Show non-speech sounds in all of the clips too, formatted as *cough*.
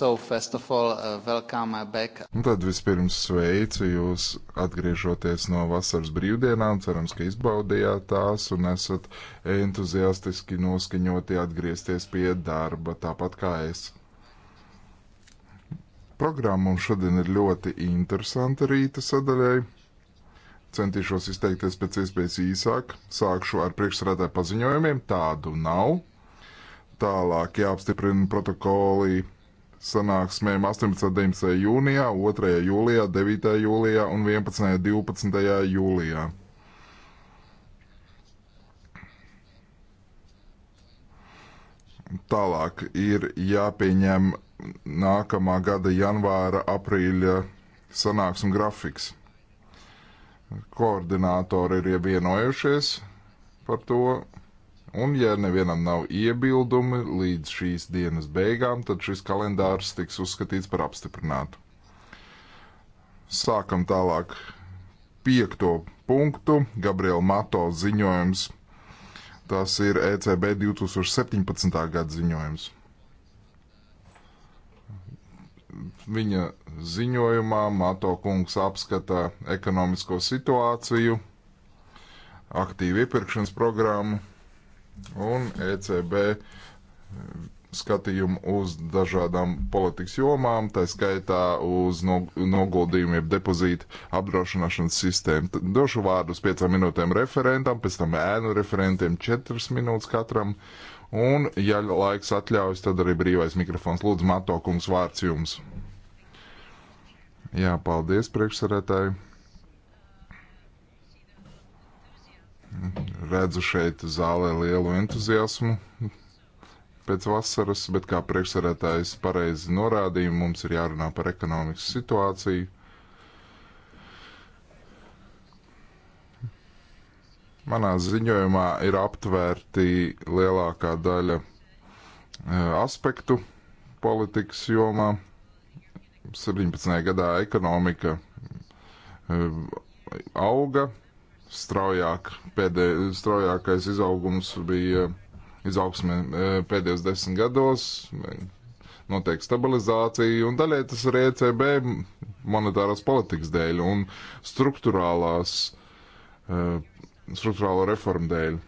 So, first of all, uh, welcome uh, back. Un tad vispirms sveicu jūs atgriežoties no vasaras brīvdienām. Cerams, ka izbaudījāt tās un esat entuziastiski noskaņoti atgriezties pie darba, tāpat kā es. Programma mums šodien ir ļoti interesanta rīta sadaļai. Centīšos izteikties pēc iespējas īsāk. Sākšu ar priekšsrādāju paziņojumiem. Tādu nav. Tālāk jāapstiprina protokoli sanāksmēm 18. un 19. jūnijā, 2. jūlijā, 9. jūlijā un 11. un 12. jūlijā. Tālāk ir jāpieņem nākamā gada janvāra, aprīļa sanāksmu grafiks. Koordinātori ir vienojušies par to, Un, ja nevienam nav iebildumi līdz šīs dienas beigām, tad šis kalendārs tiks uzskatīts par apstiprinātu. Sākam tālāk piekto punktu - Gabriela Mato ziņojums. Tas ir ECB 2017. gada ziņojums. Viņa ziņojumā Mato kungs apskata ekonomisko situāciju, aktīvu iepirkšanas programmu un ECB eh, skatījumu uz dažādām politikas jomām, tā skaitā uz noguldījumu, jeb depozītu apdrošināšanas sistēmu. Tad došu vārdu uz piecām minūtēm referentam, pēc tam ēnu referentiem četras minūtes katram, un, ja laiks atļaujas, tad arī brīvais mikrofons. Lūdzu, Mato kungs, vārds jums. Jā, paldies priekšsarētāji. redzu šeit zālē lielu entuziasmu pēc vasaras, bet kā priekšsarētājs pareizi norādīja, mums ir jārunā par ekonomikas situāciju. Manā ziņojumā ir aptvērti lielākā daļa e, aspektu politikas jomā. 17. gadā ekonomika e, auga, straujāk. Pēdē, straujākais izaugums bija izaugsme e, pēdējos desmit gados, notiek stabilizācija, un daļai tas ir ECB monetārās politikas dēļ un struktūrālās, e, struktūrālo reformu dēļ.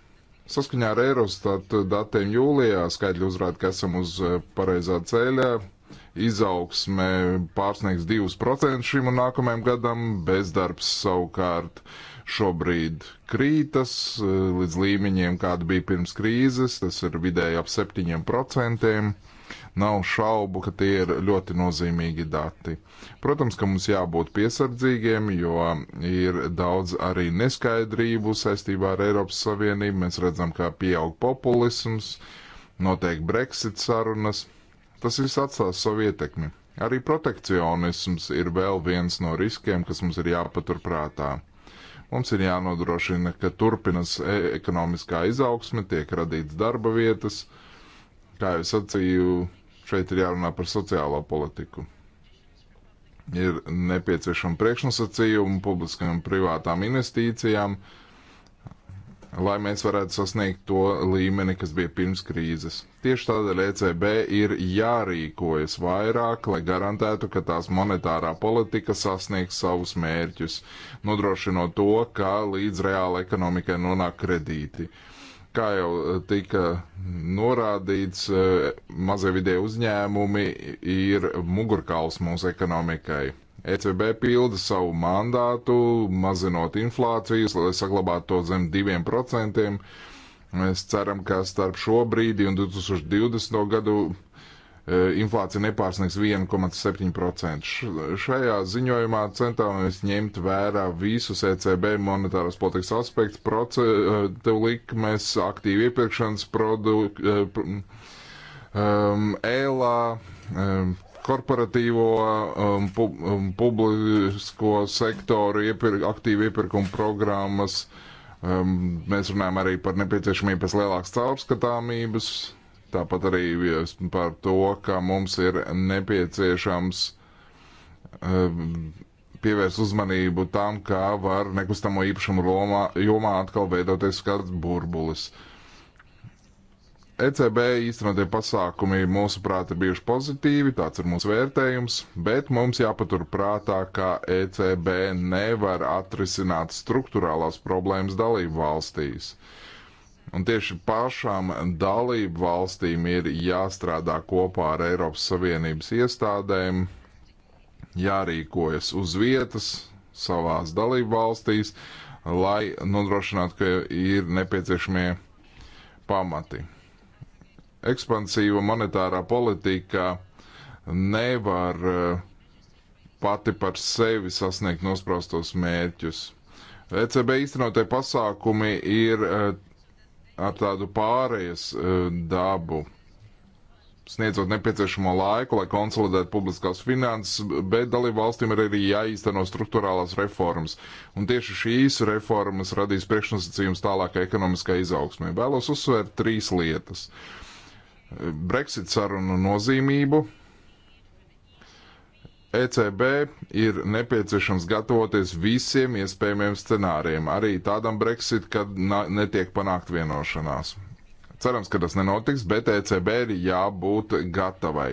Saskaņā ar Eurostat datiem jūlijā skaidri uzrāda, ka esam uz e, pareizā ceļa. Izaugsme pārsniegs 2% šim un nākamajam gadam, bezdarbs savukārt uh, šobrīd krītas e, līdz līmeņiem, kāda bija pirms krīzes, tas ir vidēji ap 7%. Nav šaubu, ka tie ir ļoti nozīmīgi dati. Protams, ka mums jābūt piesardzīgiem, jo ir daudz arī neskaidrību saistībā ar Eiropas Savienību. Mēs redzam, kā pieaug populisms, notiek Brexit sarunas. Tas viss atstās savu ietekmi. Arī protekcionisms ir vēl viens no riskiem, kas mums ir jāpaturprātā. Mums ir jānodrošina, ka turpinās e, ekonomiskā izaugsme, tiek radīts darba vietas. Kā jau sacīju, šeit ir jārunā par sociālo politiku. Ir nepieciešama priekšnosacījuma publiskajām un privātām investīcijām. Uh, lai mēs varētu sasniegt to līmeni, kas bija pirms krīzes. Tieši tādēļ ECB ir jārīkojas vairāk, lai garantētu, ka tās monetārā politika sasniegs savus mērķus, nodrošinot to, ka līdz reāla ekonomikai nonāk kredīti. Kā jau tika norādīts, e, mazie vidē uzņēmumi ir mugurkauls mūsu ekonomikai ECB pilda savu mandātu, mazinot inflācijas, lai saglabātu to zem 2%. Mēs ceram, ka starp šo brīdi un 2020. gadu e, inflācija nepārsniegs 1,7%. Šajā ziņojumā centāmies ņemt vērā visus ECB monetāras politikas aspektus, procentu e, likmes, aktīvu iepirkšanas produktu, um, e, ELA, um, korporatīvo um, pu, um, publisko sektoru iepir, aktīvu iepirkumu programmas. Um, mēs runājam arī par nepieciešamību pēc lielākas caurskatāmības, tāpat arī par to, ka mums ir nepieciešams um, pievērst uzmanību tam, kā var nekustamo īpašumu lomā, jomā atkal veidoties kāds burbulis. Uh, ECB īstenotie pasākumi mūsuprāt ir bijuši pozitīvi, tāds ir mūsu vērtējums, bet mums jāpatur prātā, ka ECB nevar atrisināt struktūrālās problēmas dalību valstīs. Un tieši pašām dalību valstīm ir jāstrādā kopā ar Eiropas Savienības iestādēm, jārīkojas uz vietas savās dalību valstīs, lai nodrošinātu, ka ir nepieciešamie pamati ekspansīva monetārā politika nevar eh, pati par sevi sasniegt nospraustos mērķus. ECB īstenotie pasākumi ir eh, ar tādu pārējas eh, dabu, sniedzot nepieciešamo laiku, lai konsolidētu publiskās finanses, bet dalību valstīm ir arī jāīsteno struktūrālās reformas. Un tieši šīs reformas radīs priekšnosacījums tālākai ekonomiskai izaugsmē. Vēlos uzsvērt trīs lietas. Uh, Brexit sarunu nozīmību. ECB ir nepieciešams gatavoties visiem iespējamiem scenārijiem, arī tādam Brexit, kad netiek panākt vienošanās. Cerams, ka tas nenotiks, bet ECB ir jābūt gatavai.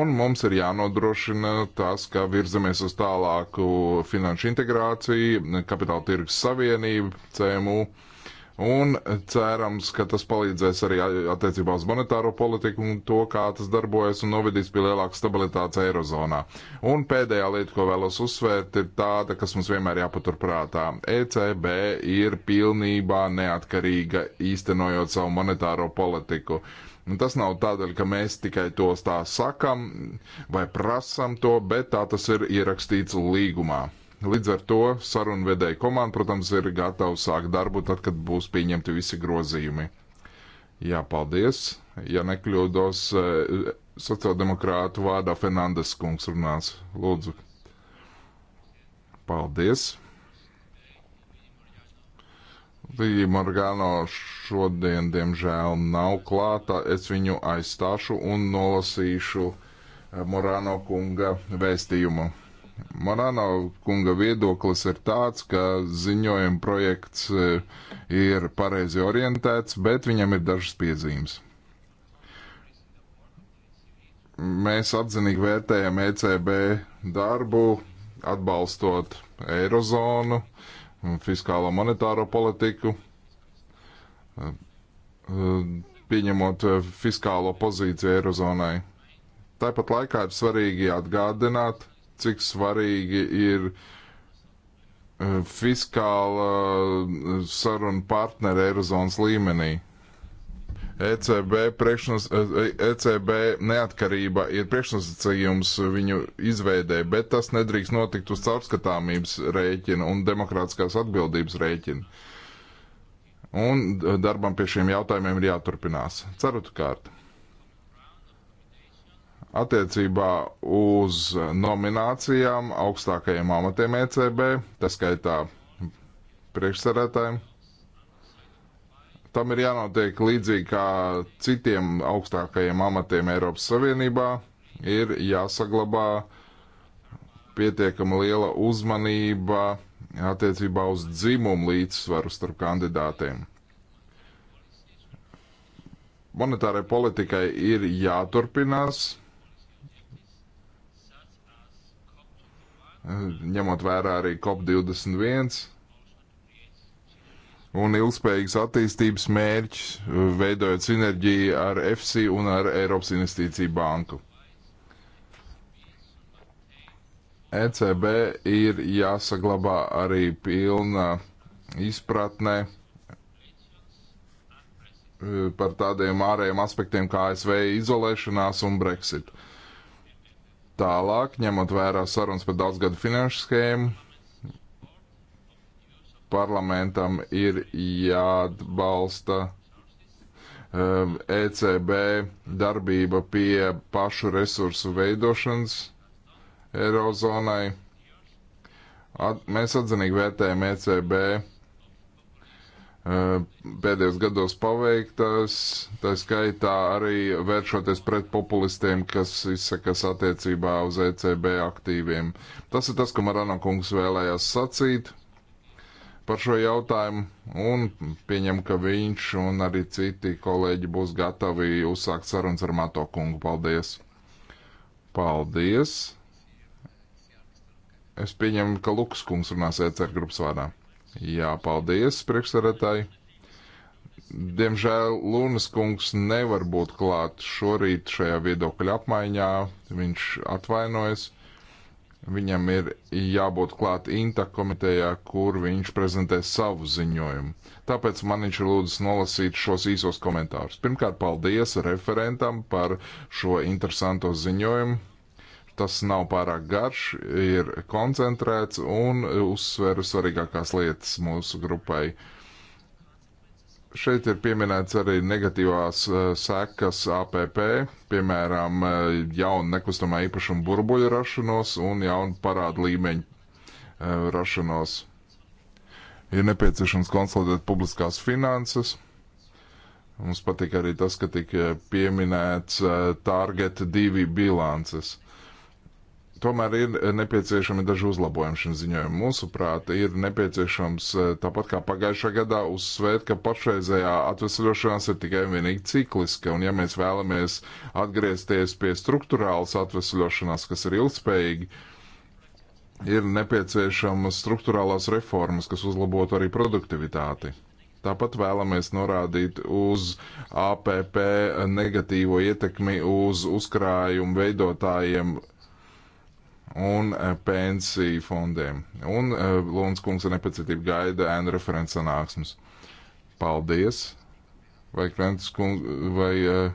Un mums ir jānodrošina tas, ka virzamies uz tālāku finanšu integrāciju, kapitāla tirgus savienību, CMU. Uh, Un cerams, ka tas palīdzēs arī attiecībā uz monetāro politiku un to, kā tas darbojas un novedīs pie lielākas stabilitātes Eirozonā. Un pēdējā lieta, ko vēlos uzsvērt, ir tāda, kas mums vienmēr jāpaturprātā. ECB ir pilnībā neatkarīga īstenojot savu monetāro politiku. Un tas nav tādēļ, ka mēs tikai to tā sakam vai prasam to, bet tā tas ir ierakstīts līgumā. Līdz ar to sarunvedēja komanda, protams, ir gatava sākt darbu tad, kad būs pieņemti visi grozījumi. Jā, paldies. Ja nekļūdos, eh, sociāldemokrātu vārdā Fernandes kungs runās. Lūdzu. Paldies. Līja Morgano šodien, diemžēl, nav klāta. Es viņu aizstāšu un nolasīšu eh, Morano kunga vēstījumu. Manāno kunga viedoklis ir tāds, ka ziņojuma projekts eh, ir pareizi orientēts, bet viņam ir dažas piezīmes. Mēs atzinīgi vērtējam ECB darbu, atbalstot eirozonu un fiskālo monetāro politiku, eh, pieņemot eh, fiskālo pozīciju eirozonai. Tāpat laikā ir svarīgi atgādināt, cik svarīgi ir e, fiskāla e, saruna partneri Eirozonas līmenī. ECB, priekšnos, ECB e, neatkarība ir priekšnosacījums viņu izveidē, bet tas nedrīkst notikt uz caurskatāmības rēķina un demokrātiskās atbildības rēķina. Un darbam pie šiem jautājumiem ir jāturpinās. Ceru kārtu attiecībā uz nominācijām augstākajiem amatiem ECB, tas skaitā priekšsarētājiem. Tam ir jānotiek līdzīgi kā citiem augstākajiem amatiem Eiropas Savienībā. Ir jāsaglabā pietiekama liela uzmanība attiecībā uz dzimumu līdzsvaru starp kandidātiem monetārai politikai ir jāturpinās, ņemot vērā arī COP21 un ilgspējīgas attīstības mērķis, veidojot sinerģiju ar EFSI un ar Eiropas Investīciju banku. ECB ir jāsaglabā arī pilna izpratne eh, par tādiem ārējiem aspektiem kā ASV e izolēšanās un Brexit. Uh, Tālāk, ņemot vērā sarunas par daudzgadu finanšu schēmu, parlamentam ir jāatbalsta um, ECB darbība pie pašu resursu veidošanas Eirozonai. At, mēs atzinīgi vērtējam ECB Eh, pēdējos gados paveiktas, tā skaitā arī vēršoties pret populistiem, kas izsakas attiecībā uz ECB aktīviem. Tas ir tas, ko Marano kungs vēlējās sacīt par šo jautājumu, un pieņem, ka viņš un arī citi kolēģi būs gatavi uzsākt sarunas ar Mato kungu. Paldies! Paldies! Es pieņemu, ka Lukas kungs runās ECR grupas vārdā. Jā, paldies priekšsarētāji. Diemžēl Lūnas kungs nevar būt klāt šorīt šajā viedokļa apmaiņā. Viņš atvainojas. Viņam ir jābūt klāt INTA komitejā, kur viņš prezentē savu ziņojumu. Tāpēc man viņš ir lūdzis nolasīt šos īsos komentārus. Pirmkārt, paldies referentam par šo interesanto ziņojumu tas nav pārāk garš, ir koncentrēts un uzsver svarīgākās lietas mūsu grupai. Šeit ir pieminēts arī negatīvās eh, sekas APP, piemēram, eh, jaunu nekustamā īpašuma burbuļu rašanos un jaunu parādu līmeņu eh, rašanos. Ir nepieciešams konsolidēt publiskās finanses. Mums patīk arī tas, ka tika pieminēts uh, target divi bilances. Tomēr ir eh, nepieciešami daži uzlabojumi šim ziņojumam. Mūsuprāt, ir nepieciešams eh, tāpat kā pagājušā gadā uzsvērt, ka pašreizējā atvesļošanās ir tikai un vienīgi cikliska, un ja mēs vēlamies atgriezties pie struktūrālas atvesļošanās, kas ir ilgspējīga, ir nepieciešamas struktūrālās reformas, kas uzlabotu arī produktivitāti. Tāpat vēlamies norādīt uz APP negatīvo ietekmi uz uzkrājumu veidotājiem un eh, pensiju fondiem. Un eh, Lūdzu, kungs ar nepacietību gaida ēnu referents sanāksmes. Paldies! Vai Krentis kungs vai eh,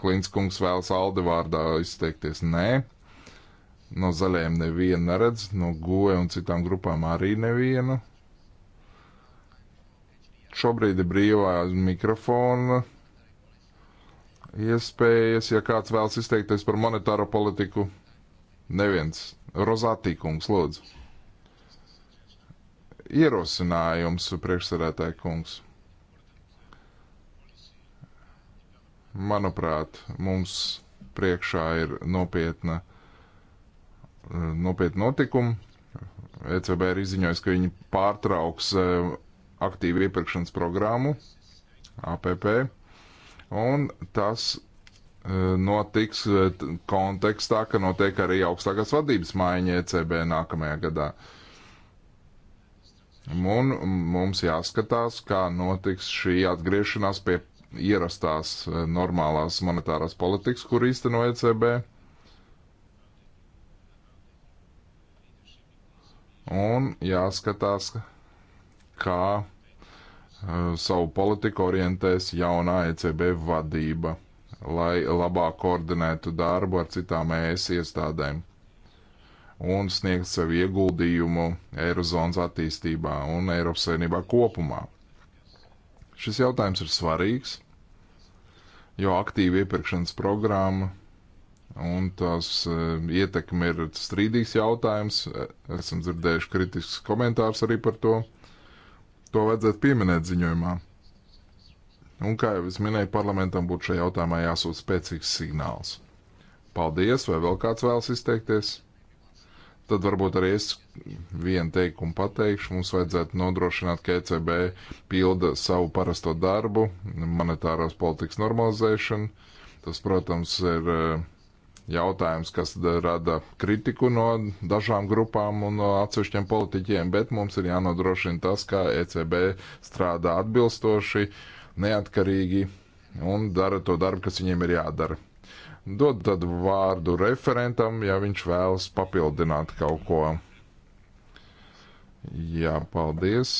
Klints kungs vēlas Alde vārdā izteikties? Nē. No zaļajiem nevienu neredz, no goja un citām grupām arī nevienu. Šobrīd ir brīvā mikrofona iespējas, ja kāds vēlas izteikties par monetāro politiku. Neviens. Rozātī kungs, lūdzu. Ierosinājums, priekšsarētāji kungs. Manuprāt, mums priekšā ir nopietna, nopietna notikuma. ECB ir izziņojusi, ka viņi pārtrauks e, aktīvu iepirkšanas programmu APP, un tas notiks e, kontekstā, ka notiek arī augstākās vadības maiņa ECB nākamajā gadā. Un mums jāskatās, kā notiks šī atgriešanās pie ierastās e, normālās monetārās politikas, kur īsteno ECB. Un jāskatās, kā uh, savu politiku orientēs jaunā ECB vadība lai labāk koordinētu darbu ar citām ES iestādēm un sniegt sev ieguldījumu Eirozonas attīstībā un Eiropas Savienībā kopumā. Šis jautājums ir svarīgs, jo aktīva iepirkšanas programma un tās eh, ietekme ir strīdīgs jautājums. Esam dzirdējuši kritiskus komentārus arī par to. To vajadzētu pieminēt ziņojumā. Un, kā jau es minēju, parlamentam būtu šajā jautājumā jāsūt spēcīgs signāls. Paldies, vai vēl kāds vēlas izteikties? Tad varbūt arī es vienu teikumu pateikšu. Mums vajadzētu nodrošināt, ka ECB pilda savu parasto darbu, monetārās politikas normalizēšanu. Tas, protams, ir eh, jautājums, kas rada kritiku no dažām grupām un no atsevišķiem politiķiem, bet mums ir jānodrošina tas, ka ECB strādā atbilstoši neatkarīgi un dara to darbu, kas viņiem ir jādara. Dod tad vārdu referentam, ja viņš vēlas papildināt kaut ko. Jā, paldies.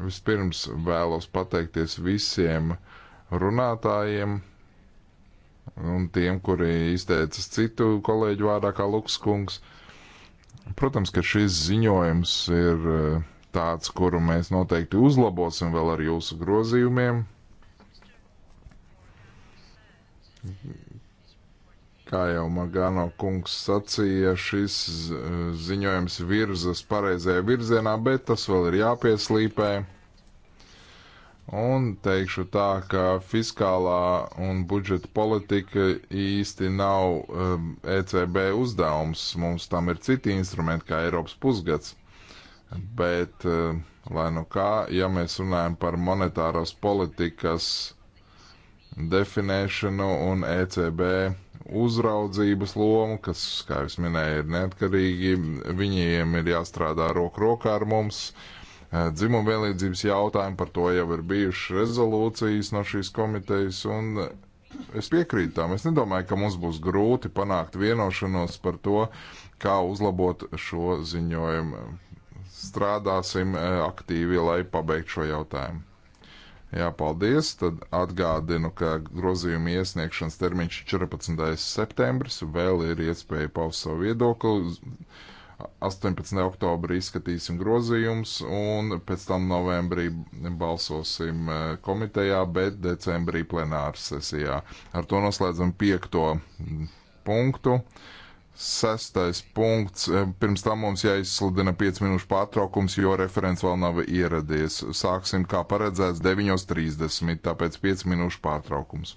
Vispirms vēlos pateikties visiem runātājiem un tiem, kuri izteicas citu kolēģu vārdā kā Lukskungs. Protams, ka šis ziņojums ir tāds, kuru mēs noteikti uzlabosim vēl ar jūsu grozījumiem. Kā jau Magāno kungs sacīja, šis ziņojums virzas pareizajā virzienā, bet tas vēl ir jāpieslīpē. Un teikšu tā, ka fiskālā un budžeta politika īsti nav um, ECB uzdevums. Mums tam ir citi instrumenti, kā Eiropas pusgads. Bet, eh, lai nu kā, ja mēs runājam par monetāras politikas definēšanu un ECB uzraudzības lomu, kas, kā jūs minēju, ir neatkarīgi, viņiem ir jāstrādā roku rokā ar mums. Eh, dzimuma vienlīdzības jautājumi par to jau ir bijušas rezolūcijas no šīs komitejas, un eh, es piekrītu tam. Es nedomāju, ka mums būs grūti panākt vienošanos par to, kā uzlabot šo ziņojumu strādāsim e, aktīvi, lai pabeigtu šo jautājumu. Jā, paldies. Tad atgādinu, ka grozījuma iesniegšanas termiņš ir 14. septembris. Vēl ir iespēja paust savu viedokli. 18. oktobrī izskatīsim grozījumus, un pēc tam novembrī balsosim e, komitejā, bet decembrī plenāras sesijā. Ar to noslēdzam piekto punktu. Sestais punkts. Pirms tam mums jāizsludina 5 minūšu pārtraukums, jo referents vēl nav ieradies. Sāksim, kā paredzēts, 9.30, tāpēc 5 minūšu pārtraukums.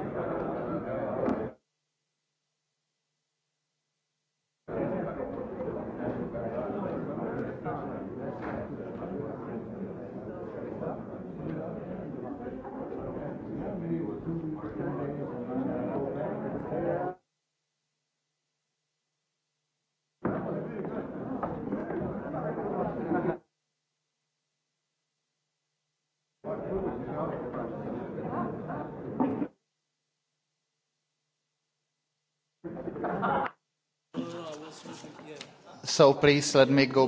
So please let me go.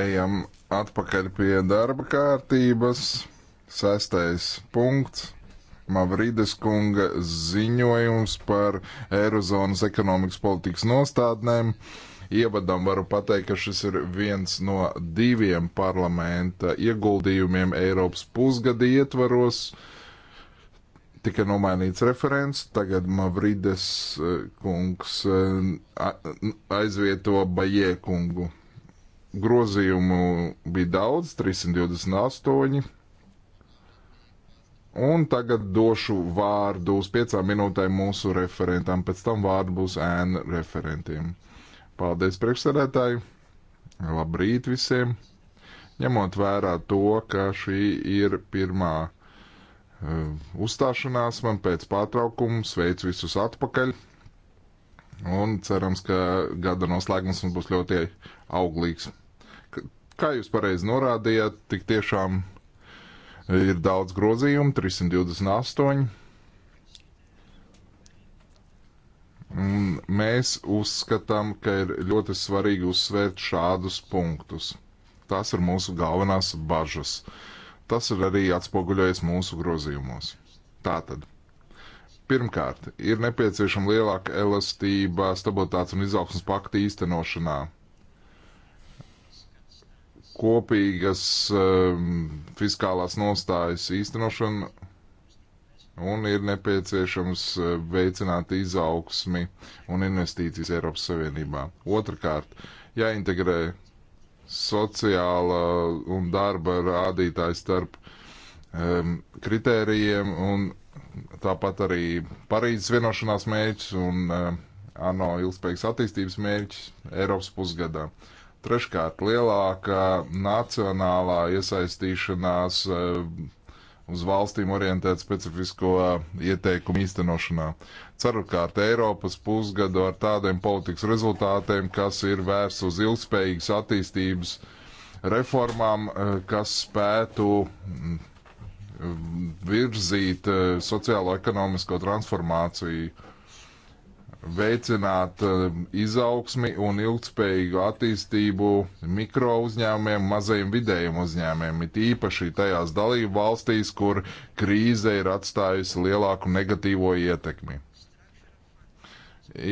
Ejam atpakaļ pie darba kārtības. Sestais punkts. Mavrides kunga ziņojums par Eirozonas ekonomikas politikas nostādnēm. Ievadam varu pateikt, ka šis ir viens no diviem parlamenta ieguldījumiem Eiropas pusgada ietvaros. Uh, tika nomainīts referents, tagad Mavrides eh, kungs eh, aizvieto Bajē kungu. Grozījumu bija daudz, 328. Un tagad došu vārdu uz piecām minūtēm mūsu referentam, pēc tam vārdu būs ēna referentiem. Paldies priekšsēdētāji! Labrīt visiem! Ņemot vērā to, ka šī ir pirmā Eh, uzstāšanās man pēc pārtraukuma. Sveicu visus atpakaļ. Un cerams, ka gada noslēgums mums būs ļoti auglīgs. Kā jūs pareizi norādījāt, tik tiešām eh, ir daudz grozījumu, 328. Un mēs uzskatām, ka ir ļoti svarīgi uzsvērt šādus punktus. Tās ir mūsu galvenās bažas. Uh, Tas ir arī atspoguļojies mūsu grozījumos. Tātad. Pirmkārt, ir nepieciešama lielāka elastība stabilitātes un izaugsmas pakta īstenošanā. Kopīgas um, fiskālās nostājas īstenošana un ir nepieciešams uh, veicināt izaugsmi un investīcijas Eiropas Savienībā. Otrakārt, jāintegrē sociāla un darba rādītāji starp um, kritērijiem un tāpat arī Parīzes vienošanās mērķis un um, ANO ilgspējīgas attīstības mērķis Eiropas pusgadā. Treškārt, lielāka nacionālā iesaistīšanās um, uz valstīm orientēt specifisko uh, ieteikumu īstenošanā. Ceturkārt, Eiropas pusgadu ar tādiem politikas rezultātiem, kas ir vērsts uz ilgspējīgas attīstības reformām, uh, kas spētu mm, virzīt uh, sociālo ekonomisko transformāciju veicināt um, izaugsmi un ilgspējīgu attīstību mikro uzņēmumiem, mazajiem vidējiem uzņēmumiem, it īpaši tajās dalību valstīs, kur krīze ir atstājusi lielāku negatīvo ietekmi.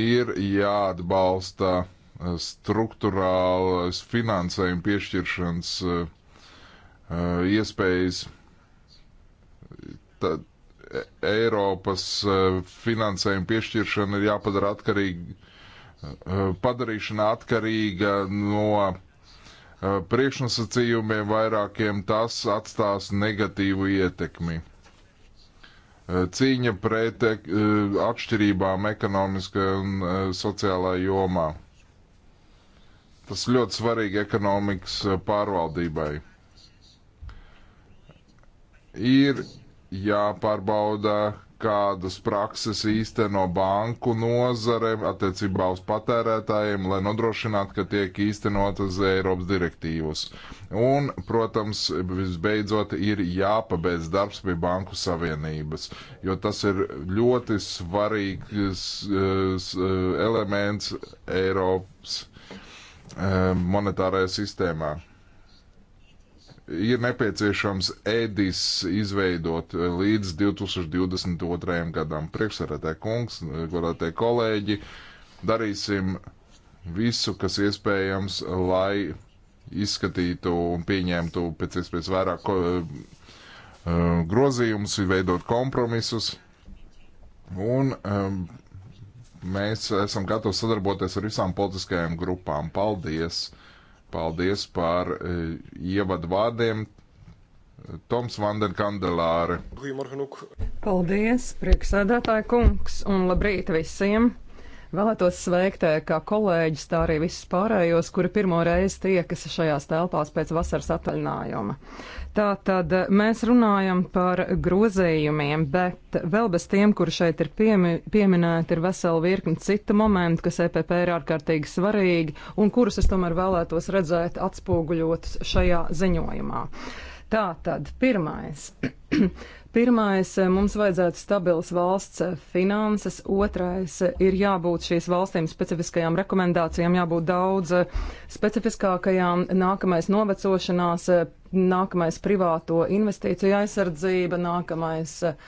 Ir jāatbalsta uh, struktūrāls finansējuma piešķiršanas uh, uh, iespējas. Tad E, Eiropas e, finansējuma piešķiršana ir jāpadara atkarīga, e, padarīšana atkarīga no priekšnosacījumiem vairākiem, tas atstās negatīvu ietekmi. Cīņa pret atšķirībām ekonomiskajā un sociālā jomā. Tas ļoti svarīgi ekonomikas pārvaldībai. Ir jāpārbauda, kādas prakses īsteno banku nozare attiecībā uz patērētājiem, lai nodrošinātu, ka tiek īstenotas Eiropas direktīvas. Un, protams, visbeidzot ir jāpabeidz darbs pie Banku Savienības, jo tas ir ļoti svarīgs eh, eh, elements Eiropas eh, monetārajā sistēmā ir nepieciešams ēdis izveidot līdz 2022. gadam. Priekšsarētē kungs, godātie kolēģi, darīsim visu, kas iespējams, lai izskatītu un pieņemtu pēc iespējas vairāk eh, grozījumus, veidot kompromisus. Un um, mēs esam gatavi sadarboties ar visām politiskajām grupām. Paldies! Paldies par e, ievadu vārdiem. Toms Vanden Kandelāre. Paldies, prieksēdētāja kungs, un labrīt visiem! Vēlētos sveikt e, kā kolēģis, tā arī visus pārējos, kuri pirmo reizi tiekas šajās telpās pēc vasaras atvaļinājuma. Tā tad eh, mēs runājam par grozējumiem, bet vēl bez tiem, kur šeit ir piemi, pieminēti, ir vesela virkni citu momentu, kas EPP ir ārkārtīgi svarīgi un kurus es tomēr vēlētos redzēt atspoguļotus šajā ziņojumā. Tā tad pirmais. *clears throat* Eh, Pirmais, eh, mums vajadzētu stabils valsts eh, finanses, otrais eh, ir jābūt šīs valstīm specifiskajām rekomendācijām, jābūt daudz specifiskākajām, nākamais novecošanās, nākamais privāto investīciju aizsardzība, nākamais uh,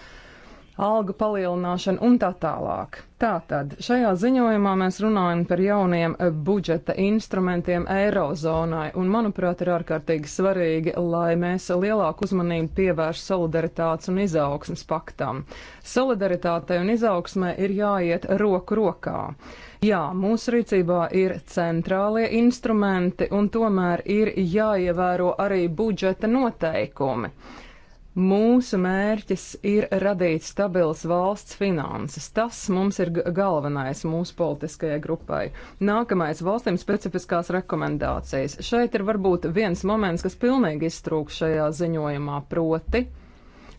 algu palielināšanu un tā tālāk. Tātad šajā ziņojumā mēs runājam par jauniem eh, budžeta instrumentiem Eirozonai, un manuprāt ir ārkārtīgi svarīgi, lai mēs lielāku uzmanību pievērš solidaritātes un izaugsmas paktam. Solidaritātei un izaugsmai ir jāiet roku rokā. Jā, mūsu rīcībā ir centrālie instrumenti, un tomēr ir jāievēro arī budžeta noteikumi. Mūsu mērķis ir radīt stabils valsts finanses. Tas mums ir galvenais mūsu politiskajai grupai. Nākamais - valstīm specifiskās rekomendācijas. Šeit ir varbūt viens moments, kas pilnīgi iztrūks šajā ziņojumā, proti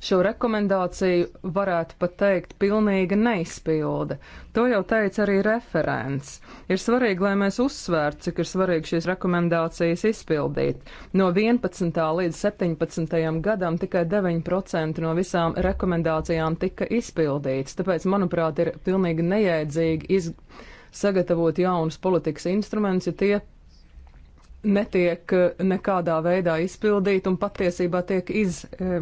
šo rekomendāciju varētu pat teikt pilnīga neizpilde. To jau teica arī referents. Ir svarīgi, lai mēs uzsvērtu, cik ir svarīgi šīs rekomendācijas izpildīt. No 11. līdz 17. gadam tikai 9% no visām rekomendācijām tika izpildīts, tāpēc, manuprāt, ir pilnīgi nejēdzīgi iz... sagatavot jaunus politikas instrumentus, ja tie netiek eh, nekādā veidā izpildīti un patiesībā tiek iz, eh,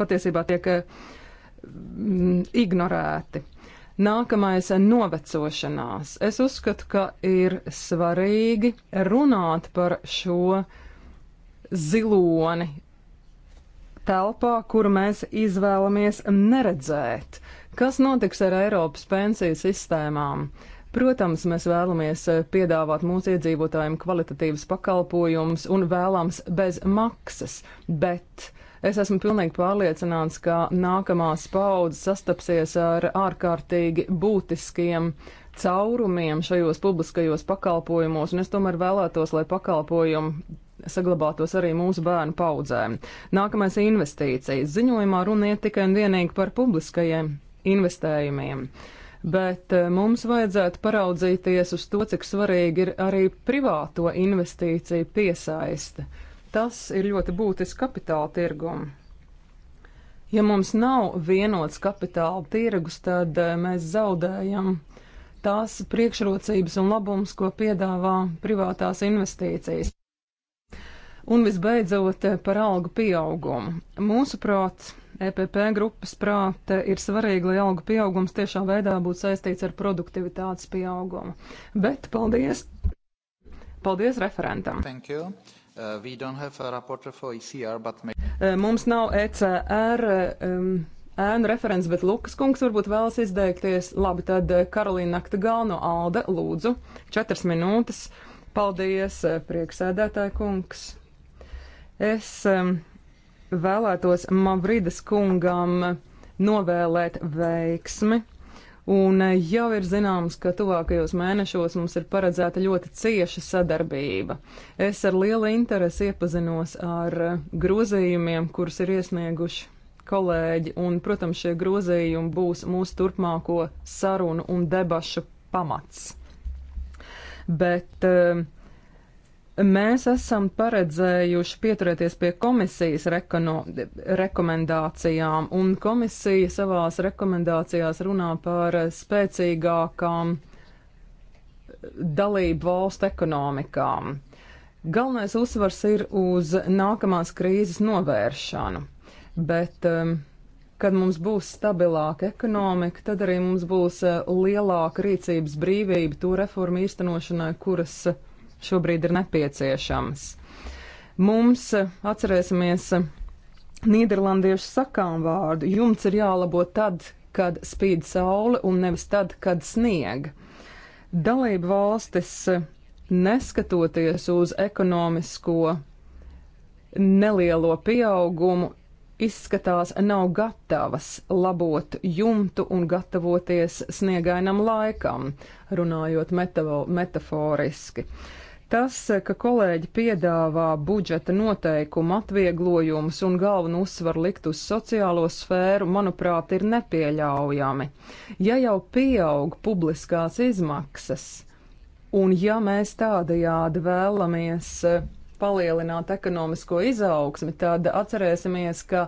patiesībā tiek eh, ignorēti. Nākamais - novecošanās. Es uzskatu, ka ir svarīgi runāt par šo ziloni telpā, kuru mēs izvēlamies neredzēt. Kas notiks ar Eiropas pensiju sistēmām? Protams, mēs vēlamies eh, piedāvāt mūsu iedzīvotājiem kvalitatīvas pakalpojumus un vēlams bez maksas, bet uh, Es esmu pilnīgi pārliecināts, ka nākamās paudzes sastapsies ar ārkārtīgi būtiskiem caurumiem šajos publiskajos pakalpojumos, un es tomēr vēlētos, lai pakalpojumu saglabātos arī mūsu bērnu paudzēm. Nākamais - investīcijas. Ziņojumā runiet tikai un vienīgi par publiskajiem investējumiem. Bet eh, mums vajadzētu paraudzīties uz to, cik svarīgi ir arī privāto investīciju piesaiste. Uh, Tas ir ļoti būtisks kapitāla tirgum. Ja mums nav vienots kapitāla tirgus, tad eh, mēs zaudējam tās priekšrocības un labums, ko piedāvā privātās investīcijas. Un visbeidzot eh, par algu pieaugumu. Mūsuprāt, EPP grupas prāta eh, ir svarīgi, lai algu pieaugums tiešā veidā būtu saistīts ar produktivitātes pieaugumu. Bet paldies! Paldies referentam! Thank you! Uh, we don't have a rapporteur for ECR, but maybe... Uh, mums nav ECR um, ēnu referents, bet Lukas kungs varbūt vēlas izteikties. Labi, tad uh, Karolīna Naktigal no Alde, lūdzu, četras minūtes. Paldies, uh, prieksēdētāja kungs. Es um, vēlētos Mavridas kungam novēlēt veiksmi Un eh, jau ir zināms, ka tuvākajos mēnešos mums ir paredzēta ļoti cieša sadarbība. Es ar lielu interesi iepazinos ar eh, grozījumiem, kurus ir iesnieguši kolēģi, un, protams, šie grozījumi būs mūsu turpmāko sarunu un debašu pamats. Bet uh, Mēs esam paredzējuši pieturēties pie komisijas rekono, rekomendācijām, un komisija savās rekomendācijās runā par spēcīgākām dalību valstu ekonomikām. Galvenais uzsvars ir uz nākamās krīzes novēršanu, bet, um, kad mums būs stabilāka ekonomika, tad arī mums būs uh, lielāka rīcības brīvība to reformu īstenošanai, kuras šobrīd ir nepieciešams. Mums, atcerēsimies, Nīderlandiešu sakām vārdu - jumts ir jālabo tad, kad spīd saule un nevis tad, kad snieg. Dalību valstis, neskatoties uz ekonomisko nelielo pieaugumu, izskatās nav gatavas labot jumtu un gatavoties sniegainam laikam, runājot metaforiski. Tas, ka kolēģi piedāvā budžeta noteikumu atvieglojumus un galvenu uzsvaru likt uz sociālo sfēru, manuprāt, ir nepieļaujami. Ja jau pieaug publiskās izmaksas, un ja mēs tādajādi vēlamies palielināt ekonomisko izaugsmi, tad atcerēsimies, ka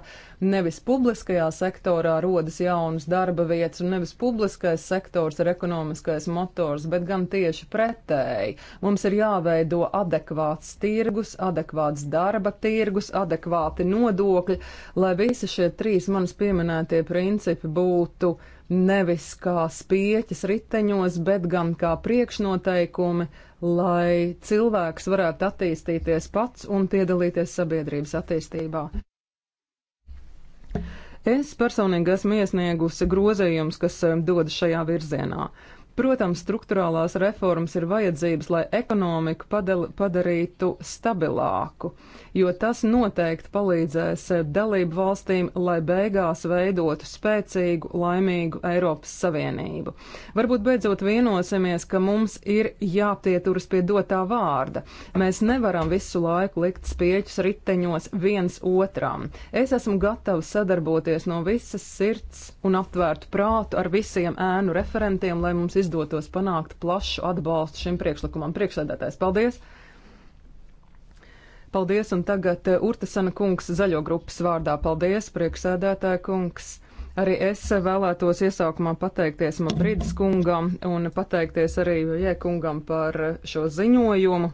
nevis publiskajā sektorā rodas jaunas darba vietas un nevis publiskais sektors ir ekonomiskais motors, bet gan tieši pretēji. Mums ir jāveido adekvāts tirgus, adekvāts darba tirgus, adekvāti nodokļi, lai visi šie trīs manas pieminētie principi būtu nevis kā spieķis riteņos, bet gan kā priekšnoteikumi, lai cilvēks varētu attīstīties pats un piedalīties sabiedrības attīstībā. Es personīgi esmu iesniegusi grozējumus, kas eh, dodas šajā virzienā. Protams, struktūrālās reformas ir vajadzības, lai ekonomiku padal, padarītu stabilāku, jo tas noteikti palīdzēs dalību valstīm, lai beigās veidotu spēcīgu, laimīgu Eiropas Savienību. Varbūt beidzot vienosimies, ka mums ir jāpieturas pie dotā vārda. Mēs nevaram visu laiku likt spieķus riteņos viens otram. Es esmu gatava sadarboties no visas sirds un aptvērtu prātu ar visiem ēnu referentiem, lai mums izdevies izdotos panākt plašu atbalstu šim priekšlikumam. Priekšsēdētājs, paldies! Paldies, un tagad eh, Urtasana kungs zaļo grupas vārdā. Paldies, priekšsēdētāja kungs! Arī es vēlētos iesaukumā pateikties Madrides kungam un pateikties arī Jēkungam par šo ziņojumu.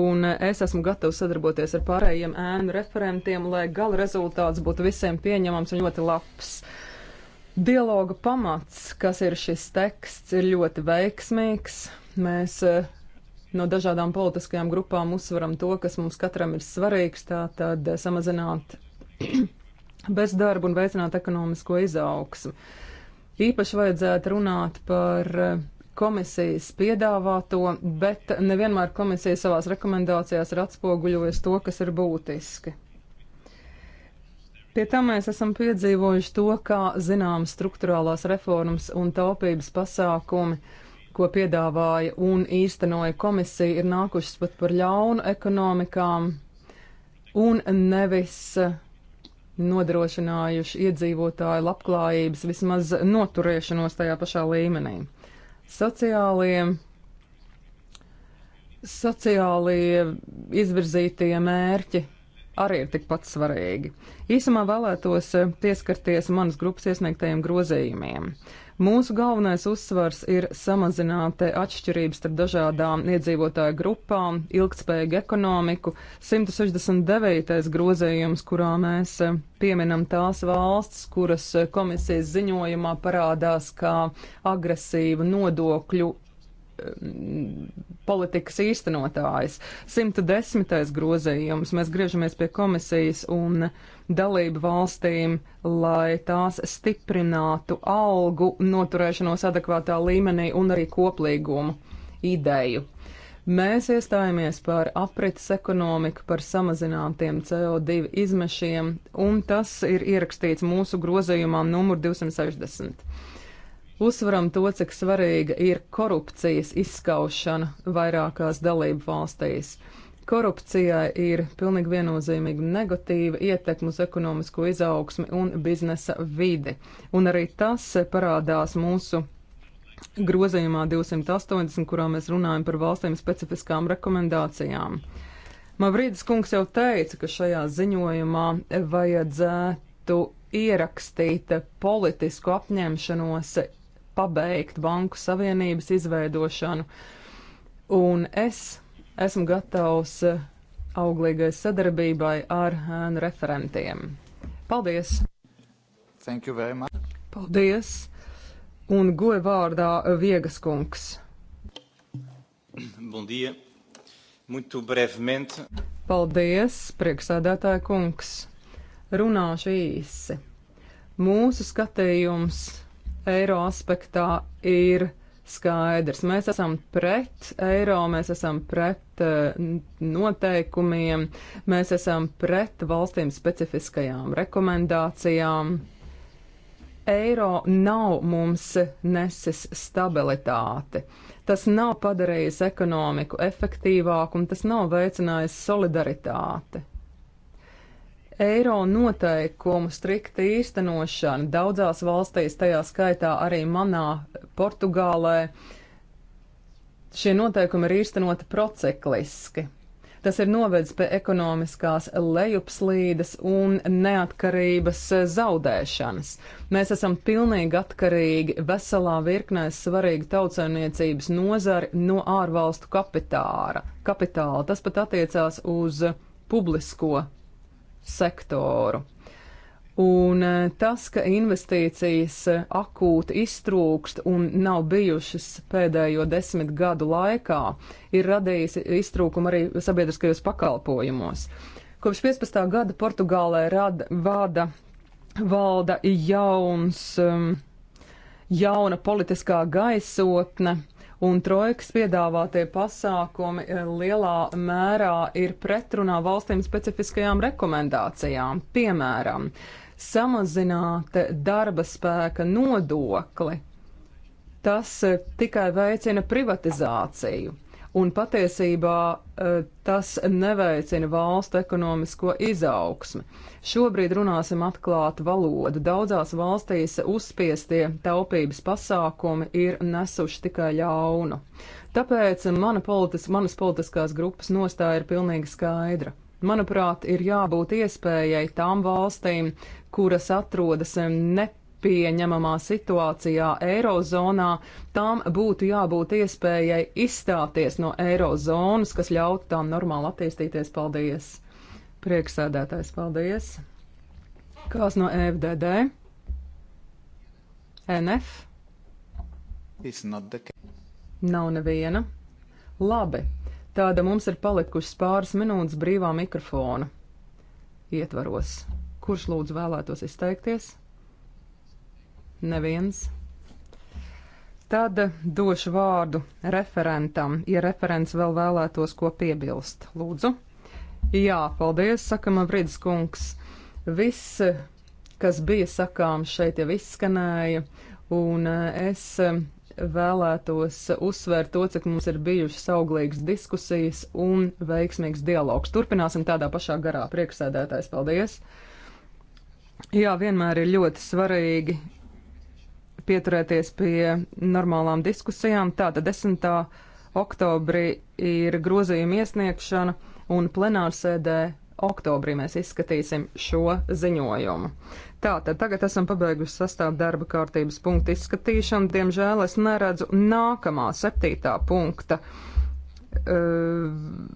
Un eh, es esmu gatavs sadarboties ar pārējiem ēnu referentiem, lai gala rezultāts būtu visiem pieņemams un ļoti labs. Uh, Dialoga pamats, kas ir šis teksts, ir ļoti veiksmīgs. Mēs eh, no dažādām politiskajām grupām uzsveram to, kas mums katram ir svarīgs, tātad eh, samazināt *clears throat* bezdarbu un veicināt ekonomisko izaugsmu. Īpaši vajadzētu runāt par eh, komisijas piedāvāto, bet nevienmēr komisija savās rekomendācijās ir atspoguļojusi to, kas ir būtiski. Pie tam mēs esam piedzīvojuši to, kā zināmas struktūrālās reformas un taupības pasākumi, ko piedāvāja un īstenoja komisija, ir nākušas pat par ļaunu ekonomikām un nevis nodrošinājuši iedzīvotāju labklājības vismaz noturēšanos tajā pašā līmenī. Sociāliem sociālie izvirzītie mērķi arī ir tikpat svarīgi. Īsumā vēlētos eh, pieskarties manas grupas iesniegtajiem grozījumiem. Mūsu galvenais uzsvars ir samazināt eh, atšķirības starp dažādām iedzīvotāju grupām, ilgspējīgu ekonomiku. 169. grozījums, kurā mēs eh, pieminam tās valstis, kuras komisijas ziņojumā parādās kā agresīva nodokļu politikas īstenotājs. 110. grozījums. Mēs griežamies pie komisijas un dalību valstīm, lai tās stiprinātu algu noturēšanos adekvātā līmenī un arī koplīgumu ideju. Mēs iestājāmies par aprits ekonomiku, par samazinātiem CO2 izmešiem, un tas ir ierakstīts mūsu grozījumā numur 260 uzsveram to, cik svarīga ir korupcijas izskaušana vairākās dalību valstīs. Korupcijai ir pilnīgi viennozīmīgi negatīva ietekme uz ekonomisko izaugsmi un biznesa vidi, un arī tas parādās mūsu grozījumā 280, kurā mēs runājam par valstīm specifiskām rekomendācijām. Mavrīdis kungs jau teica, ka šajā ziņojumā vajadzētu ierakstīt politisku apņemšanos pabeigt Banku Savienības izveidošanu. Un es esmu gatavs eh, auglīgai sadarbībai ar eh, referentiem. Paldies! Thank you very much! Paldies! Un goja vārdā eh, Viegas kungs. Bom dia! Muito brevemente. Paldies, priekšsēdētāja kungs! Runāšu īsi. Mūsu skatījums eiro aspektā ir skaidrs. Mēs esam pret eiro, mēs esam pret uh, noteikumiem, mēs esam pret valstīm specifiskajām rekomendācijām. Eiro nav mums nesis stabilitāti. Tas nav padarījis ekonomiku efektīvāku un tas nav veicinājis solidaritāti. Eiro noteikumu strikta īstenošana daudzās valstīs, tajā skaitā arī manā Portugālē, šie noteikumi ir īstenoti procikliski. Tas ir novedis pie ekonomiskās lejupslīdes un neatkarības zaudēšanas. Mēs esam pilnīgi atkarīgi veselā virknē svarīgu tautsainiecības nozari no ārvalstu kapitāra. kapitāla. Tas pat attiecās uz publisko sektoru. Un e, tas, ka investīcijas e, akūti iztrūkst un nav bijušas pēdējo desmit gadu laikā, ir radījis iztrūkumu arī sabiedriskajos pakalpojumos. Kopš 15. gada Portugālē rada, vada, valda jauns, e, jauna politiskā gaisotne un trojkas piedāvātie pasākumi eh, lielā mērā ir pretrunā valstīm specifiskajām rekomendācijām. Piemēram, samazināt darba spēka nodokli. Tas eh, tikai veicina privatizāciju un patiesībā eh, tas neveicina valstu ekonomisko izaugsmi. Šobrīd runāsim atklātu valodu. Daudzās valstīs uzspiestie taupības pasākumi ir nesuši tikai ļaunu. Tāpēc mana politis, manas politiskās grupas nostāja ir pilnīgi skaidra. Manuprāt, ir jābūt iespējai tām valstīm, kuras atrodas nepilnīgi pieņemamā situācijā Eirozonā, tām būtu jābūt iespējai izstāties no Eirozonas, kas ļautu tām normāli attīstīties. Paldies! Prieksēdētājs, paldies. Kāds no EFDD? NF? Nav neviena. Labi, tāda mums ir palikušas pāris minūtes brīvā mikrofona ietvaros. Kurš lūdzu vēlētos izteikties? Neviens. Tad došu vārdu referentam, ja referents vēl vēlētos ko piebilst. Lūdzu. Jā, paldies, saka Mavrids kungs. Viss, kas bija sakāms, šeit jau izskanēja, un eh, es eh, vēlētos uzsvērt to, cik mums ir bijušas auglīgas diskusijas un veiksmīgs dialogs. Turpināsim tādā pašā garā. Priekšsēdētājs, paldies! Jā, vienmēr ir ļoti svarīgi pieturēties pie normālām diskusijām. Tātad 10. oktobrī ir grozījuma iesniegšana un plenārsēdē oktobrī mēs izskatīsim šo ziņojumu. Tātad tagad esam pabeiguši sastāv darba kārtības punktu izskatīšanu. Diemžēl es neredzu nākamā septītā punkta. Uh,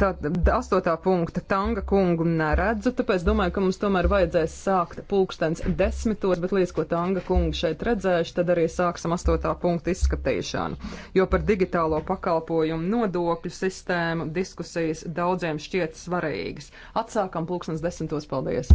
tā, astotā punkta tanga kungu neredzu, tāpēc domāju, ka mums tomēr vajadzēs sākt pulkstens desmitos, bet līdz ko tanga kungu šeit redzēšu, tad arī sāksim astotā punkta izskatīšanu. Jo par digitālo pakalpojumu nodokļu sistēmu diskusijas daudziem šķiet svarīgas. Atsākam pulkstens desmitos, paldies!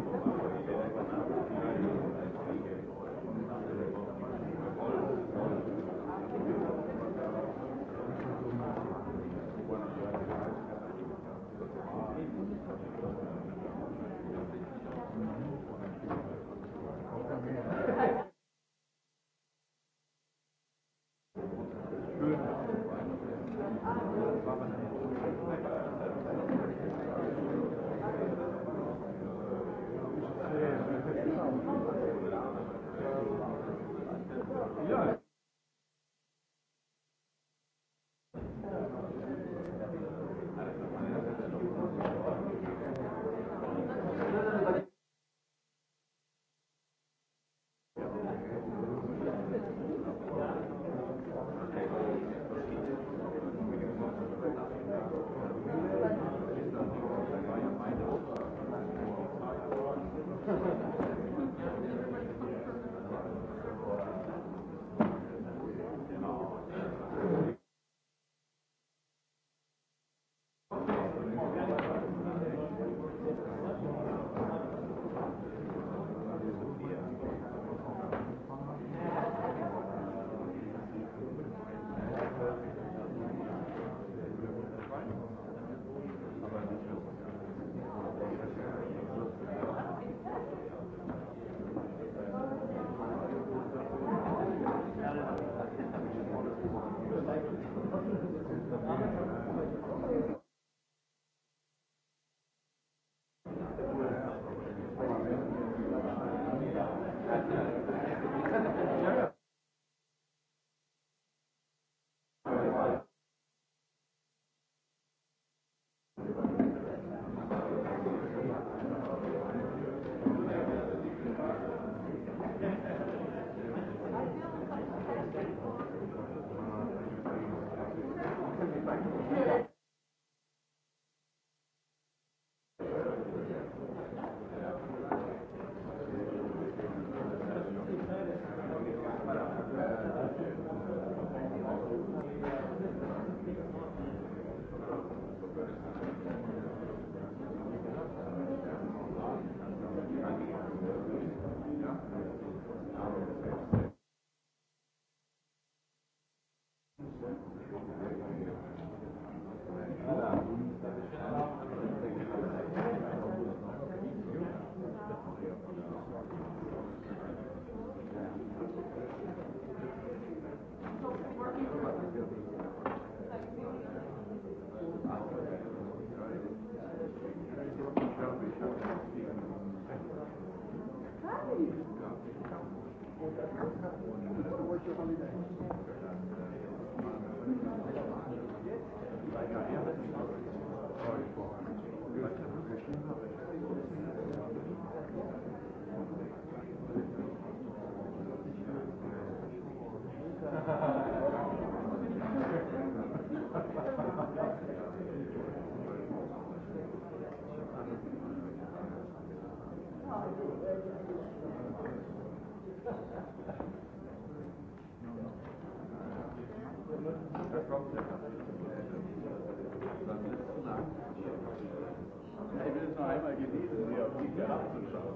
jetzt noch einmal genießen, Sie auf die Karte zu schauen.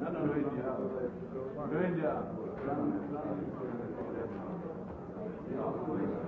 Dann hören Sie ab. Hören Sie ab. Dann, dann. Ja.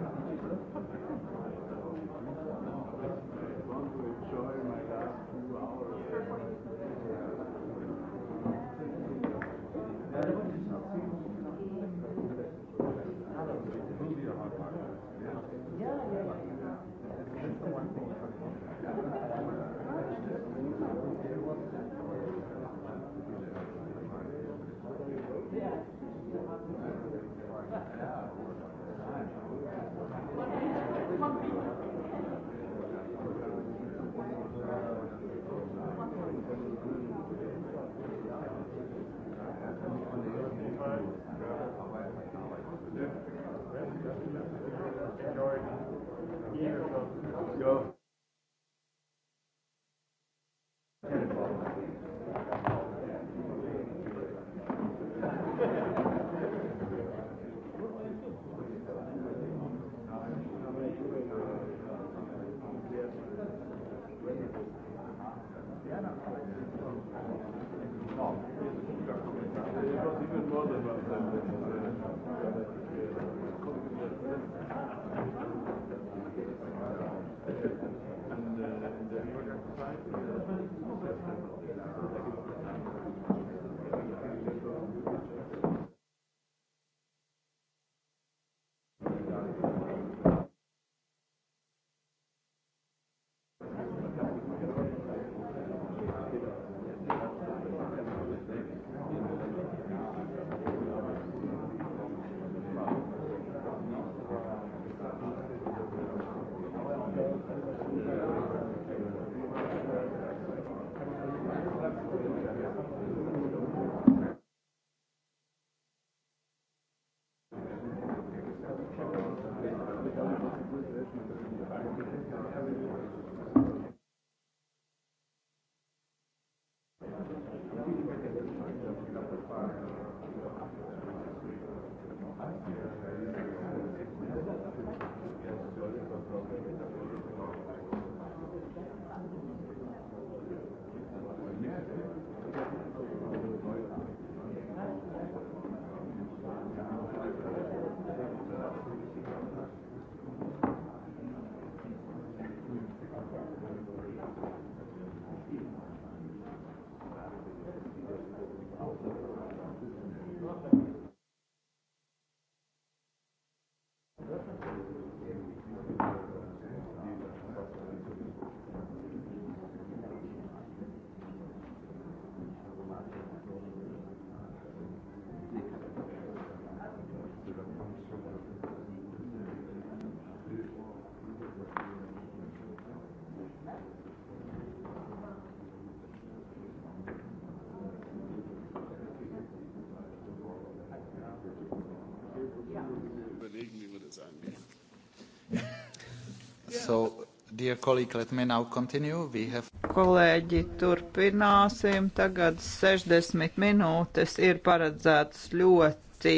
So, dear colleague, let me now continue. We have... Kolēģi, turpināsim. Tagad 60 minūtes ir paredzētas ļoti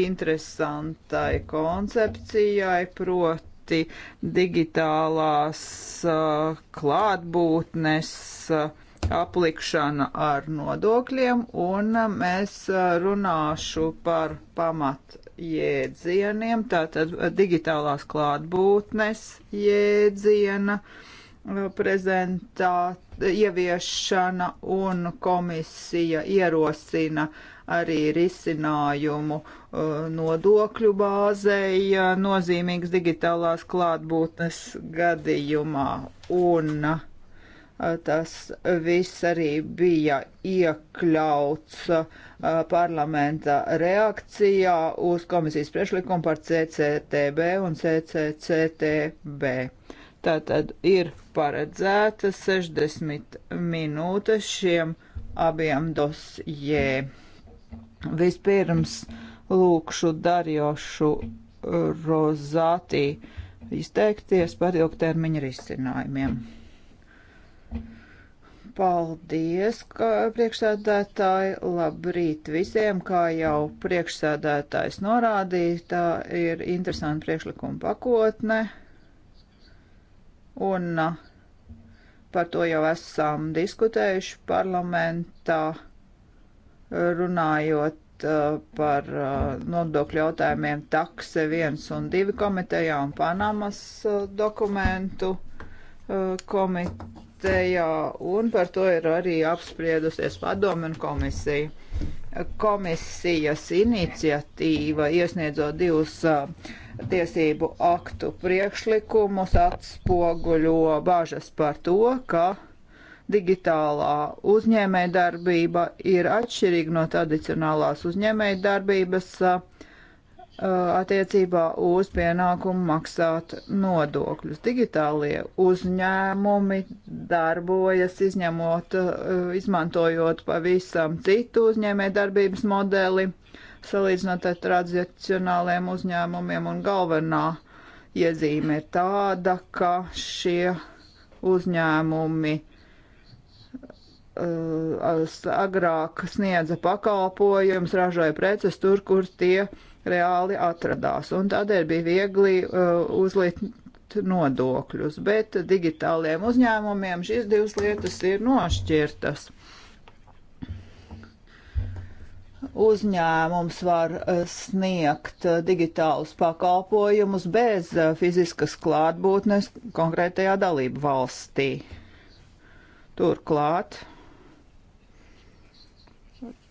interesantai koncepcijai, proti digitālās uh, klātbūtnes uh, aplikšana ar nodokļiem, un mēs runāšu par pamat jēdzieniem, tātad digitālās klātbūtnes jēdziena prezentāt ieviešana un komisija ierosina arī risinājumu nodokļu bāzei nozīmīgas digitālās klātbūtnes gadījumā. Un uh, Tas viss arī bija iekļauts uh, parlamenta reakcijā uz komisijas priešlikumu par CCTB un CCCTB. Tātad ir paredzēta 60 minūtes šiem abiem dosjē. Vispirms lūkšu Darjošu Rozātī izteikties par ilgtermiņa risinājumiem. Paldies, ka priekšsēdētāji, labrīt visiem, kā jau priekšsēdētājs norādīja, tā ir interesanta priekšlikuma pakotne, un par to jau esam diskutējuši parlamentā, runājot par nodokļu jautājumiem takse 1 un 2 komitejā un Panamas dokumentu komiteja komitejā, un par to ir arī apspriedusies padomu un komisija. Komisijas iniciatīva iesniedzot divus tiesību aktu priekšlikumus atspoguļo bažas par to, ka digitālā uzņēmējdarbība ir atšķirīga no tradicionālās uzņēmējdarbības. darbības Uh, attiecībā uz pienākumu maksāt nodokļus. Digitālie uzņēmumi darbojas izņemot, uh, izmantojot pavisam citu uzņēmē darbības modeli, salīdzinot ar tradicionāliem uzņēmumiem, un galvenā iezīme ir tāda, ka šie uzņēmumi uh, agrāk sniedza pakalpojumus, ražoja preces tur, kur tie uh, reāli atradās. Un tādēļ bija viegli uh, uzlikt nodokļus, bet digitāliem uzņēmumiem šīs divas lietas ir nošķirtas. Uzņēmums var uh, sniegt uh, digitālus pakalpojumus bez uh, fiziskas klātbūtnes konkrētajā dalību valstī. Turklāt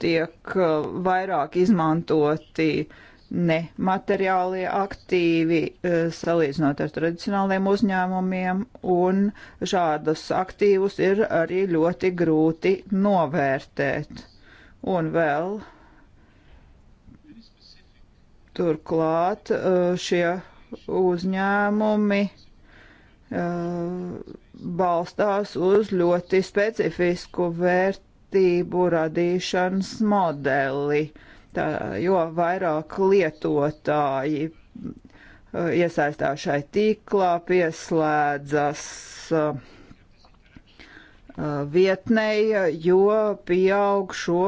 tiek vairāk izmantoti uh, nemateriālie aktīvi eh, salīdzinot ar tradicionāliem uzņēmumiem, un šādus aktīvus ir arī ļoti grūti novērtēt. Un vēl turklāt eh, šie uzņēmumi eh, balstās uz ļoti specifisku vērtību radīšanas modeli. Uh, tā, jo vairāk lietotāji uh, iesaistās šai tīklā, pieslēdzas uh, uh, vietnei, jo pieaug šo,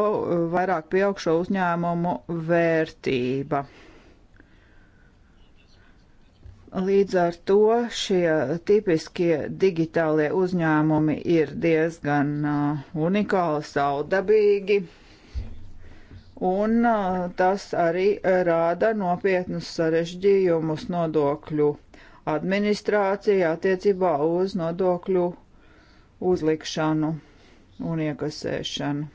vairāk pieaug šo uzņēmumu vērtība. Līdz ar to šie tipiskie digitālie uzņēmumi ir diezgan uh, unikāli, saudabīgi un tas arī rāda nopietnus sarežģījumus nodokļu administrācija attiecībā uz nodokļu uzlikšanu un iekasēšanu.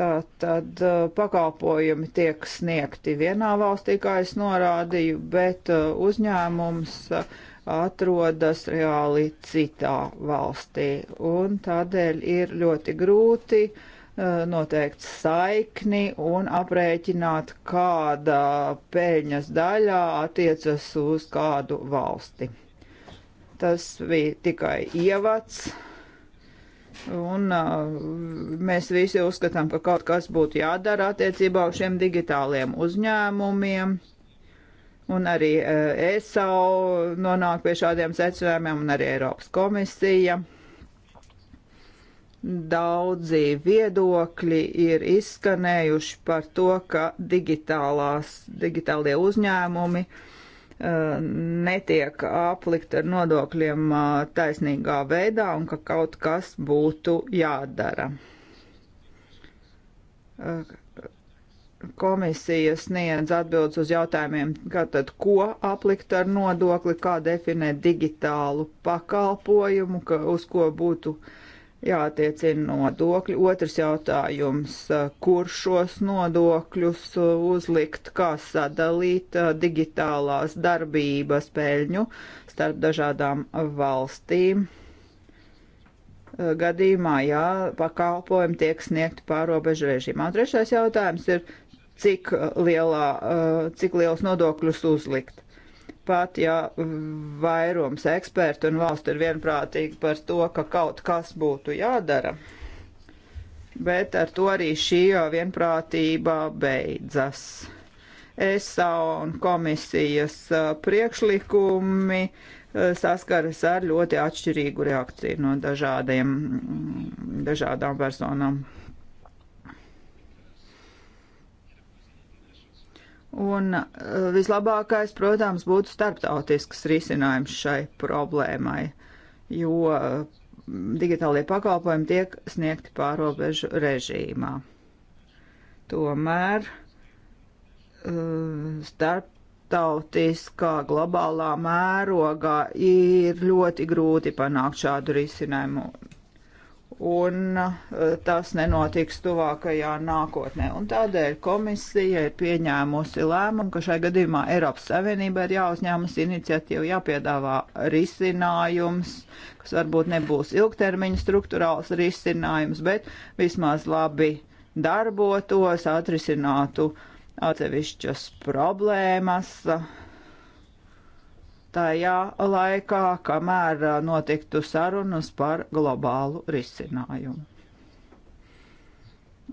Tā tad pakalpojumi tiek sniegti vienā valstī, kā es norādīju, bet uzņēmums uh, atrodas reāli citā valstī, un tādēļ ir ļoti grūti eh, noteikt saikni un aprēķināt, kāda peļņas daļā attiecas uz kādu valsti. Tas bija tikai ievads. Un uh, mēs visi uzskatām, ka kaut kas būtu jādara attiecībā uz šiem digitāliem uzņēmumiem un arī eh, ESAU nonāk pie šādiem secinājumiem, un arī Eiropas komisija. Daudzi viedokļi ir izskanējuši par to, ka digitālie uzņēmumi eh, netiek aplikt ar nodokļiem eh, taisnīgā veidā un ka kaut kas būtu jādara komisija sniedz atbildes uz jautājumiem, kā tad ko aplikt ar nodokli, kā definēt digitālu pakalpojumu, ka, uz ko būtu jātiecina nodokļi. Otrs jautājums, kur šos nodokļus uzlikt, kā sadalīt digitālās darbības peļņu starp dažādām valstīm gadījumā, ja pakalpojumi tiek sniegti pārobežu režīmā. Un trešais jautājums ir cik, uh, lielā, uh, cik liels nodokļus uzlikt. Pat ja vairums ekspertu un valsts ir vienprātīgi par to, ka kaut kas būtu jādara, bet ar to arī šī uh, vienprātība beidzas. ESA un komisijas priekšlikumi saskaras ar ļoti atšķirīgu reakciju no dažādiem, mm, dažādām personām. Un eh, vislabākais, protams, būtu starptautisks risinājums šai problēmai, jo mm, digitālie pakalpojumi tiek sniegti pārobežu režīmā. Tomēr eh, starptautiskā globālā mērogā ir ļoti grūti panākt šādu risinājumu un eh, tas nenotiks tuvākajā nākotnē. Un tādēļ komisija ir pieņēmusi lēmumu, ka šai gadījumā Eiropas Savienība ir jāuzņēmas iniciatīva, jāpiedāvā risinājums, kas varbūt nebūs ilgtermiņa struktūrāls risinājums, bet vismaz labi darbotos, atrisinātu atsevišķas problēmas, tajā laikā, kamēr notiktu sarunas par globālu risinājumu.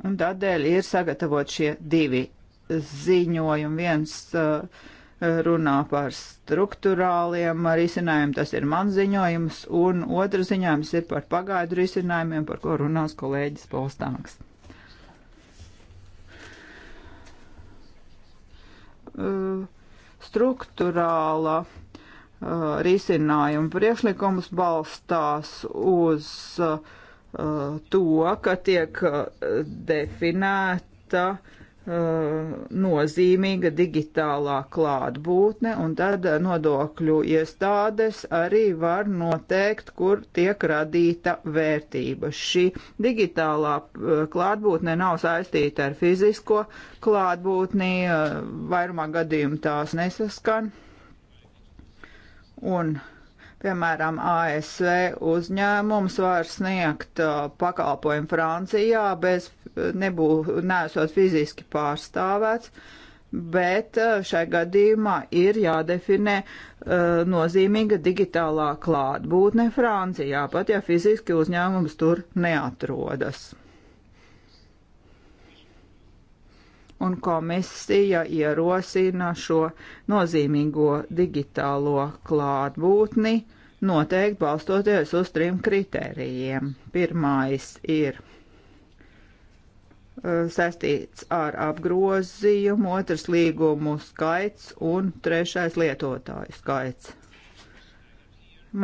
Un tādēļ ir sagatavot šie divi ziņojumi. Viens uh, runā par struktūrāliem risinājumiem, tas ir mans ziņojums, un otrs ziņojums ir par pagaidu risinājumiem, par ko runās kolēģis Polstāks. Struktūrāla uh, uh, risinājumu priekšlikums balstās uz uh, to, ka tiek uh, definēta uh, nozīmīga digitālā klātbūtne, un tad nodokļu iestādes arī var noteikt, kur tiek radīta vērtība. Šī digitālā uh, klātbūtne nav saistīta ar fizisko klātbūtni, uh, vairumā gadījumu tās nesaskan un Piemēram, ASV uzņēmums var sniegt uh, pakalpojumu Francijā, bez nebū, nesot fiziski pārstāvēts, bet uh, šai gadījumā ir jādefinē uh, nozīmīga digitālā klātbūtne Francijā, pat ja fiziski uzņēmums tur neatrodas. un komisija ierosina šo nozīmīgo digitālo klātbūtni noteikti balstoties uz trim kritērijiem. Pirmais ir eh, saistīts ar apgrozījumu, otrs līgumu skaits un trešais lietotāju skaits.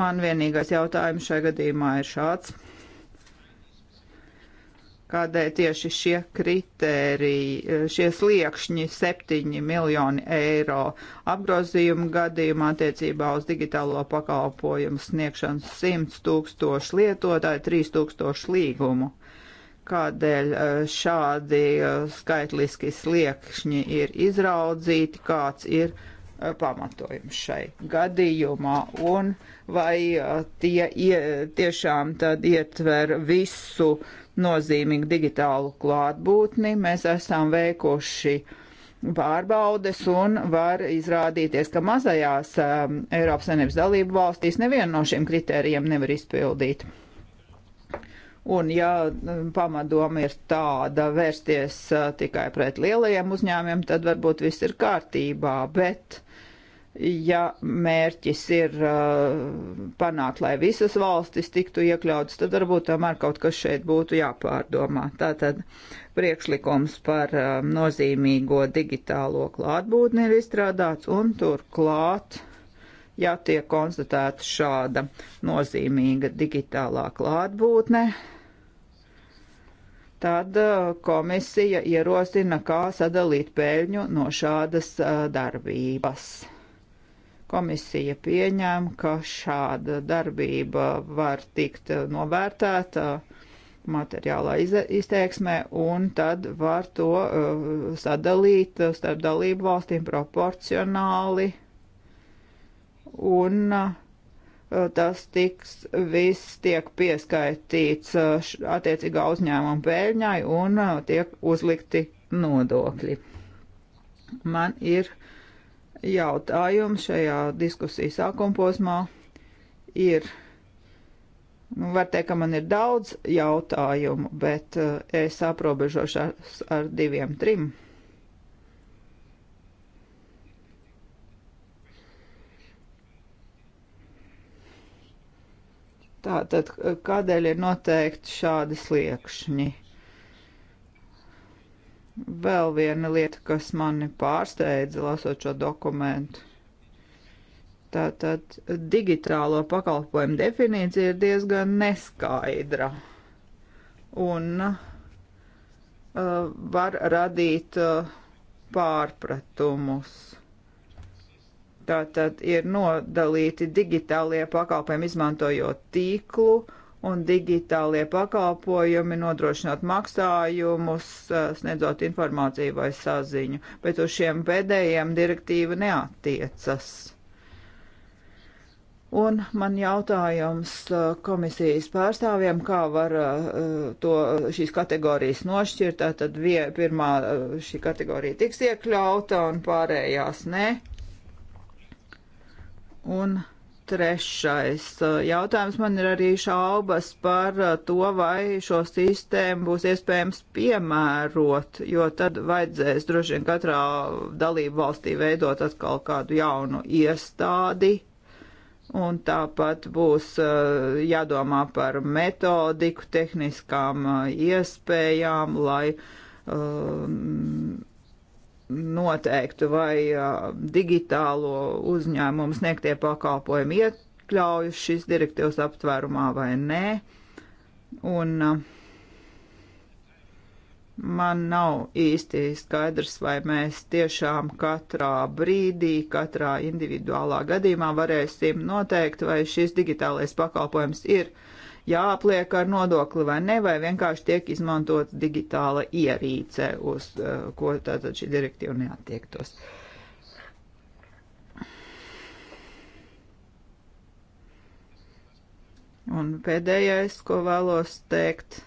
Man vienīgais jautājums šajā gadījumā ir šāds kādēļ tieši šie kritēriji, eh, šie sliekšņi 7 miljoni eiro apgrozījuma gadījumā attiecībā uz digitālo pakalpojumu sniegšanu 100 tūkstošu lietotāju, 3 tūkstošu līgumu. Kādēļ eh, šādi eh, skaitliski sliekšņi ir izraudzīti, kāds ir pamatojums šai gadījumā un uh, vai uh, tie ie, tiešām tad ietver visu nozīmīgu digitālu klātbūtni. Mēs esam veikuši pārbaudes un var izrādīties, ka mazajās um, Eiropas Savienības dalību valstīs nevienu no šiem kritērijiem nevar izpildīt. Un ja um, pamadoma ir tāda vērsties uh, tikai pret lielajiem uzņēmiem, tad varbūt viss ir kārtībā, bet uh, ja mērķis ir uh, panākt, lai visas valstis tiktu iekļautas, tad varbūt tomēr kaut kas šeit būtu jāpārdomā. Tātad priekšlikums par uh, nozīmīgo digitālo klātbūtni ir izstrādāts un turklāt, ja tiek konstatēta šāda nozīmīga digitālā klātbūtne, tad uh, komisija ierosina, kā sadalīt peļņu no šādas darbības Komisija pieņēma, ka šāda darbība var tikt novērtēta materiālā izteiksmē, un tad var to uh, sadalīt starp dalību valstīm proporcionāli, un uh, tas tiks, viss tiek pieskaitīts uh, attiecīgā uzņēmuma pēļņai un tiek uzlikti nodokļi. Man ir jautājums šajā diskusijas sākumposmā ir. Nu, var teikt, ka man ir daudz jautājumu, bet uh, es aprobežošos ar, ar diviem, trim. Tātad, kādēļ ir noteikti šādi sliekšņi? Vēl viena lieta, kas mani pārsteidza, lasot šo dokumentu. Tātad digitālo pakalpojumu definīcija ir diezgan neskaidra un uh, var radīt uh, pārpratumus. Tātad ir nodalīti digitālie pakalpojumi izmantojot tīklu un digitālie pakalpojumi, nodrošinot maksājumus, sniedzot informāciju vai saziņu, bet uz šiem pēdējiem direktīva neatiecas. Un man jautājums komisijas pārstāvjiem, kā var to, šīs kategorijas nošķirt, tad vie, pirmā šī kategorija tiks iekļauta un pārējās ne. Un Trešais uh, jautājums man ir arī šaubas par uh, to, vai šo sistēmu būs iespējams piemērot, jo tad vajadzēs droši vien katrā dalību valstī veidot atkal kādu jaunu iestādi. Un tāpat būs uh, jādomā par metodiku, tehniskām iespējām, lai um, noteiktu, vai digitālo uzņēmumu sniegtie pakalpojumi iekļaujas šīs direktīvas aptvērumā vai nē. Un man nav īsti skaidrs, vai mēs tiešām katrā brīdī, katrā individuālā gadījumā varēsim noteikt, vai šis digitālais pakalpojums ir iekļauts jāapliek ar nodokli vai ne, vai vienkārši tiek izmantot digitāla ierīce, uz uh, ko tātad šī direktīva neattiektos. Un pēdējais, ko vēlos teikt,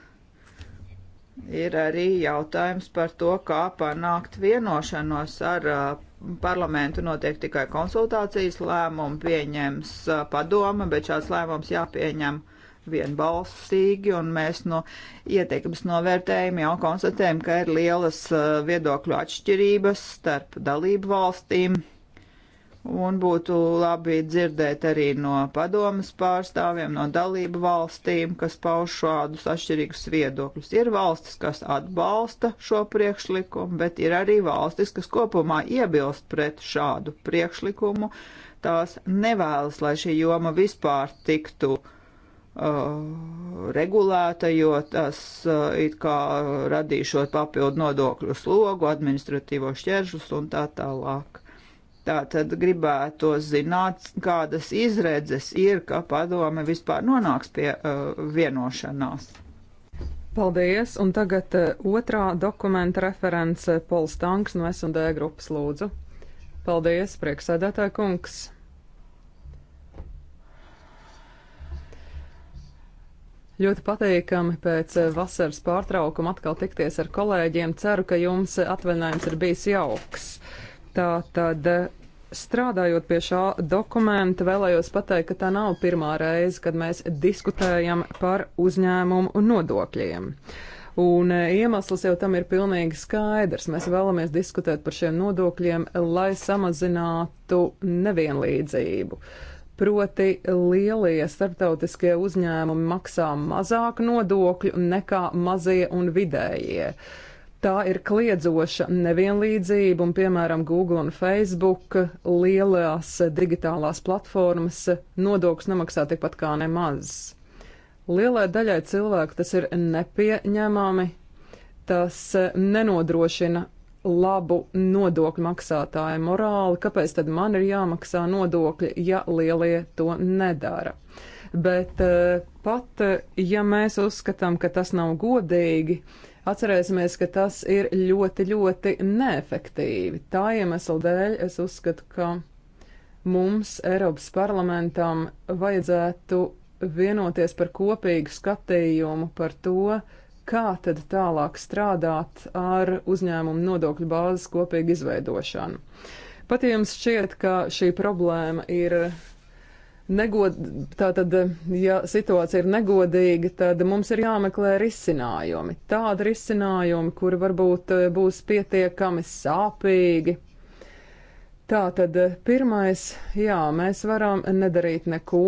ir arī jautājums par to, kā panākt vienošanos ar uh, parlamentu notiek tikai konsultācijas lēmumu, pieņems uh, padoma, bet šāds lēmums jāpieņem uh, vienbalsīgi, un mēs no ieteikums novērtējuma jau konstatējam, ka ir lielas uh, viedokļu atšķirības starp dalību valstīm. Un būtu labi dzirdēt arī no padomas pārstāvjiem, no dalību valstīm, kas pauž šādus atšķirīgus viedokļus. Ir valstis, kas atbalsta šo priekšlikumu, bet ir arī valstis, kas kopumā iebilst pret šādu priekšlikumu. Tās nevēlas, lai šī joma vispār tiktu uh, Uh, regulēta, jo tas uh, it kā radīšot papildu nodokļu slogu, administratīvo šķēršus un tā tālāk. Tā tad gribētu zināt, kādas izredzes ir, ka padome vispār nonāks pie uh, vienošanās. Paldies, un tagad uh, otrā dokumenta reference Pols Tanks no S&D grupas lūdzu. Paldies, prieksēdētāja kungs! Ļoti pateikami pēc eh, vasaras pārtraukuma atkal tikties ar kolēģiem. Ceru, ka jums atvaļinājums ir bijis jauks. Tā tad, eh, strādājot pie šā dokumenta, vēlējos pateikt, ka tā nav pirmā reize, kad mēs diskutējam par uzņēmumu un nodokļiem. Un eh, iemesls jau tam ir pilnīgi skaidrs. Mēs vēlamies diskutēt par šiem nodokļiem, lai samazinātu nevienlīdzību. Uh, Proti lielie starptautiskie uzņēmumi maksā mazāk nodokļu nekā mazie un vidējie. Tā ir kliedzoša nevienlīdzība, un, piemēram, Google un Facebook lielās digitālās platformas nodokļus nemaksā tikpat kā nemaz. Lielai daļai cilvēku tas ir nepieņemami, tas nenodrošina labu nodokļu maksātāju morāli, kāpēc tad man ir jāmaksā nodokļi, ja lielie to nedara. Bet eh, pat eh, ja mēs uzskatām, ka tas nav godīgi, atcerēsimies, ka tas ir ļoti, ļoti neefektīvi. Tā iemesla dēļ es uzskatu, ka mums Eiropas parlamentam vajadzētu vienoties par kopīgu skatījumu par to, kā tad tālāk strādāt ar uzņēmumu nodokļu bāzes kopīgu izveidošanu. Pat ja jums šķiet, ka šī problēma ir negod, tātad, ja situācija ir negodīga, tad mums ir jāmeklē risinājumi. Tādi risinājumi, kuri varbūt eh, būs pietiekami sāpīgi, Tā tad eh, pirmais, jā, mēs varam nedarīt neko,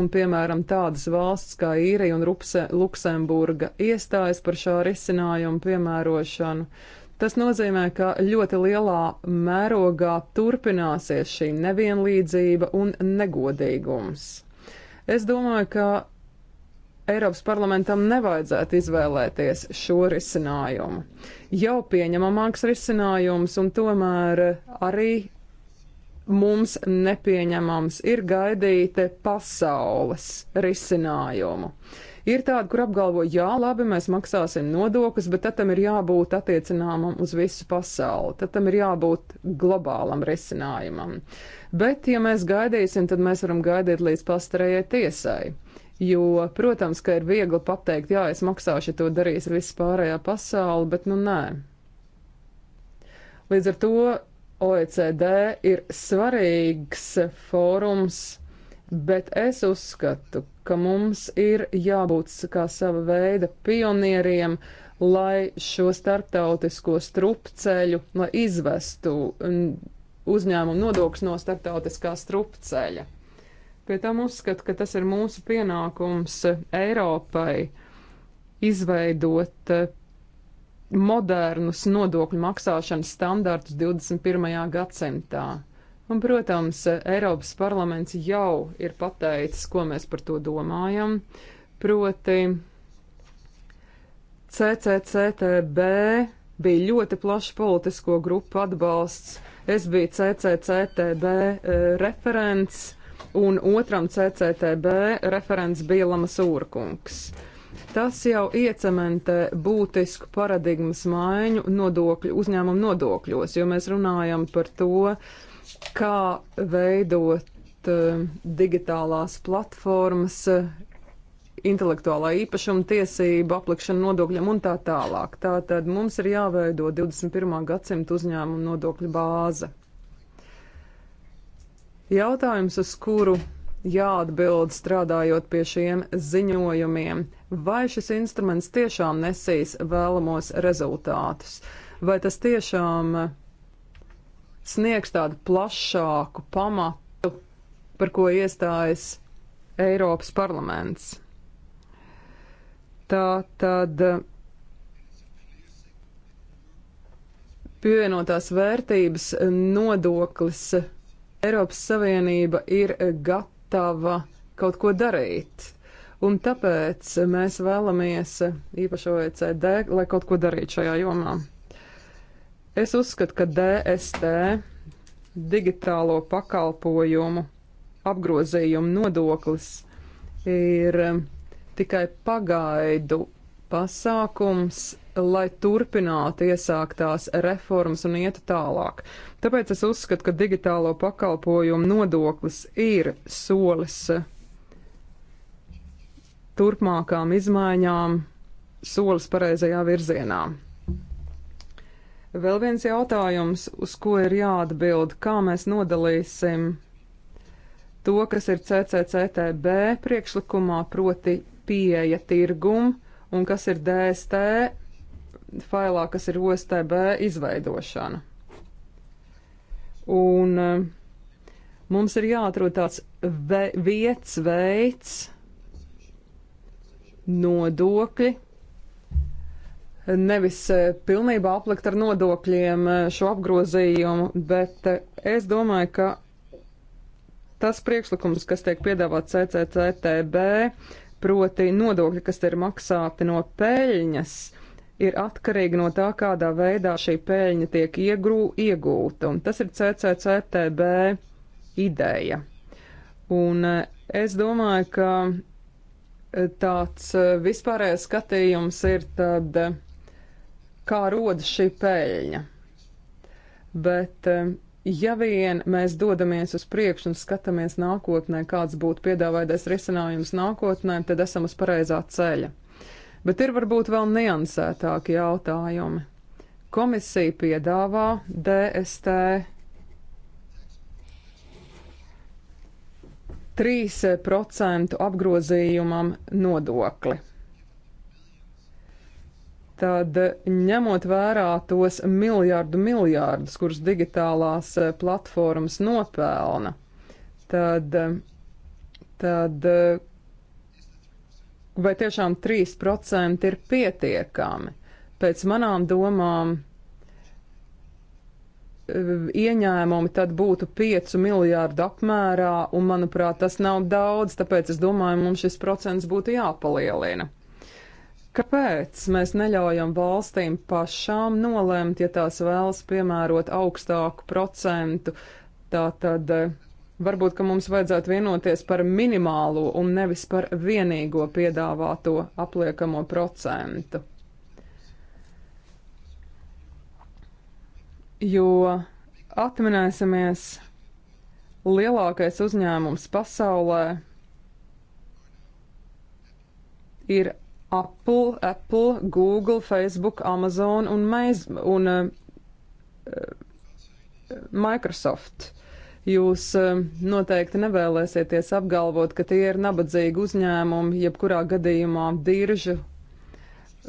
un piemēram tādas valsts kā Īrija un Rupse, Luksemburga iestājas par šā risinājuma piemērošanu. Tas nozīmē, ka ļoti lielā mērogā turpināsies šī nevienlīdzība un negodīgums. Es domāju, ka Eiropas parlamentam nevajadzētu izvēlēties šo risinājumu. Jau pieņemamāks risinājums, un tomēr arī mums nepieņemams ir gaidīt pasaules risinājumu. Ir tāda, kur apgalvo, jā, labi, mēs maksāsim nodokļus, bet tad tam ir jābūt attiecināmam uz visu pasauli. Tad tam ir jābūt globālam risinājumam. Bet, ja mēs gaidīsim, tad mēs varam gaidīt līdz pastarējai tiesai. Jo, protams, ka ir viegli pateikt, jā, es maksāšu, ja to darīs viss pārējā pasaule, bet nu nē. Līdz ar to OECD ir svarīgs fórums, bet es uzskatu, ka mums ir jābūt kā sava veida pionieriem, lai šo starptautisko strupceļu, lai izvestu uzņēmumu nodokļus no starptautiskā strupceļa. Pie tam uzskatu, ka tas ir mūsu pienākums Eiropai izveidot modernus nodokļu maksāšanas standartus 21. gadsimtā. Un, protams, Eiropas parlaments jau ir pateicis, ko mēs par to domājam, proti CCCTB bija ļoti plašs politisko grupu atbalsts, es biju CCCTB e, referents, un otram CCTB referents bija Lamas Urkungs. Tas jau iecementē būtisku paradigmas maiņu nodokļu, uzņēmumu nodokļos, jo mēs runājam par to, kā veidot uh, digitālās platformas, uh, intelektuālā īpašuma tiesība, aplikšana nodokļiem un tā tālāk. Tātad mums ir jāveido 21. gadsimta uzņēmuma nodokļu bāze. Jautājums, uz kuru jāatbild strādājot pie šiem ziņojumiem, vai šis instruments tiešām nesīs vēlamos rezultātus, vai tas tiešām sniegs tādu plašāku pamatu, par ko iestājas Eiropas parlaments. Tā tad pievienotās vērtības nodoklis Eiropas Savienība ir gatava gatava kaut ko darīt. Un tāpēc mēs vēlamies īpaši OECD, lai kaut ko darītu šajā jomā. Es uzskatu, ka DST digitālo pakalpojumu apgrozījumu nodoklis ir tikai pagaidu pasākums, lai turpinātu iesāktās reformas un ietu tālāk. Tāpēc es uzskatu, ka digitālo pakalpojumu nodoklis ir solis turpmākām izmaiņām, solis pareizajā virzienā. Vēl viens jautājums, uz ko ir jāatbild, kā mēs nodalīsim to, kas ir CCCTB priekšlikumā, proti pieeja tirgum, un kas ir DST failā, kas ir OSTB izveidošana. Un eh, mums ir jāatrod tāds ve vietas veids, nodokļi, nevis eh, pilnībā aplikt ar nodokļiem eh, šo apgrozījumu, bet es domāju, ka tas priekšlikums, kas tiek piedāvāts CCCTB, proti nodokļi, kas ir maksāti no peļņas, uh, ir atkarīga no tā, kādā veidā šī pēļņa tiek iegrū, iegūta. Un tas ir CCCTB ideja. Un eh, es domāju, ka eh, tāds eh, vispārējais skatījums ir tad, kā rodas šī pēļņa. Bet ja vien mēs dodamies uz priekšu un skatāmies nākotnē, kāds būtu piedāvātais risinājums nākotnē, tad esam uz pareizā ceļa. Bet ir varbūt vēl niansētāki jautājumi. Komisija piedāvā DST trīs procentu apgrozījumam nodokli. Tad ņemot vērā tos miljardu miljārdus, kurus digitālās eh, platformas nopelna, tad, tad vai tiešām 3% ir pietiekami. Pēc manām domām eh, ieņēmumi tad būtu 5 miljārdu apmērā, un manuprāt, tas nav daudz, tāpēc es domāju, mums šis procents būtu jāpalielina. Kāpēc mēs neļaujam valstīm pašām nolemt, ja tās vēlas piemērot augstāku procentu? Tā tad eh, Varbūt, ka mums vajadzētu vienoties par minimālo un nevis par vienīgo piedāvāto apliekamo procentu. Jo atminēsimies, lielākais uzņēmums pasaulē ir Apple, Apple, Google, Facebook, Amazon un, Maiz, un uh, Microsoft. Jūs eh, noteikti nevēlēsieties apgalvot, ka tie ir nabadzīgi uzņēmumi, jebkurā gadījumā diržu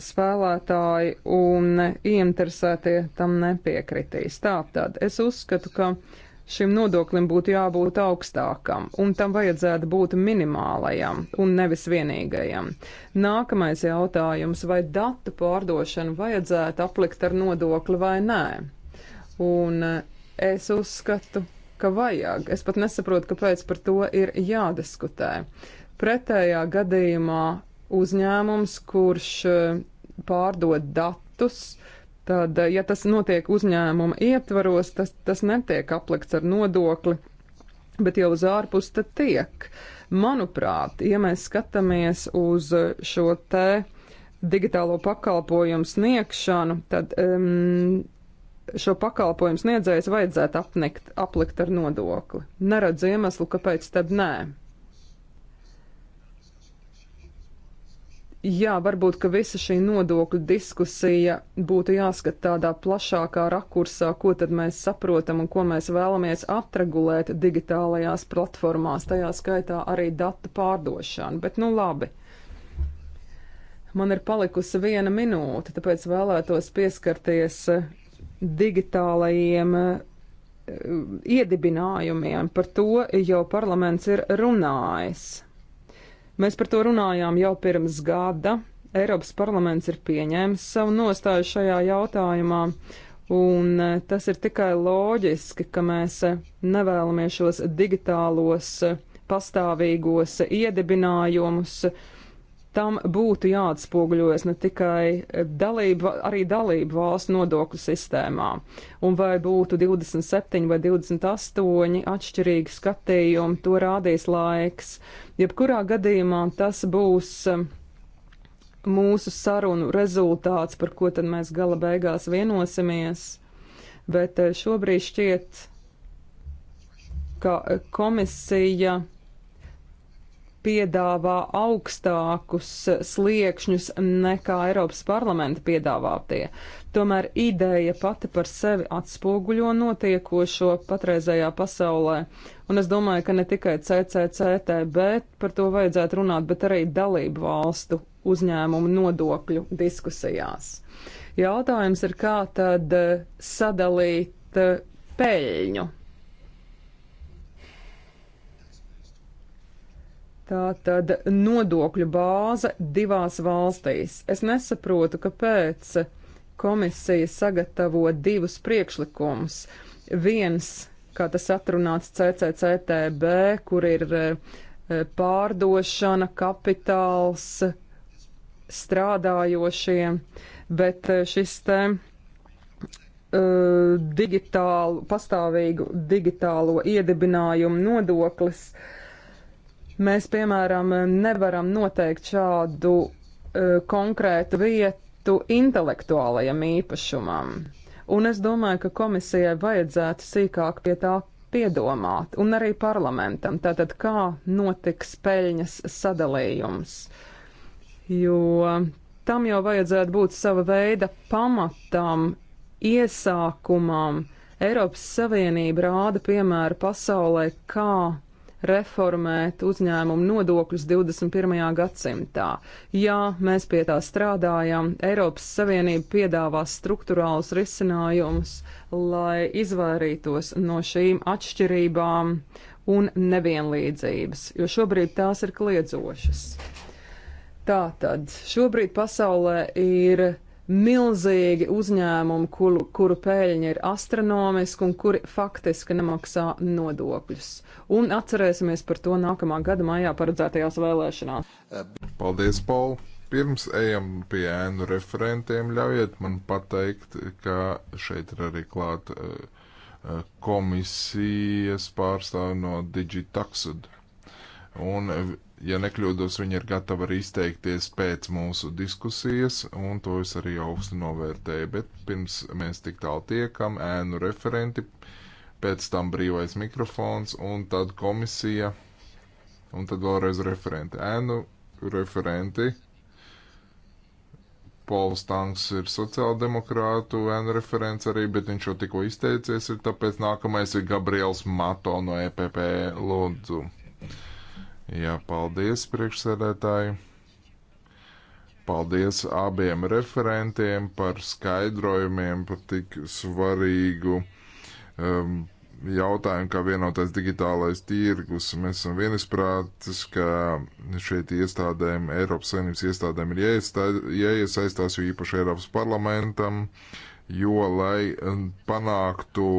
spēlētāji un ieinteresētie tam nepiekritīs. Tātad es uzskatu, ka šim nodoklim būtu jābūt augstākam un tam vajadzētu būt minimālajam un nevis vienīgajam. Nākamais jautājums, vai datu pārdošanu vajadzētu aplikt ar nodokli vai nē? Un eh, es uzskatu, ka vajag. Es pat nesaprotu, kāpēc par to ir jādiskutē. Pretējā gadījumā uzņēmums, kurš eh, pārdod datus, tad, eh, ja tas notiek uzņēmuma ietvaros, tas, tas netiek aplikts ar nodokli, bet jau uz ārpus tad tiek. Manuprāt, ja mēs skatāmies uz šo te digitālo pakalpojumu sniegšanu, tad um, šo pakalpojumu sniedzējus vajadzētu apnikt, aplikt ar nodokli. Neredzu iemeslu, kāpēc tad nē. Jā, varbūt, ka visa šī nodokļu diskusija būtu jāskat tādā plašākā rakursā, ko tad mēs saprotam un ko mēs vēlamies atregulēt digitālajās platformās, tajā skaitā arī datu pārdošana. Bet nu labi. Man ir palikusi viena minūte, tāpēc vēlētos pieskarties digitālajiem eh, iedibinājumiem. Par to jau parlaments ir runājis. Mēs par to runājām jau pirms gada. Eiropas parlaments ir pieņēmis savu nostāju šajā jautājumā, un eh, tas ir tikai loģiski, ka mēs eh, nevēlamies šos digitālos pastāvīgos iedibinājumus uh, tam būtu jāatspoguļojas ne tikai dalību, arī dalību valstu nodokļu sistēmā. Un vai būtu 27 vai 28 atšķirīgi skatījumi, to rādīs laiks. Jebkurā gadījumā tas būs um, mūsu sarunu rezultāts, par ko tad mēs gala beigās vienosimies. Bet uh, šobrīd šķiet, ka uh, komisija piedāvā augstākus sliekšņus nekā Eiropas parlamenta piedāvātie. Tomēr ideja pati par sevi atspoguļo notiekošo patreizējā pasaulē, un es domāju, ka ne tikai CCCTB par to vajadzētu runāt, bet arī dalību valstu uzņēmumu nodokļu diskusijās. Jautājums ir, kā tad sadalīt eh, peļņu Tātad nodokļu bāze divās valstīs. Es nesaprotu, kāpēc komisija sagatavo divus priekšlikumus. Viens, kā tas atrunāts CCCTB, kur ir e, e, pārdošana, kapitāls strādājošiem, bet e, šis te digitālu, pastāvīgu digitālo iedibinājumu nodoklis uh, Mēs, piemēram, nevaram noteikt šādu uh, konkrētu vietu intelektuālajam īpašumam. Un es domāju, ka komisijai vajadzētu sīkāk pie tā piedomāt, un arī parlamentam, tātad kā notiks peļņas sadalījums. Jo tam jau vajadzētu būt sava veida pamatam, iesākumam. Eiropas Savienība rāda piemēru pasaulē, kā reformēt uzņēmumu nodokļus 21. gadsimtā. Jā, mēs pie tā strādājam. Eiropas Savienība piedāvās struktūrālus risinājumus, lai izvairītos no šīm atšķirībām un nevienlīdzības, jo šobrīd tās ir kliedzošas. Tātad šobrīd pasaulē ir milzīgi uzņēmumi, kuru, kuru pēļņi ir astronomiski un kuri faktiski nemaksā nodokļus. Un atcerēsimies par to nākamā gada maijā paredzētajās vēlēšanās. Paldies, Paul! Pirms ejam pie ēnu referentiem, ļaujiet man pateikt, ka šeit ir arī klāt eh, eh, komisijas pārstāvi no Digitaxud. Un ja nekļūdos, viņa ir gatava arī izteikties pēc mūsu diskusijas, un to es arī augstu novērtēju. Bet pirms mēs tik tālu tiekam, ēnu referenti, pēc tam brīvais mikrofons, un tad komisija, un tad vēlreiz referenti. Ēnu referenti. Pols Tanks ir sociāldemokrātu ēnu referents arī, bet viņš jau tikko izteicies, ir tāpēc nākamais ir Gabriels Mato no EPP Lūdzu. Jā, paldies priekšsēdētāji. Paldies abiem referentiem par skaidrojumiem par tik svarīgu um, jautājumu, kā vienotais digitālais tirgus. Mēs esam vienisprātis, ka šeit iestādēm, Eiropas Savienības iestādēm ir jāiesaistās, jo īpaši Eiropas parlamentam, jo, lai um, panāktu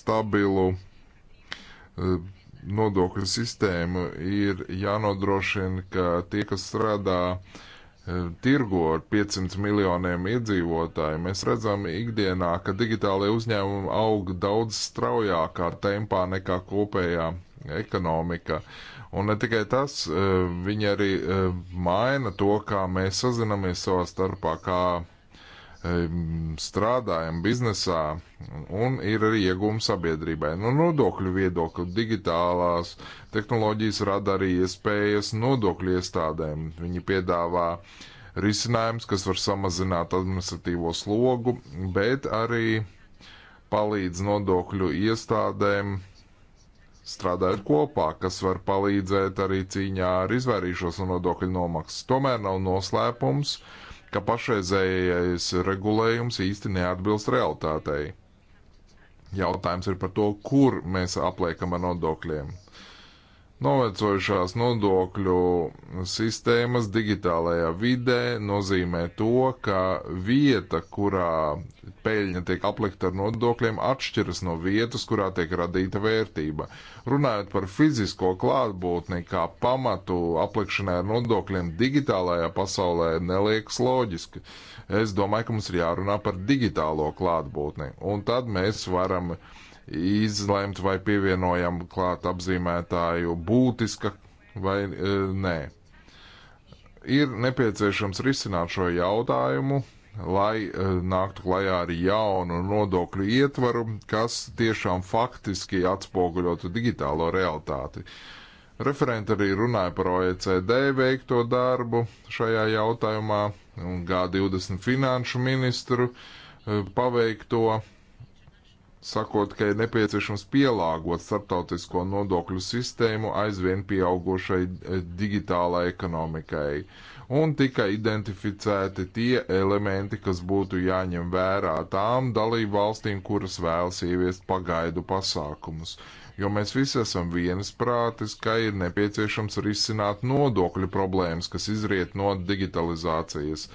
stabilu uh, nodokļu sistēmu, ir jānodrošina, ka tie, kas strādā eh, tirgo ar 500 miljoniem iedzīvotāju, mēs redzam ikdienā, ka digitālajie uzņēmumi aug daudz straujākā tempā nekā kopējā ekonomika. Un ne tikai tas, eh, viņi arī eh, maina to, kā mēs sazinamies savā starpā, kā strādājam biznesā un ir arī iegūmi sabiedrībai. No nu, nodokļu viedokļa digitālās tehnoloģijas rada arī iespējas nodokļu iestādēm. Viņi piedāvā risinājums, kas var samazināt administratīvo slogu, bet arī palīdz nodokļu iestādēm strādājot kopā, kas var palīdzēt arī cīņā ar izvairīšos no nodokļu nomaksas. Tomēr nav noslēpums, ka ka pašreizējais regulējums īsti neatbilst realitātei. Jautājums ir par to, kur mēs apliekam ar nodokļiem. Novecojušās nodokļu sistēmas digitālajā vidē nozīmē to, ka vieta, kurā peļņa tiek aplikta ar nodokļiem, atšķiras no vietas, kurā tiek radīta vērtība. Runājot par fizisko klātbūtni kā pamatu aplikšanai ar nodokļiem digitālajā pasaulē, neliekas loģiski. Es domāju, ka mums ir jārunā par digitālo klātbūtni, un tad mēs varam uh, izlemt, vai pievienojam klāt apzīmētāju būtiska vai e, nē. Ir nepieciešams risināt šo jautājumu, lai e, nāktu klajā ar jaunu nodokļu ietvaru, kas tiešām faktiski atspoguļotu digitālo realitāti. Referenti arī runāja par OECD veikto darbu šajā jautājumā un G20 finanšu ministru e, paveikto sakot, ka ir nepieciešams pielāgot starptautisko nodokļu sistēmu aizvien pieaugušai eh, digitālai ekonomikai. Un tika identificēti tie elementi, kas būtu jāņem vērā tām dalību valstīm, kuras vēlas ieviest pagaidu pasākumus. Jo mēs visi esam viensprātis, ka ir nepieciešams risināt nodokļu problēmas, kas izriet no digitalizācijas.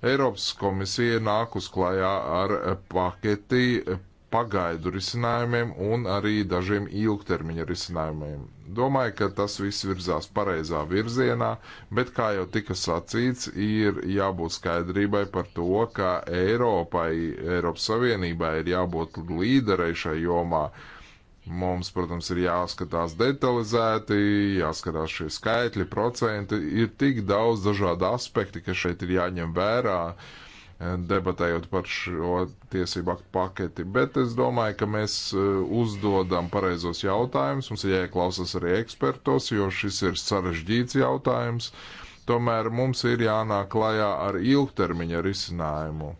Eiropas komisija nāk uz klajā ar eh, paketi eh, pagaidu risinājumiem un arī dažiem ilgtermiņa risinājumiem. Domāju, ka tas viss virzās pareizā virzienā, bet, kā jau tika sacīts, ir jābūt skaidrībai par to, ka Eiropai, Eiropas Savienībai ir jābūt līderei šai jomā. Mums, protams, ir jāskatās detalizēti, jāskatās šie skaitļi, procenti. Ir tik daudz dažādu aspektu, kas šeit ir jāņem vērā. Uh, debatējot par šo tiesību aktu paketi, bet es domāju, ka mēs eh, uzdodam pareizos jautājumus, mums ir jāieklausās arī ekspertos, jo šis ir sarežģīts jautājums, tomēr mums ir jānāk klajā ar ilgtermiņa risinājumu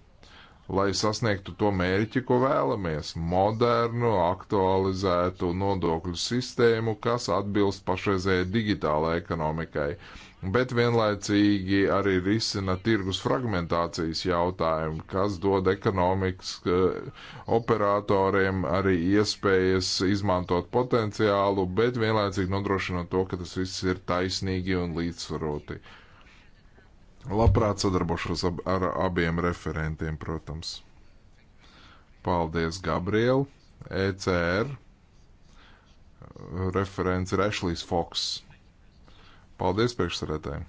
lai sasniegtu to mērķi, ko vēlamies - modernu, aktualizētu nodokļu sistēmu, kas atbilst pašreizējai digitālajai ekonomikai bet vienlaicīgi arī risina tirgus fragmentācijas jautājumu, kas dod ekonomikas eh, operatoriem arī iespējas izmantot potenciālu, bet vienlaicīgi nodrošinot to, ka tas viss ir taisnīgi un līdzsvaroti. Labprāt sadarbošos ab, ar abiem referentiem, protams. Paldies, Gabriel, ECR, referents Rešlijs Foks. Paldies priekšsarētājiem!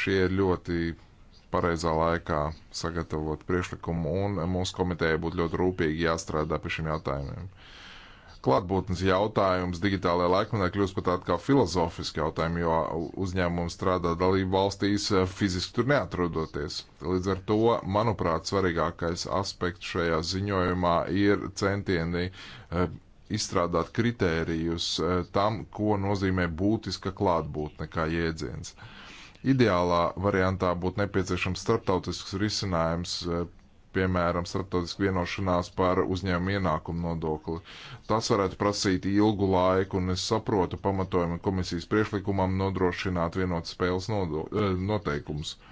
Šie ir ļoti pareizā laikā sagatavot priekšlikumu, un mūsu komitejai būtu ļoti rūpīgi jāstrādā pie šiem jautājumiem. Klātbūtnes jautājums digitālajā laikmetā kļūst pat tādu kā filozofisku jautājumu, jo uzņēmumi strādā dalību valstīs eh, fiziski tur neatrodoties. Līdz ar to, manuprāt, svarīgākais aspekts šajā ziņojumā ir centieni eh, izstrādāt kritērijus e, tam, ko nozīmē būtiska klātbūtne kā jēdziens. Ideālā variantā būtu nepieciešams starptautisks risinājums, e, piemēram, starptautiska vienošanās par uzņēmumu ienākumu nodokli. Tas varētu prasīt ilgu laiku, un es saprotu pamatojumu komisijas priešlikumam nodrošināt vienot spēles e, noteikumus. Uh,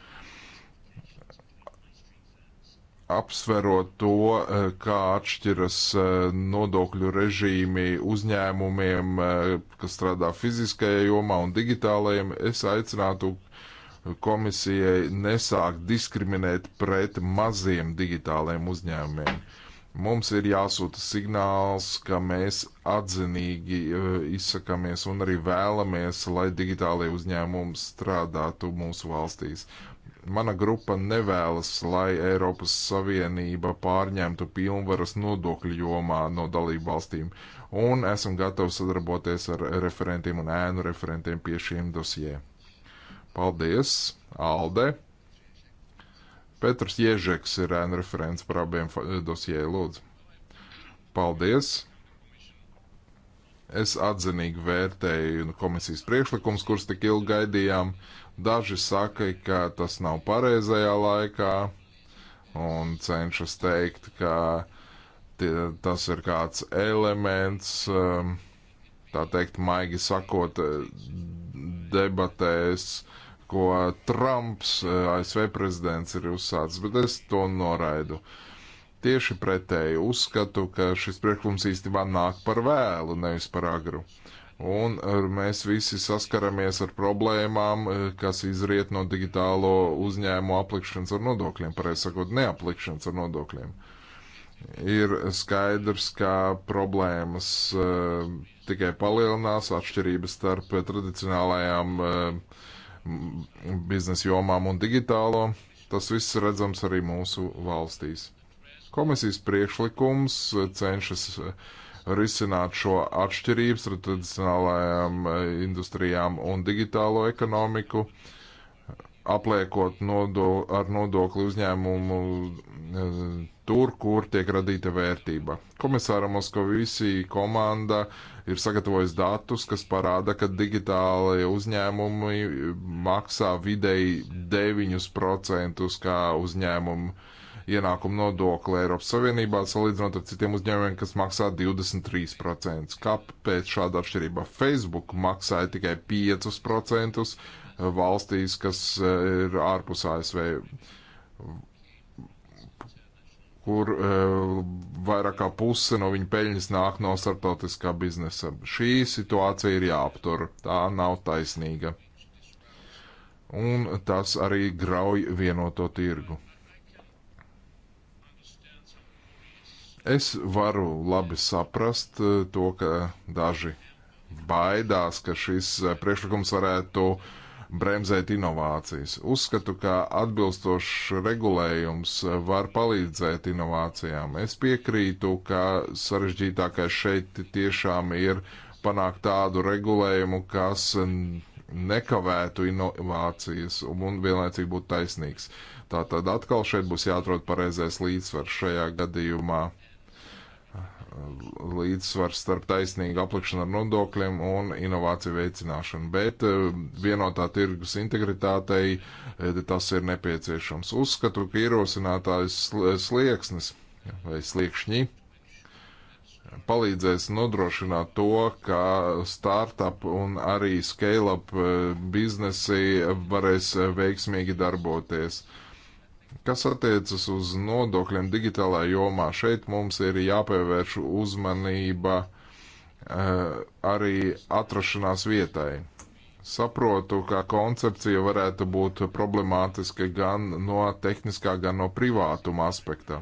apsverot to, eh, kā atšķiras eh, nodokļu režīmi uzņēmumiem, eh, kas strādā fiziskajā jomā un digitālajiem, es aicinātu komisijai nesākt diskriminēt pret maziem digitālajiem uzņēmumiem. Mums ir jāsūta signāls, ka mēs atzinīgi izsakamies un arī vēlamies, lai digitālajie uzņēmumi strādātu mūsu valstīs. Mana grupa nevēlas, lai Eiropas Savienība pārņemtu pilnvaras nodokļu jomā no dalību valstīm, un esam gatavi sadarboties ar referentiem un ēnu referentiem pie šiem dosjē. Paldies, Alde! Petrs Ježeks ir ēnu referents par abiem dosjē, lūdzu. Paldies! Es atzinīgi vērtēju komisijas priekšlikums, kurus tik ilgi gaidījām, Daži saka, ka tas nav pareizajā laikā un cenšas teikt, ka tie, tas ir kāds elements, um, tā teikt, maigi sakot, debatēs, ko Trumps, uh, ASV prezidents, ir uzsācis, bet es to noraidu. Tieši pretēji uzskatu, ka šis priekšlikums īstenībā nāk par vēlu, nevis par agru. Un e, mēs visi saskaramies ar problēmām, e, kas izriet no digitālo uzņēmumu aplikšanas ar nodokļiem, pareizi sakot, neaplikšanas ar nodokļiem. Ir skaidrs, ka problēmas uh, tikai palielinās atšķirības starp tradicionālajām uh, biznesa jomām un digitālo. Tas viss redzams arī mūsu valstīs. Komisijas priekšlikums cenšas uh, risināt šo atšķirības ar tradicionālajām eh, industrijām un digitālo ekonomiku, apliekot nodo, ar nodokli uzņēmumu eh, tur, kur tiek radīta vērtība. Komisāra Moskovisī komanda ir sagatavojusi datus, kas parāda, ka digitālajie uzņēmumi maksā vidēji 9% kā uzņēmumu ienākumu nodokli Eiropas Savienībā, salīdzinot ar citiem uzņēmumiem, kas maksā 23%. Kāpēc šāda atšķirība? Facebook maksāja tikai 5% valstīs, kas eh, ir ārpus ASV, kur eh, vairāk kā puse no viņa peļņas nāk no starptautiskā biznesa. Šī situācija ir jāaptur, tā nav taisnīga. Un tas arī grauj vienoto tirgu. Es varu labi saprast eh, to, ka daži baidās, ka šis eh, priekšlikums varētu bremzēt inovācijas. Uzskatu, ka atbilstošs regulējums eh, var palīdzēt inovācijām. Es piekrītu, ka sarežģītākais šeit tiešām ir panākt tādu regulējumu, kas nekavētu inovācijas un vienlaicīgi būtu taisnīgs. Tātad atkal šeit būs jāatrod pareizais līdzsvars šajā gadījumā līdzsvars starp taisnīgu aplikšanu ar nodokļiem un inovāciju veicināšanu, bet eh, vienotā tirgus integritātei eh, tas ir nepieciešams. Uzskatu, ka ierosinātājs slieksnis vai sliekšņi palīdzēs nodrošināt to, ka startup un arī scale-up eh, biznesi varēs veiksmīgi darboties. Uh, Kas attiecas uz nodokļiem digitālā jomā, šeit mums ir jāpievērš uzmanība eh, arī atrašanās vietai. Saprotu, ka koncepcija varētu būt problemātiska gan no tehniskā, gan no privātuma aspekta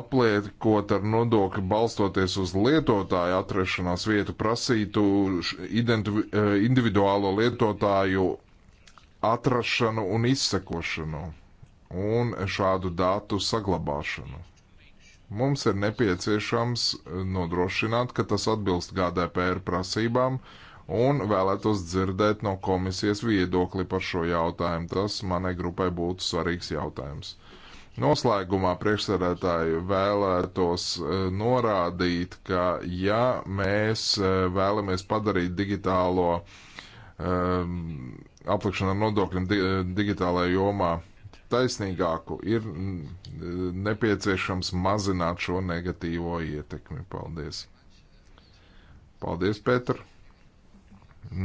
apliekot ar nodokli balstoties uz lietotāju atrašanās vietu, prasītu eh, individuālo lietotāju atrašanu un izsekošanu un šādu datu saglabāšanu. Mums ir nepieciešams nodrošināt, ka tas atbilst GDPR prasībām un vēlētos dzirdēt no komisijas viedokli par šo jautājumu. Tas manai grupai būtu svarīgs jautājums. Noslēgumā priekšsēdētāji vēlētos e, norādīt, ka ja mēs e, vēlamies padarīt digitālo um, aplikšanu ar nodokļiem di digitālajā jomā taisnīgāku, ir nepieciešams mazināt šo negatīvo ietekmi. Paldies! Paldies, Pēter!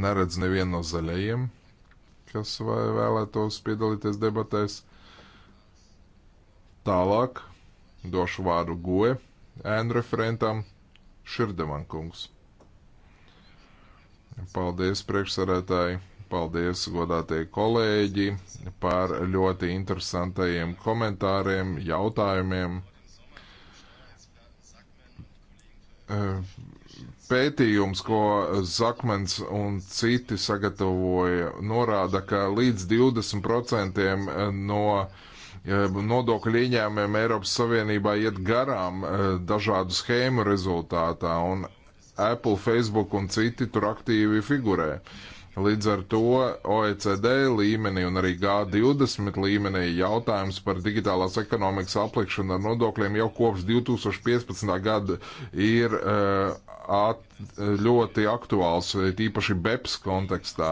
Neredz nevienu no zaļajiem, kas vai vēlētos piedalīties debatēs. Tālāk došu vārdu goe ēnu referentam Širdevan kungs. Paldies, priekšsarētāji! Paldies, godātie kolēģi, par ļoti interesantajiem komentāriem, jautājumiem. Pētījums, ko Zakmens un citi sagatavoja, norāda, ka līdz 20% no nodokļu ieņēmumiem Eiropas Savienībā iet garām eh, dažādu schēmu rezultātā, un Apple, Facebook un citi tur aktīvi figurē. Uh, Līdz ar to OECD līmenī un arī G20 līmenī jautājums par digitālās ekonomikas aplikšanu ar nodokļiem jau kopš 2015. gada ir uh, at, ļoti aktuāls, tīpaši BEPS kontekstā.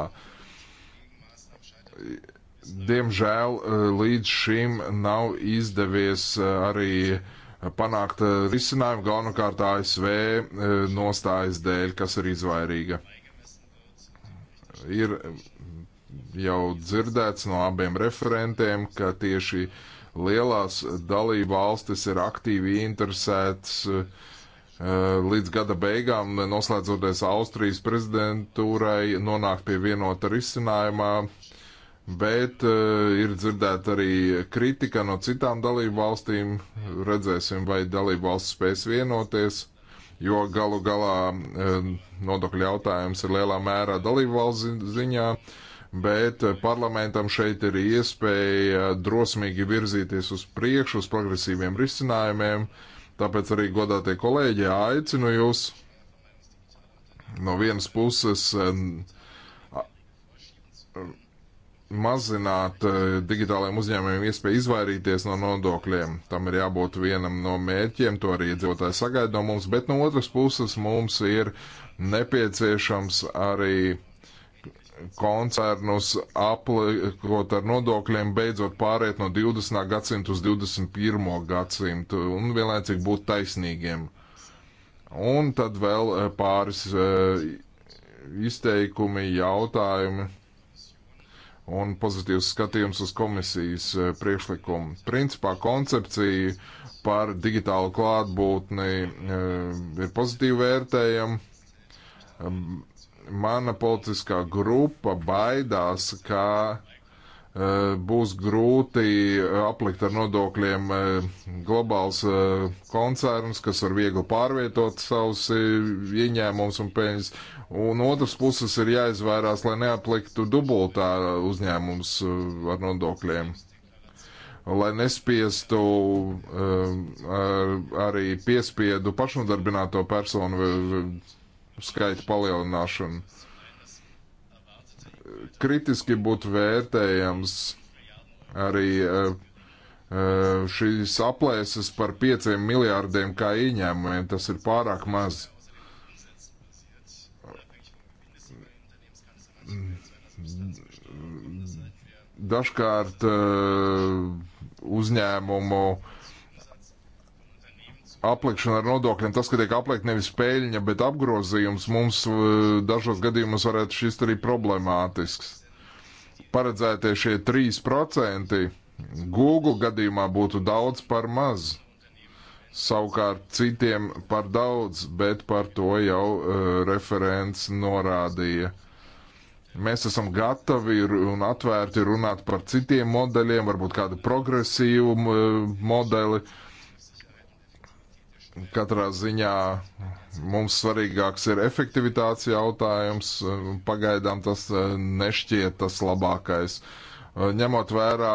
Diemžēl eh, līdz šim nav izdevies eh, arī panākt risinājumu galvenokārt ASV nostājas dēļ, kas ir izvairīga. Ir mm, jau dzirdēts no abiem referentiem, ka tieši lielās dalība valstis ir aktīvi interesētas eh, līdz gada beigām, noslēdzoties Austrijas prezidentūrai, nonākt pie vienota risinājumā, bet uh, ir dzirdēta arī kritika no citām dalību valstīm. Redzēsim, vai dalību valsts spēs vienoties jo galu galā e, nodokļu jautājums ir lielā mērā dalību valsts ziņā, bet parlamentam šeit ir iespēja drosmīgi virzīties uz priekšu, uz progresīviem risinājumiem. Tāpēc arī godātie kolēģi aicinu jūs no vienas puses e, mazināt eh, digitālajiem uzņēmumiem iespēju izvairīties no nodokļiem. Tam ir jābūt vienam no mērķiem, to arī iedzīvotāji sagaida no mums, bet no otras puses mums ir nepieciešams arī koncernus aplikot ar nodokļiem, beidzot pāriet no 20. gadsimta uz 21. gadsimtu un vienlaicīgi būt taisnīgiem. Un tad vēl eh, pāris eh, izteikumi, jautājumi un pozitīvs skatījums uz komisijas eh, priekšlikumu. Principā koncepcija par digitālu klātbūtni eh, ir pozitīvi vērtējama. Ehm, mana politiskā grupa baidās, ka Eh, būs grūti eh, aplikt ar nodokļiem eh, globāls koncerns, kas var viegli pārvietot savus ieņēmumus un peļņas. Un otrs puses ir jāizvairās, lai neapliktu dubultā uzņēmums ar nodokļiem. Lai nespiestu ar, arī piespiedu pašnodarbināto personu skaitu palielināšanu kritiski būtu vērtējams arī eh, eh, šīs aplēses par 5 miljārdiem kā ieņēmumiem. Tas ir pārāk maz. Dažkārt eh, uzņēmumu uh, aplikšana ar nodokļiem, tas, ka tiek aplikt nevis peļņa, bet apgrozījums, mums uh, dažos gadījumos varētu šis arī problemātisks. Paredzētie šie 3% Google gadījumā būtu daudz par maz. Savukārt citiem par daudz, bet par to jau uh, referents norādīja. Mēs esam gatavi un atvērti runāt par citiem modeļiem, varbūt kādu progresīvu uh, modeli. Uh, Katrā ziņā mums svarīgāks ir efektivitātes jautājums. Pagaidām tas e, nešķiet tas labākais. E, ņemot vērā,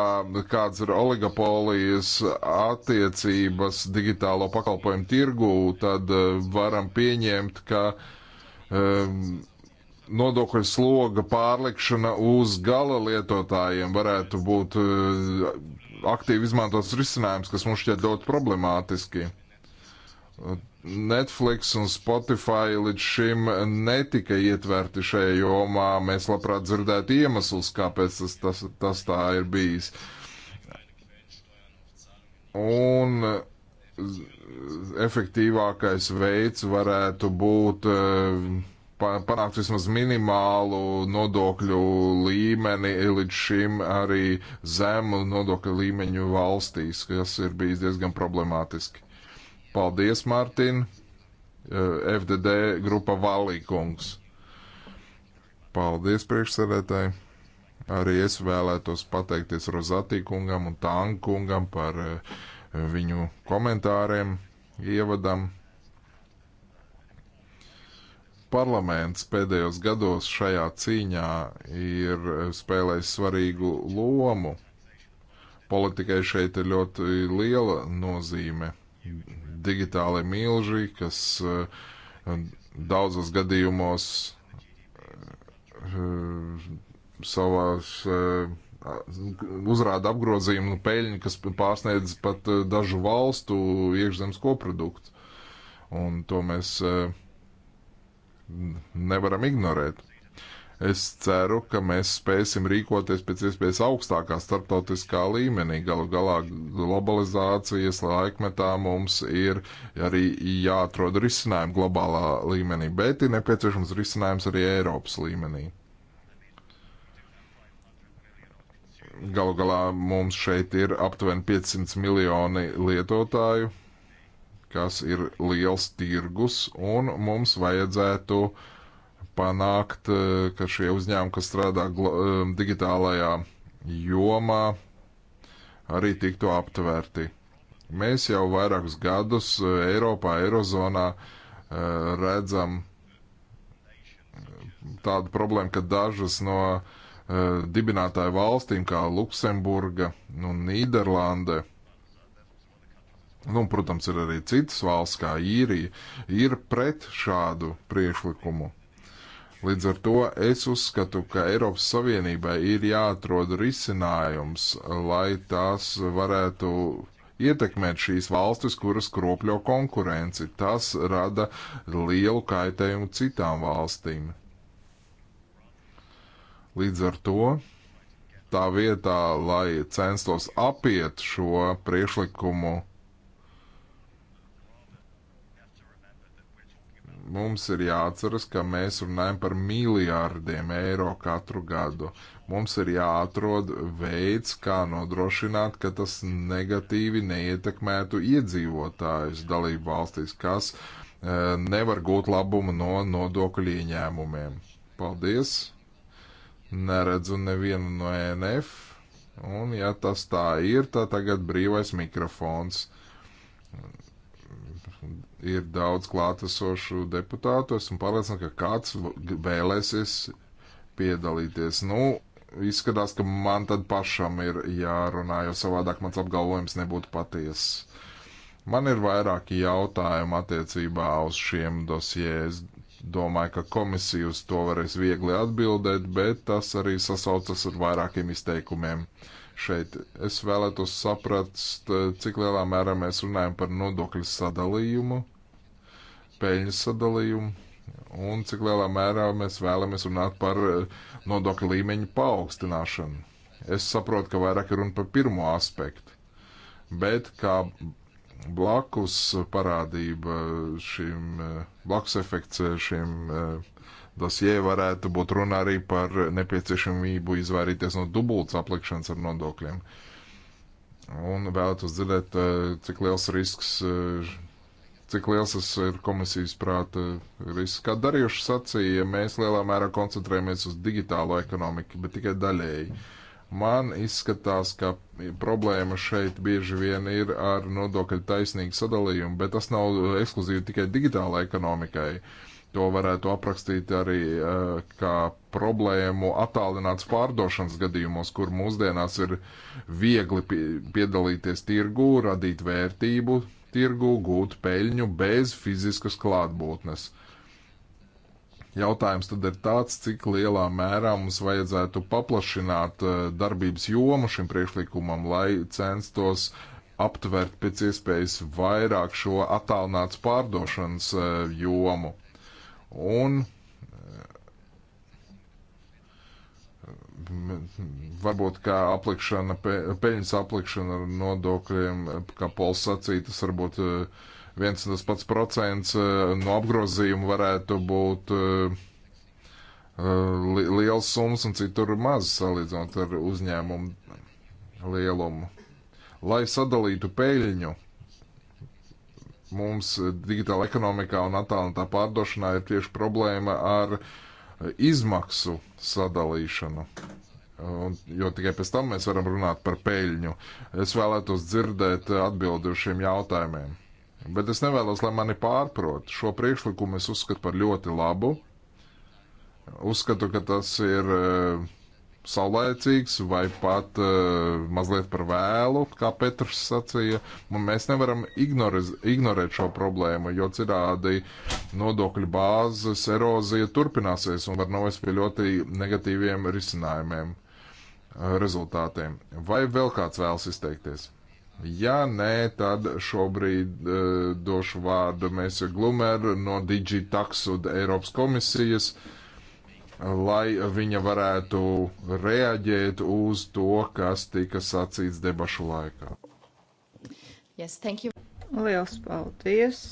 kādas ir oligopolijas attiecības digitālo pakalpojumu tirgū, tad e, varam pieņemt, ka nodokļu sloga pārlikšana uz gala lietotājiem varētu būt aktīvi izmantots risinājums, kas mums šķiet ļoti problemātiski. Netflix un Spotify līdz šim netika ietverti šajā jomā. Mēs labprāt dzirdētu iemeslus, kāpēc tas, tas, tas tā ir bijis. Un efektīvākais veids varētu būt eh, panākt vismaz minimālu nodokļu līmeni eh, līdz šim arī zemu nodokļu līmeņu valstīs, kas ir bijis diezgan problemātiski. Paldies, Mārtiņ. Eh, FDD grupa Valīkungs. Paldies, priekšsēdētāji. Arī es vēlētos pateikties Rozatī kungam un Tāngu kungam par eh, viņu komentāriem, ievadam. Parlaments pēdējos gados šajā cīņā ir eh, spēlējis svarīgu lomu. Politikai šeit ir ļoti liela nozīme digitālai milži, kas eh, daudzos gadījumos eh, savās eh, uzrāda apgrozījumu nu, peļņu, kas pārsniedz pat dažu valstu iekšzemes koproduktu. Un to mēs nevaram ignorēt. Es ceru, ka mēs spēsim rīkoties pēc iespējas augstākā starptautiskā līmenī. Galu galā globalizācijas laikmetā mums ir arī jāatrod risinājumi globālā līmenī, bet ir nepieciešams risinājums arī Eiropas līmenī. Galu galā mums šeit ir aptuveni 500 miljoni lietotāju kas ir liels tirgus, un mums vajadzētu uh, panākt, e, ka šie uzņēmumi, kas strādā e, digitālajā jomā, arī tiktu aptvērti. Mēs jau vairākus gadus e, Eiropā, Eirozonā redzam tādu problēmu, ka dažas no dibinātāju valstīm, kā Luksemburga un Nīderlande, Nu, protams, ir arī citas valsts, kā īrija, ir pret šādu priekšlikumu. Līdz ar to es uzskatu, ka Eiropas Savienībai ir jāatrod risinājums, lai tās varētu ietekmēt šīs valstis, kuras kropļo konkurenci. Tas rada lielu kaitējumu citām valstīm. Līdz ar to tā vietā, lai censtos apiet šo priekšlikumu Mums ir jāatceras, ka mēs runājam par miljārdiem eiro katru gadu. Mums ir jāatrod veids, kā nodrošināt, ka tas negatīvi neietekmētu iedzīvotājus dalību valstīs, kas e, nevar gūt labumu no nodokļu ieņēmumiem. Paldies! Neredzu nevienu no NF. Un, ja tas tā ir, tad tagad brīvais mikrofons ir daudz klātesošu deputātu. Esmu pārliecināts, ka kāds vēlēsies piedalīties. Nu, izskatās, ka man tad pašam ir jārunā, jo savādāk mans apgalvojums nebūtu patiess. Man ir vairāki jautājumi attiecībā uz šiem dosjē. Es domāju, ka komisija uz to varēs viegli atbildēt, bet tas arī sasaucas ar vairākiem izteikumiem. Uh, šeit. Es vēlētos saprast, eh, cik lielā mērā mēs runājam par nodokļu sadalījumu, peļņas sadalījumu, un cik lielā mērā mēs vēlamies runāt par eh, nodokļu līmeņu paaugstināšanu. Es saprotu, ka vairāk ir runa par pirmo aspektu, bet kā blakus parādība šim, eh, blakus efekts šim uh, dosie varētu būt runa arī par nepieciešamību izvairīties no dubultas aplikšanas ar nodokļiem. Un vēlētos dzirdēt, eh, cik liels risks, eh, cik liels tas ir komisijas prāta risks. Kā darījuši sacīja, ja mēs lielā mērā koncentrējamies uz digitālo ekonomiku, bet tikai daļēji. Man izskatās, ka problēma šeit bieži vien ir ar nodokļu taisnīgu sadalījumu, bet tas nav ekskluzīvi tikai digitālai ekonomikai. Uh, To varētu aprakstīt arī eh, kā problēmu attālināts pārdošanas gadījumos, kur mūsdienās ir viegli piedalīties tirgū, radīt vērtību tirgū, gūt peļņu bez fiziskas klātbūtnes. Jautājums tad ir tāds, cik lielā mērā mums vajadzētu paplašināt eh, darbības jomu šim priekšlikumam, lai censtos aptvert pēc iespējas vairāk šo attālināts pārdošanas eh, jomu un eh, varbūt kā aplikšana, peļņas aplikšana ar nodokļiem, kā Pols sacīja, tas varbūt eh, viens un tas pats procents eh, no apgrozījuma varētu būt li liels summas un citur maz salīdzinot ar uzņēmumu lielumu. Lai sadalītu peļņu, Mums digitāla ekonomikā un attālinātā pārdošanā ir tieši problēma ar izmaksu sadalīšanu. Un, jo tikai pēc tam mēs varam runāt par peļņu. Es vēlētos dzirdēt atbildi uz šiem jautājumiem. Bet es nevēlos, lai mani pārprot. Šo priekšlikumu es uzskatu par ļoti labu. Uzskatu, ka tas ir uh, saulēcīgs vai pat uh, mazliet par vēlu, kā Petrs sacīja. Un mēs nevaram ignoriz, ignorēt šo problēmu, jo citādi nodokļu bāzes erozija turpināsies un var novest pie ļoti negatīviem risinājumiem, uh, rezultātiem. Vai vēl kāds vēlas izteikties? Ja nē, tad šobrīd uh, došu vārdu Mēsija Glumer no Digitaxud Eiropas komisijas. Uh, lai viņa varētu reaģēt uz to, kas tika sacīts debašu laikā. Yes, thank you. Liels paldies!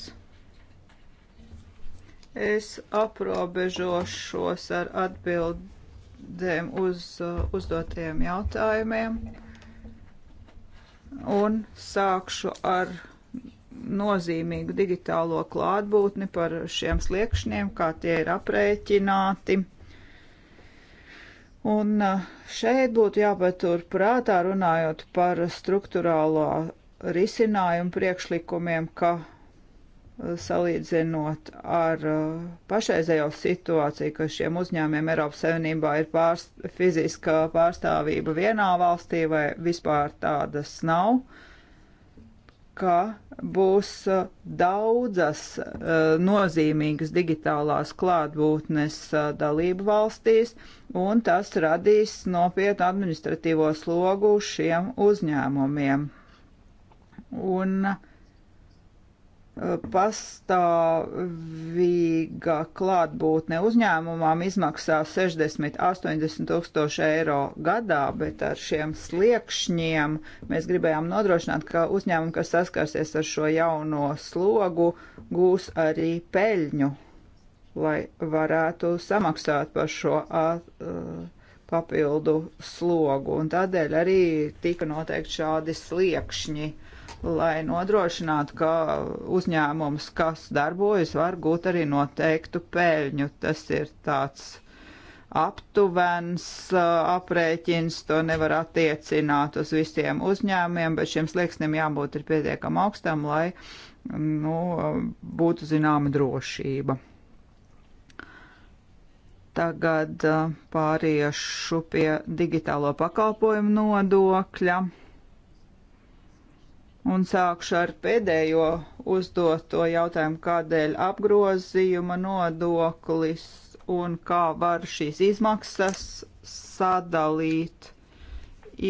Es aprobežošos ar atbildēm uz uh, uzdotajiem jautājumiem un sākšu ar nozīmīgu digitālo klātbūtni par šiem sliekšņiem, kā tie ir aprēķināti. Un šeit būtu jāpatur prātā, runājot par struktūrālo risinājumu priekšlikumiem, ka salīdzinot ar pašreizējo situāciju, ka šiem uzņēmiem Eiropas Savienībā ir pārst fiziska pārstāvība vienā valstī vai vispār tādas nav, uh, ka būs uh, daudzas uh, nozīmīgas digitālās klātbūtnes uh, dalību valstīs, un tas radīs nopietnu administratīvo slogu šiem uzņēmumiem. Un uh, pastāvīga klātbūtne uzņēmumām izmaksā 60-80 tūkstoši eiro gadā, bet ar šiem sliekšņiem mēs gribējām nodrošināt, ka uzņēmumi, kas saskarsies ar šo jauno slogu, gūs arī peļņu, lai varētu samaksāt par šo papildu slogu. Un tādēļ arī tika noteikti šādi sliekšņi lai nodrošinātu, ka uzņēmums, kas darbojas, var gūt arī noteiktu peļņu. Tas ir tāds aptuvens aprēķins, to nevar attiecināt uz visiem uzņēmumiem, bet šiem slieksnim jābūt ir pietiekam augstam, lai nu, būtu zināma drošība. Tagad pāriešu pie digitālo pakalpojumu nodokļa. Un sākšu ar pēdējo uzdoto jautājumu, kādēļ apgrozījuma nodoklis un kā var šīs izmaksas sadalīt.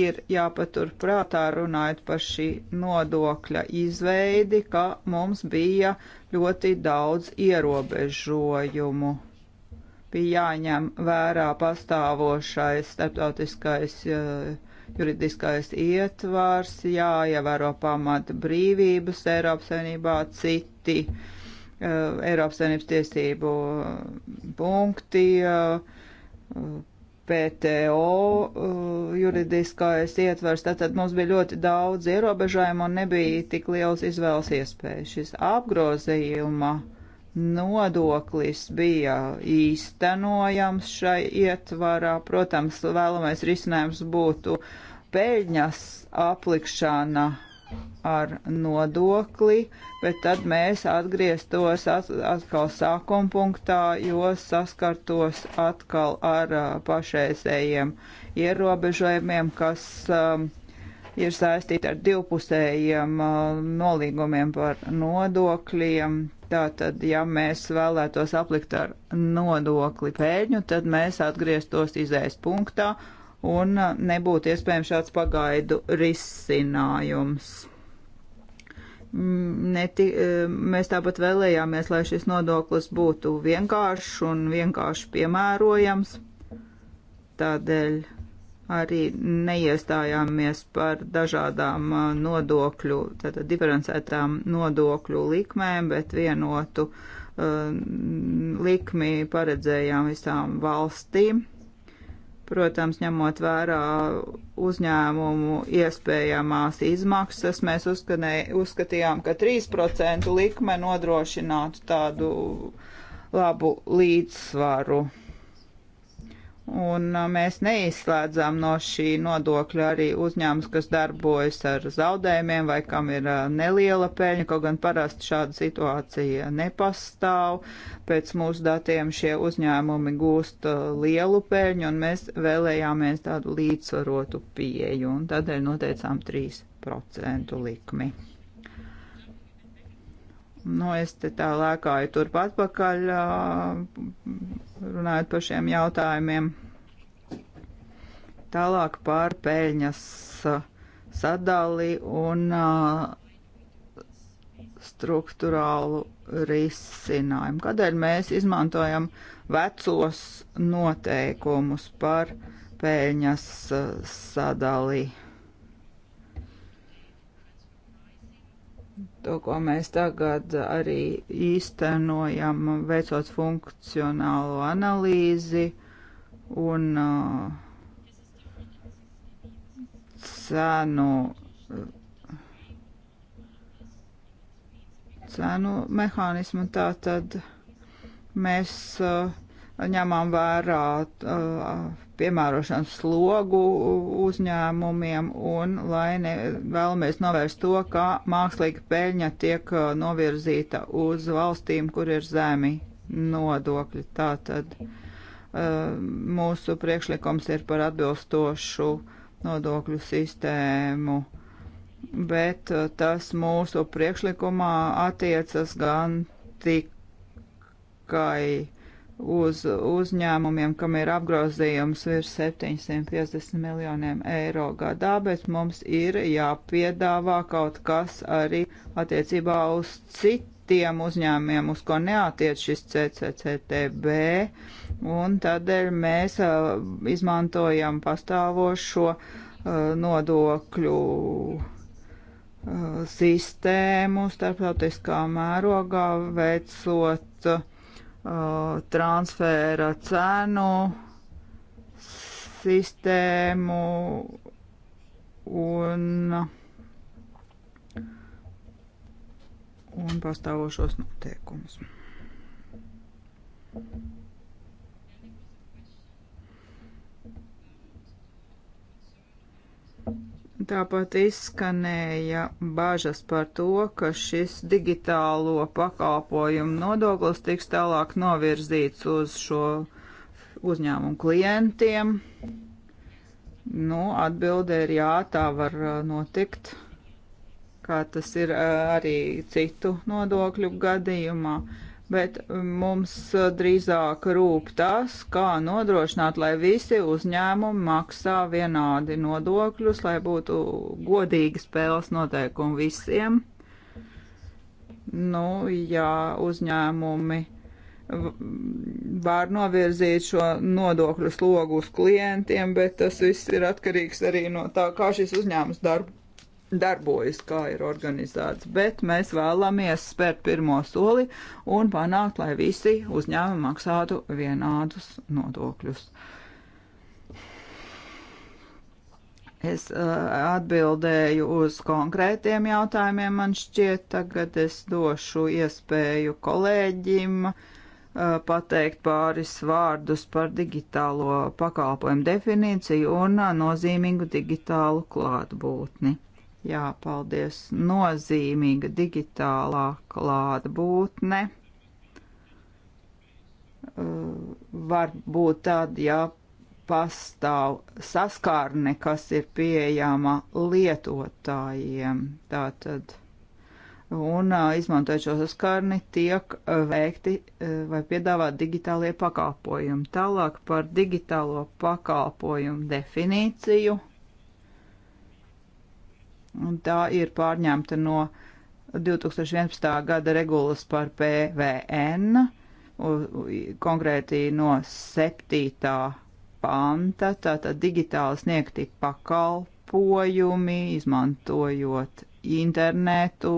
Ir jāpatur prātā runājot par šī nodokļa izveidi, ka mums bija ļoti daudz ierobežojumu. Bija jāņem vērā pastāvošais starptautiskais uh, juridiskais ietvars, jāievēro pamata brīvības Eiropas Savienībā, citi uh, Eiropas Savienības tiesību punkti, uh, eh, PTO uh, eh, juridiskais ietvers, tātad mums bija ļoti daudz ierobežojumu un nebija tik liels izvēles iespējas. Šis apgrozījuma uh, nodoklis bija īstenojams šai ietvarā. Protams, vēlamais risinājums būtu peļņas aplikšana ar nodokli, bet tad mēs atgrieztos atkal sākuma punktā, jo saskartos atkal ar uh, pašreizējiem ierobežojumiem, kas um, ir saistīti ar divpusējiem uh, nolīgumiem par nodokļiem, Tātad, ja mēs vēlētos aplikt ar nodokli pēļņu, tad mēs atgrieztos izējas punktā un nebūtu iespējams šāds pagaidu risinājums. Mm, Neti, e, mēs tāpat vēlējāmies, lai šis nodoklis būtu vienkāršs un vienkārši piemērojams. Tādēļ arī neiestājāmies par dažādām uh, nodokļu, tātad diferencētām nodokļu likmēm, bet vienotu uh, likmi paredzējām visām valstīm. Protams, ņemot vērā uzņēmumu iespējamās izmaksas, mēs uzskanē, uzskatījām, ka 3% likme nodrošinātu tādu labu līdzsvaru. Un uh, mēs neizslēdzām no šī nodokļa arī uzņēmums, kas darbojas ar zaudējumiem vai kam ir uh, neliela peļņa, kaut gan parasti šāda situācija nepastāv. Pēc mūsu datiem šie uzņēmumi gūst uh, lielu peļņu, un mēs vēlējāmies tādu līdzsvarotu pieeju, un tādēļ noteicām 3% likmi. Nu, es te tā lēkāju turpat pakaļ, runājot par šiem jautājumiem. Tālāk par peļņas sadali un struktūrālu risinājumu. Kādēļ mēs izmantojam vecos noteikumus par peļņas sadali? to, ko mēs tagad arī īstenojam, veicot funkcionālo analīzi un uh, cenu, cenu mehānismu. Tā tad mēs uh, ņemam vērā piemērošanas slogu uzņēmumiem un lai ne, vēlamies novērst to, ka mākslīga peļņa tiek novirzīta uz valstīm, kur ir zemi nodokļi. Tātad mūsu priekšlikums ir par atbilstošu nodokļu sistēmu bet tas mūsu priekšlikumā attiecas gan tikai uz uzņēmumiem, kam ir apgrozījums virs 750 miljoniem eiro gadā, bet mums ir jāpiedāvā kaut kas arī attiecībā uz citiem uzņēmumiem, uz ko neatiec šis CCCTB, un tādēļ mēs uh, izmantojam pastāvošo uh, nodokļu uh, sistēmu starptautiskā mērogā veicot Uh, transfēra cenu sistēmu un, un pastāvošos noteikumus. Tāpat izskanēja bažas par to, ka šis digitālo pakalpojumu nodoklis tiks tālāk novirzīts uz šo uzņēmumu klientiem. Nu, atbilde ir jā, tā var uh, notikt, kā tas ir uh, arī citu nodokļu gadījumā. Uh, bet mums eh, drīzāk rūp tas, kā nodrošināt, lai visi uzņēmumi maksā vienādi nodokļus, lai būtu godīgi spēles noteikumi visiem. Nu, ja uzņēmumi var novirzīt šo nodokļu slogu uz klientiem, bet tas viss ir atkarīgs arī no tā, kā šis uzņēmums darbu darbojas, kā ir organizēts, bet mēs vēlamies spērt pirmo soli un panākt, lai visi uzņēmumi maksātu vienādus nodokļus. Es uh, atbildēju uz konkrētiem jautājumiem, man šķiet, tagad es došu iespēju kolēģim uh, pateikt pāris vārdus par digitālo pakalpojumu definīciju un uh, nozīmīgu digitālu klātbūtni. Jā, paldies. Nozīmīga digitālā klātbūtne uh, var būt tad, ja pastāv saskārne, kas ir pieejama lietotājiem. Tātad, un uh, izmantojot šo saskārni, tiek uh, veikti vai piedāvāt digitālie pakalpojumi. Tālāk par digitālo pakalpojumu definīciju un tā ir pārņemta no 2011. gada regulas par PVN, konkrētī no 7. panta, tātad digitāli sniegti pakalpojumi, izmantojot internetu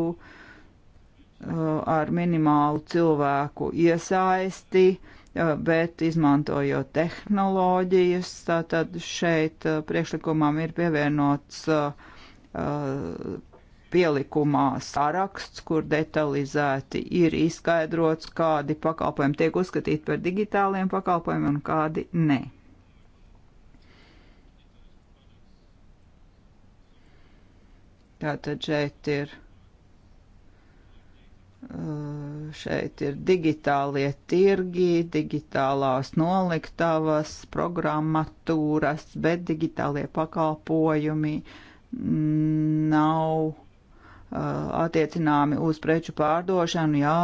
ar minimālu cilvēku iesaisti, bet izmantojot tehnoloģijas, tātad šeit priekšlikumam ir pievienots uh, Uh, pielikumā saraksts, kur detalizēti ir izskaidrots, kādi pakalpojumi tiek uzskatīti par digitāliem pakalpojumiem un kādi nē. Tātad šeit ir, uh, šeit ir digitālie tirgi, digitālās noliktavas, programmatūras, bet digitālie pakalpojumi. Uh, nav uh, attiecināmi uz preču pārdošanu, ja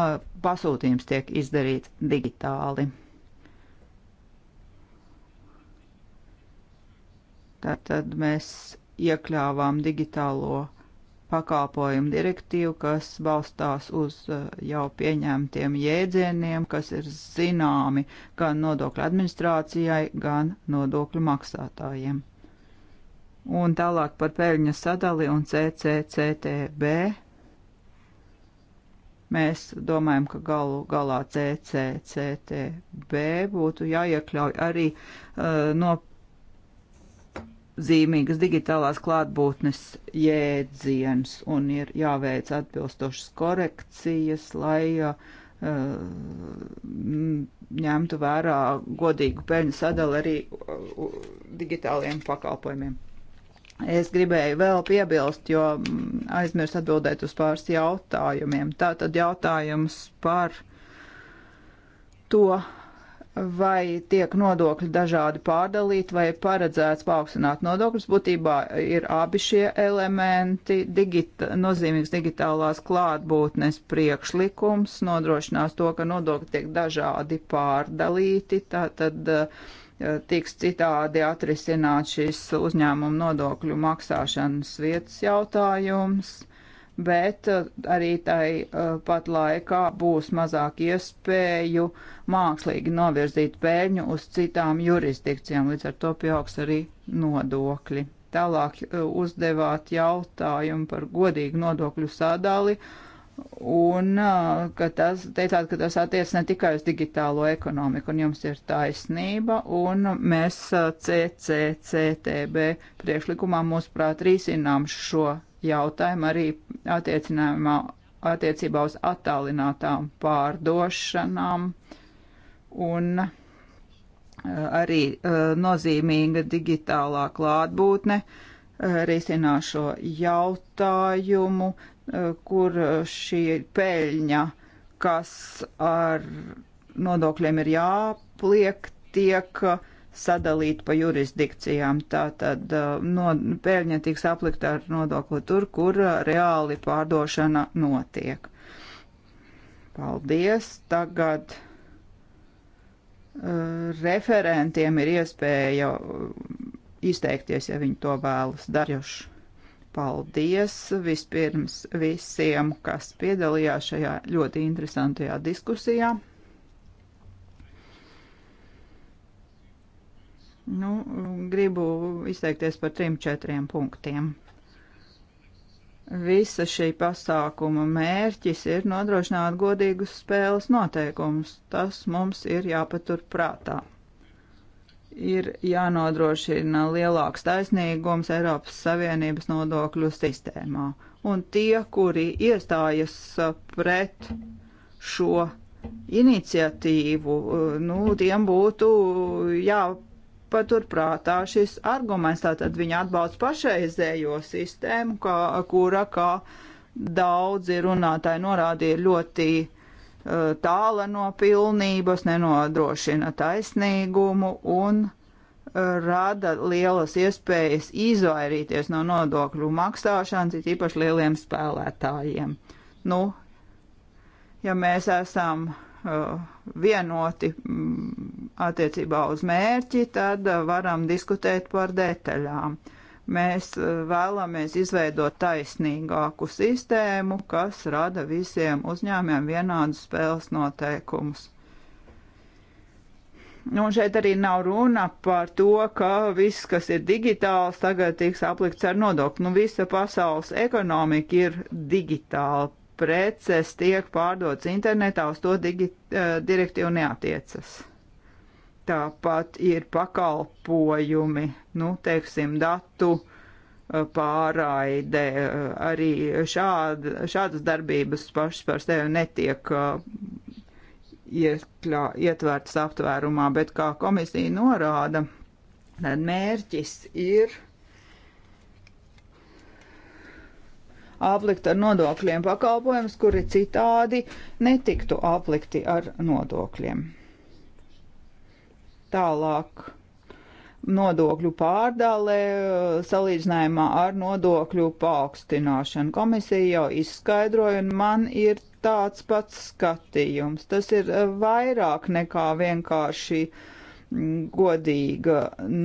pasūtījums tiek izdarīts digitāli. Tātad mēs iekļāvām digitālo pakāpojumu direktīvu, kas balstās uz uh, jau pieņemtiem jēdzieniem, kas ir zināmi gan nodokļu administrācijai, gan nodokļu maksātājiem un tālāk par peļņas sadali un CCCTB. Mēs domājam, ka galu galā CCCTB būtu jāiekļauj arī uh, no zīmīgas digitālās klātbūtnes jēdziens un ir jāveic atbilstošas korekcijas, lai uh, ņemtu vērā godīgu peļņu sadali arī uh, digitāliem pakalpojumiem. Es gribēju vēl piebilst, jo mm, aizmirst atbildēt uz pāris jautājumiem. Tātad jautājums par to, vai tiek nodokļi dažādi pārdalīti, vai paredzēts paaugstināt nodokļus. Būtībā ir abi šie elementi. Digita, nozīmīgs digitālās klātbūtnes priekšlikums nodrošinās to, ka nodokļi tiek dažādi pārdalīti. Tātad, uh, tiks citādi atrisināt šis uzņēmumu nodokļu maksāšanas vietas jautājums, bet uh, arī tai uh, pat laikā būs mazāk iespēju mākslīgi novirzīt pēļņu uz citām jurisdikcijām, līdz ar to pieaugs arī nodokļi. Tālāk uh, uzdevāt jautājumu par godīgu nodokļu sadali un ka tas, teicāt, ka tas attiec ne tikai uz digitālo ekonomiku, un jums ir taisnība, un mēs CCCTB priekšlikumā mūsuprāt risinām šo jautājumu arī attiecinājumā attiecībā uz attālinātām pārdošanām un arī nozīmīga digitālā klātbūtne risinā šo jautājumu. Eh, kur eh, šī peļņa, kas ar nodokļiem ir jāpliek, tiek eh, sadalīta pa jurisdikcijām. Tātad no, peļņa tiks aplikta ar nodokli tur, kur reāli pārdošana notiek. Paldies! Tagad uh, referentiem ir iespēja izteikties, ja viņi to vēlas darījuši paldies vispirms visiem, kas piedalījās šajā ļoti interesantajā diskusijā. Nu, gribu izteikties par trim, četriem punktiem. Visa šī pasākuma mērķis ir nodrošināt godīgus spēles noteikumus. Tas mums ir jāpatur prātā ir jānodrošina lielāks taisnīgums Eiropas Savienības nodokļu sistēmā. Un tie, kuri iestājas pret šo iniciatīvu, nu, tiem būtu jāpaturprātā šis arguments. Tātad viņi atbalsta pašreizējo sistēmu, kā, kura, kā daudzi runātāji norādīja, ļoti uh, Eh, tāla no pilnības, nenodrošina taisnīgumu un eh, rada lielas iespējas izvairīties no nodokļu maksāšanas, it īpaši lieliem spēlētājiem. Nu, ja mēs esam uh, vienoti m, mm, attiecībā uz mērķi, tad uh, varam diskutēt par detaļām. Uh, Mēs eh, vēlamies izveidot taisnīgāku sistēmu, kas rada visiem uzņēmiem vienādus spēles noteikumus. Nu, šeit arī nav runa par to, ka viss, kas ir digitāls, tagad tiks aplikts ar nodokli. Nu, visa pasaules ekonomika ir digitāla. Preces tiek pārdotas internetā, uz to digi, uh, direktīva neatiecas. Tāpat ir pakalpojumi, nu, teiksim, datu eh, pārraide. Eh, arī šāda, šādas darbības pašas par sevi netiek eh, iekļā, ietvertas aptvērumā, bet kā komisija norāda, tad mērķis ir aplikt ar nodokļiem pakalpojumus, kuri citādi netiktu aplikti ar nodokļiem. Tālāk nodokļu pārdalē eh, salīdzinājumā ar nodokļu paaugstināšanu. Komisija jau izskaidroja, un man ir tāds pats skatījums. Tas ir eh, vairāk nekā vienkārši mm, godīga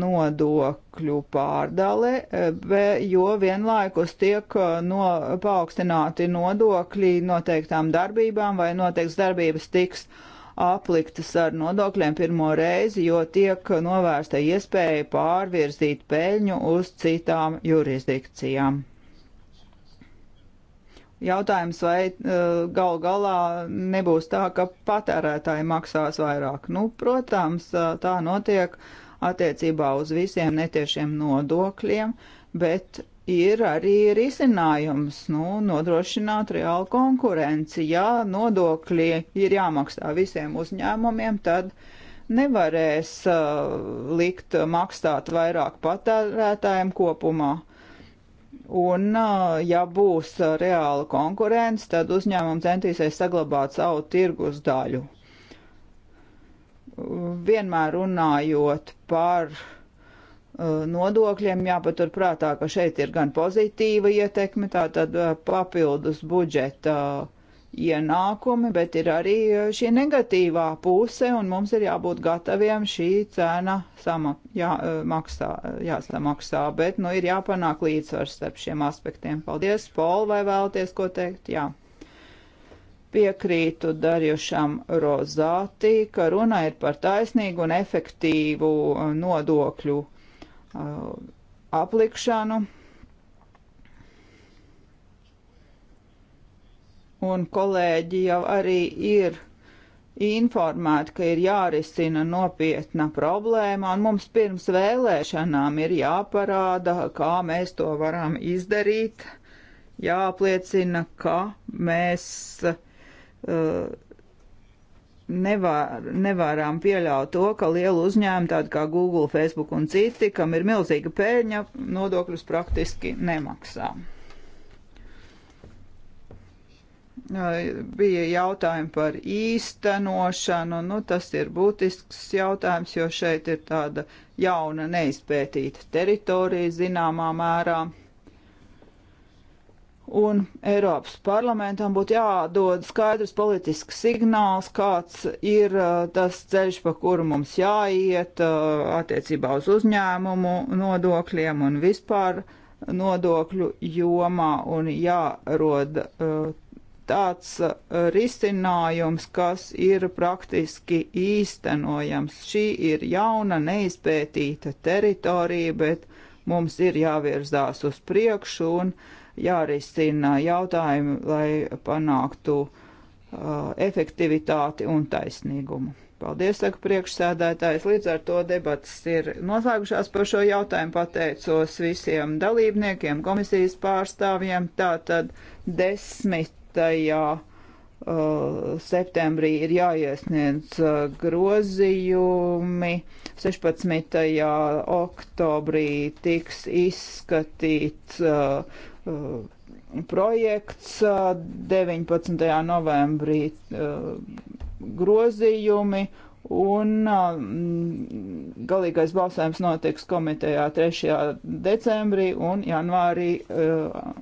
nodokļu pārdale, eh, jo vienlaikus tiek no, paaugstināti nodokļi noteiktām darbībām vai noteikts darbības tiks uh, apliktas ar nodokļiem pirmo reizi, jo tiek novērsta iespēja pārvirzīt peļņu uz citām jurisdikcijām. Jautājums, vai eh, gal galā nebūs tā, ka patērētāji maksās vairāk? Nu, protams, eh, tā notiek attiecībā uz visiem netiešiem nodokļiem, bet ir arī risinājums nu, nodrošināt reālu konkurenci. Ja nodokļi ir jāmaksā visiem uzņēmumiem, tad nevarēs uh, likt maksāt vairāk patērētājiem kopumā. Un, uh, ja būs uh, reāla konkurence, tad uzņēmumi centīsies saglabāt savu tirgus daļu. Vienmēr runājot par uh, Eh, nodokļiem. Jāpaturprātā, ka šeit ir gan pozitīva ietekme, tātad eh, papildus budžeta eh, ienākumi, bet ir arī šī negatīvā puse, un mums ir jābūt gataviem šī cena sama, jā, maksā, jāsamaksā, bet nu, ir jāpanāk līdzsvars starp šiem aspektiem. Paldies, Pol, vai vēlaties ko teikt? Jā. Piekrītu Darjušam Rozātī, ka runa ir par taisnīgu un efektīvu nodokļu Uh, aplikšanu. Un kolēģi jau arī ir informēti, ka ir jārisina nopietna problēma, un mums pirms vēlēšanām ir jāparāda, kā mēs to varam izdarīt, jāapliecina, ka mēs uh, nevar, nevaram pieļaut to, ka lielu uzņēmumu, tādu kā Google, Facebook un citi, kam ir milzīga pēļņa, nodokļus praktiski nemaksā. Bija jautājumi par īstenošanu, nu tas ir būtisks jautājums, jo šeit ir tāda jauna neizpētīta teritorija zināmā mērā un Eiropas parlamentam būtu jādod skaidrs politisks signāls, kāds ir uh, tas ceļš, pa kuru mums jāiet uh, attiecībā uz uzņēmumu nodokļiem un vispār nodokļu jomā un jārod uh, tāds risinājums, kas ir praktiski īstenojams. Šī ir jauna, neizpētīta teritorija, bet mums ir jāvirzās uz priekšu un uh, jārisina jautājumi, lai panāktu uh, efektivitāti un taisnīgumu. Paldies, saka priekšsēdētājs. Līdz ar to debatas ir noslēgušās par šo jautājumu. Pateicos visiem dalībniekiem, komisijas pārstāvjiem. Tātad 10. Uh, septembrī ir jāiesniedz uh, grozījumi. 16. oktobrī tiks izskatīts uh, Uh, projekts 19. Uh, novembrī uh, grozījumi Un uh, galīgais balsojums notiks komitejā 3. decembrī un janvārī uh,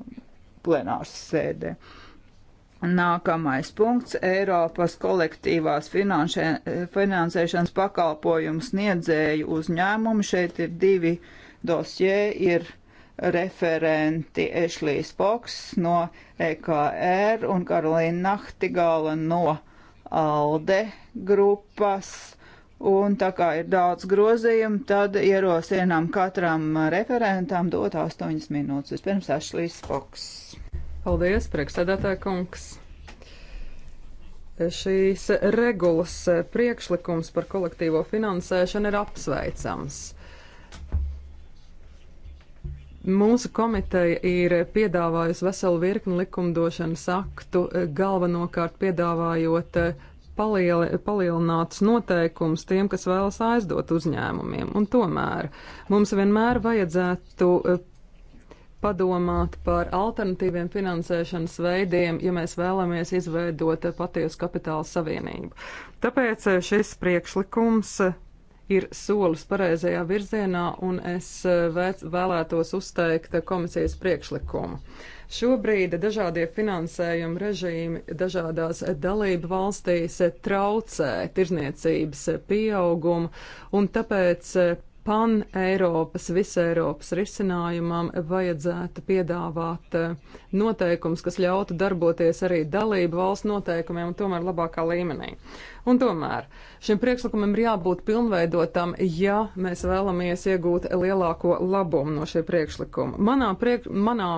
plenārs sēdē. Nākamais punkts - Eiropas kolektīvās finansē, finansēšanas pakalpojumu sniedzēju uzņēmumi. Šeit ir divi dosie, ir referenti Ešlijs Foks no EKR un Karolīna Nachtigāla no ALDE grupas. Un tā kā ir daudz grozījumu, tad ierosinām katram referentam dot 8 minūtes. Vispirms Ešlijs Foks. Paldies, priekšsēdētāja kungs! Šīs regulas priekšlikums par kolektīvo finansēšanu ir apsveicams. Mūsu komiteja ir piedāvājusi veselu virkni likumdošanas aktu, galvenokārt piedāvājot eh, palieli, palielinātus noteikumus tiem, kas vēlas aizdot uzņēmumiem. Un tomēr mums vienmēr vajadzētu eh, padomāt par alternatīviem finansēšanas veidiem, ja mēs vēlamies izveidot eh, patiesu kapitāla savienību. Tāpēc šis priekšlikums ir solis pareizajā virzienā, un es eh, vēlētos uzteikt komisijas priekšlikumu. Šobrīd dažādie finansējuma režīmi dažādās dalību valstīs traucē tirzniecības pieaugumu, un tāpēc eh, pan-Eiropas, visai-Eiropas risinājumam vajadzētu piedāvāt eh, noteikums, kas ļautu darboties arī dalību valsts noteikumiem un tomēr labākā līmenī. Un tomēr šim priekšlikumam ir jābūt pilnveidotam, ja mēs vēlamies iegūt lielāko labumu no šī priekšlikuma. Manā, priek manā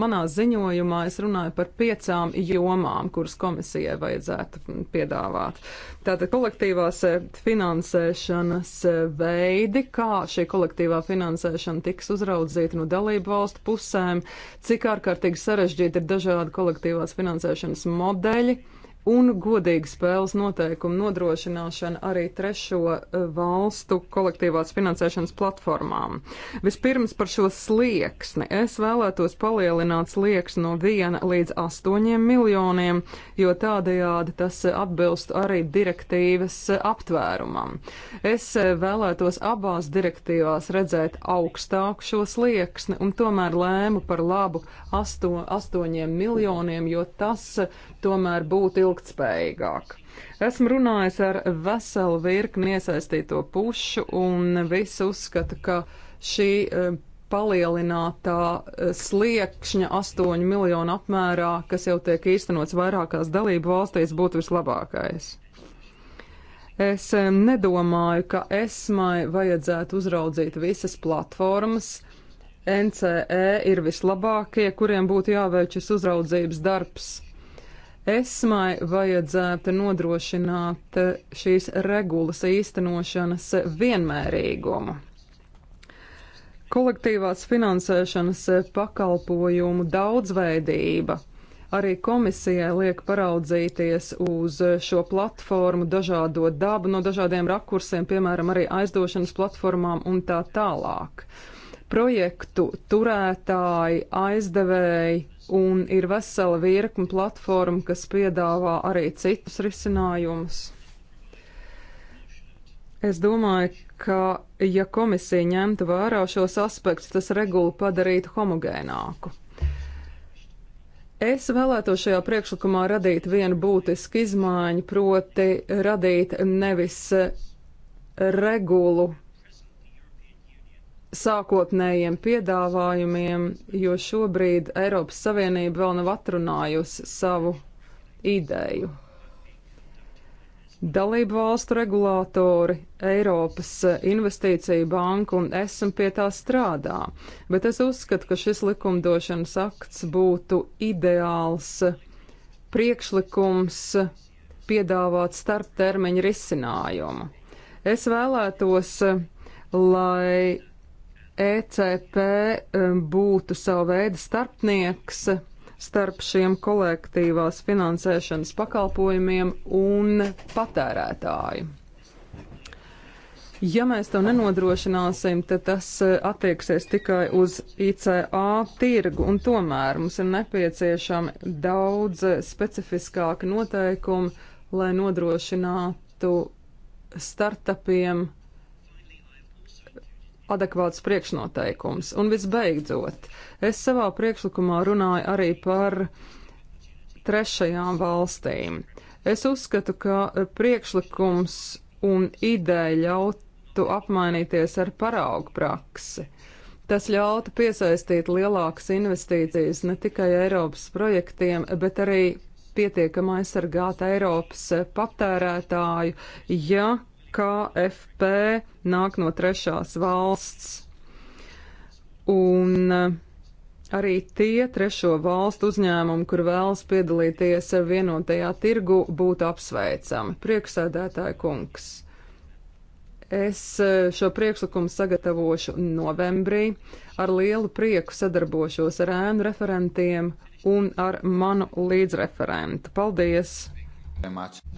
Manā ziņojumā es runāju par piecām jomām, kuras komisijai vajadzētu piedāvāt. Tātad kolektīvās finansēšanas e, veidi, kā šī kolektīvā finansēšana tiks uzraudzīta no dalību valstu pusēm, cik ārkārtīgi sarežģīti ir dažādi kolektīvās finansēšanas modeļi un godīga spēles noteikuma nodrošināšana arī trešo e, valstu kolektīvās finansēšanas platformām. Vispirms par šo slieksni. Es vēlētos palielināt slieksni no 1 līdz 8 miljoniem, jo tādējādi tas atbilst arī direktīvas aptvērumam. Es e, vēlētos abās direktīvās redzēt augstāku šo slieksni un tomēr lēmu par labu 8, 8 miljoniem, jo tas tomēr būtu ilgi ilgtspējīgāk. Esmu runājis ar veselu virkni iesaistīto pušu, un visi uzskata, ka šī eh, palielinātā eh, sliekšņa 8 miljonu apmērā, kas jau tiek īstenots vairākās dalību valstīs, būtu vislabākais. Es eh, nedomāju, ka esmai vajadzētu uzraudzīt visas platformas. NCE ir vislabākie, kuriem būtu jāveic šis uzraudzības darbs Esmai vajadzētu nodrošināt šīs regulas īstenošanas vienmērīgumu. Kolektīvās finansēšanas pakalpojumu daudzveidība arī komisijai liek paraudzīties uz šo platformu dažādo dabu no dažādiem rakursiem, piemēram, arī aizdošanas platformām un tā tālāk. Projektu turētāji, aizdevēji un ir vesela virkni platforma, kas piedāvā arī citus risinājumus. Es domāju, ka, ja komisija ņemtu vērā šos aspektus, tas regulu padarītu homogēnāku. Es vēlētos šajā priekšlikumā radīt vienu būtisku izmaiņu, proti radīt nevis regulu sākotnējiem piedāvājumiem, jo šobrīd Eiropas Savienība vēl nav atrunājusi savu ideju. Dalību valstu regulātori, Eiropas Investīcija banka un esam pie tā strādā, bet es uzskatu, ka šis likumdošanas akts būtu ideāls priekšlikums piedāvāt starptermiņu risinājumu. Es vēlētos, lai ECP um, būtu savu veidu starpnieks starp šiem kolektīvās finansēšanas pakalpojumiem un patērētāju. Ja mēs to nenodrošināsim, tad tas uh, attieksies tikai uz ICA tirgu, un tomēr mums ir nepieciešami daudz uh, specifiskāki noteikumi, lai nodrošinātu startupiem adekvāts priekšnoteikums. Un visbeidzot, es savā priekšlikumā runāju arī par trešajām valstīm. Es uzskatu, ka priekšlikums un ideja ļautu apmainīties ar paraugu praksi. Tas ļautu piesaistīt lielākas investīcijas ne tikai Eiropas projektiem, bet arī pietiekam aizsargāt Eiropas patērētāju, ja KFP nāk no trešās valsts. Un eh, arī tie trešo valstu uzņēmumi, kur vēlas piedalīties vienotajā tirgu, būtu apsveicami. Prieksēdētāja kungs. Es eh, šo priekšlikumu sagatavošu novembrī. Ar lielu prieku sadarbošos ar ēnu referentiem un ar manu līdzreferentu. Paldies!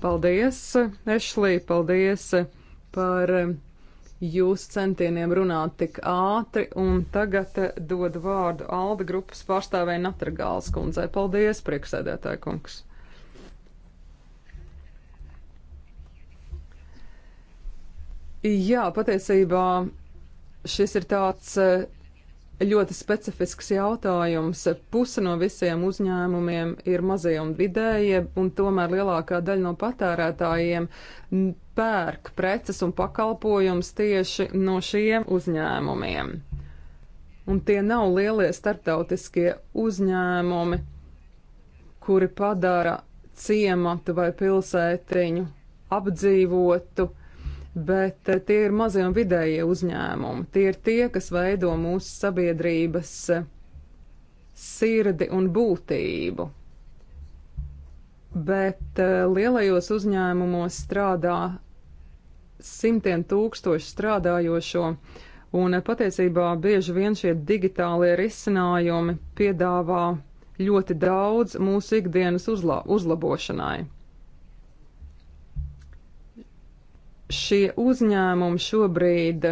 Paldies, Ešlī, paldies par eh, jūsu centieniem runāt tik ātri, un tagad eh, dodu vārdu Alda grupas pārstāvēja Natragāls kundzei. Paldies, prieksēdētāja kungs! Jā, patiesībā šis ir tāds eh, ļoti specifisks jautājums. Puse no visiem uzņēmumiem ir mazie un vidējie, un tomēr lielākā daļa no patērētājiem pērk preces un pakalpojums tieši no šiem uzņēmumiem. Un tie nav lielie starptautiskie uzņēmumi, kuri padara ciematu vai pilsētiņu apdzīvotu bet eh, tie ir mazie un vidējie uzņēmumi. Tie ir tie, kas veido mūsu sabiedrības eh, sirdi un būtību. Bet eh, lielajos uzņēmumos strādā simtiem tūkstoši strādājošo, un patiesībā bieži vien šie digitālie risinājumi piedāvā ļoti daudz mūsu ikdienas uzla uzlabošanai. Šie uzņēmumi šobrīd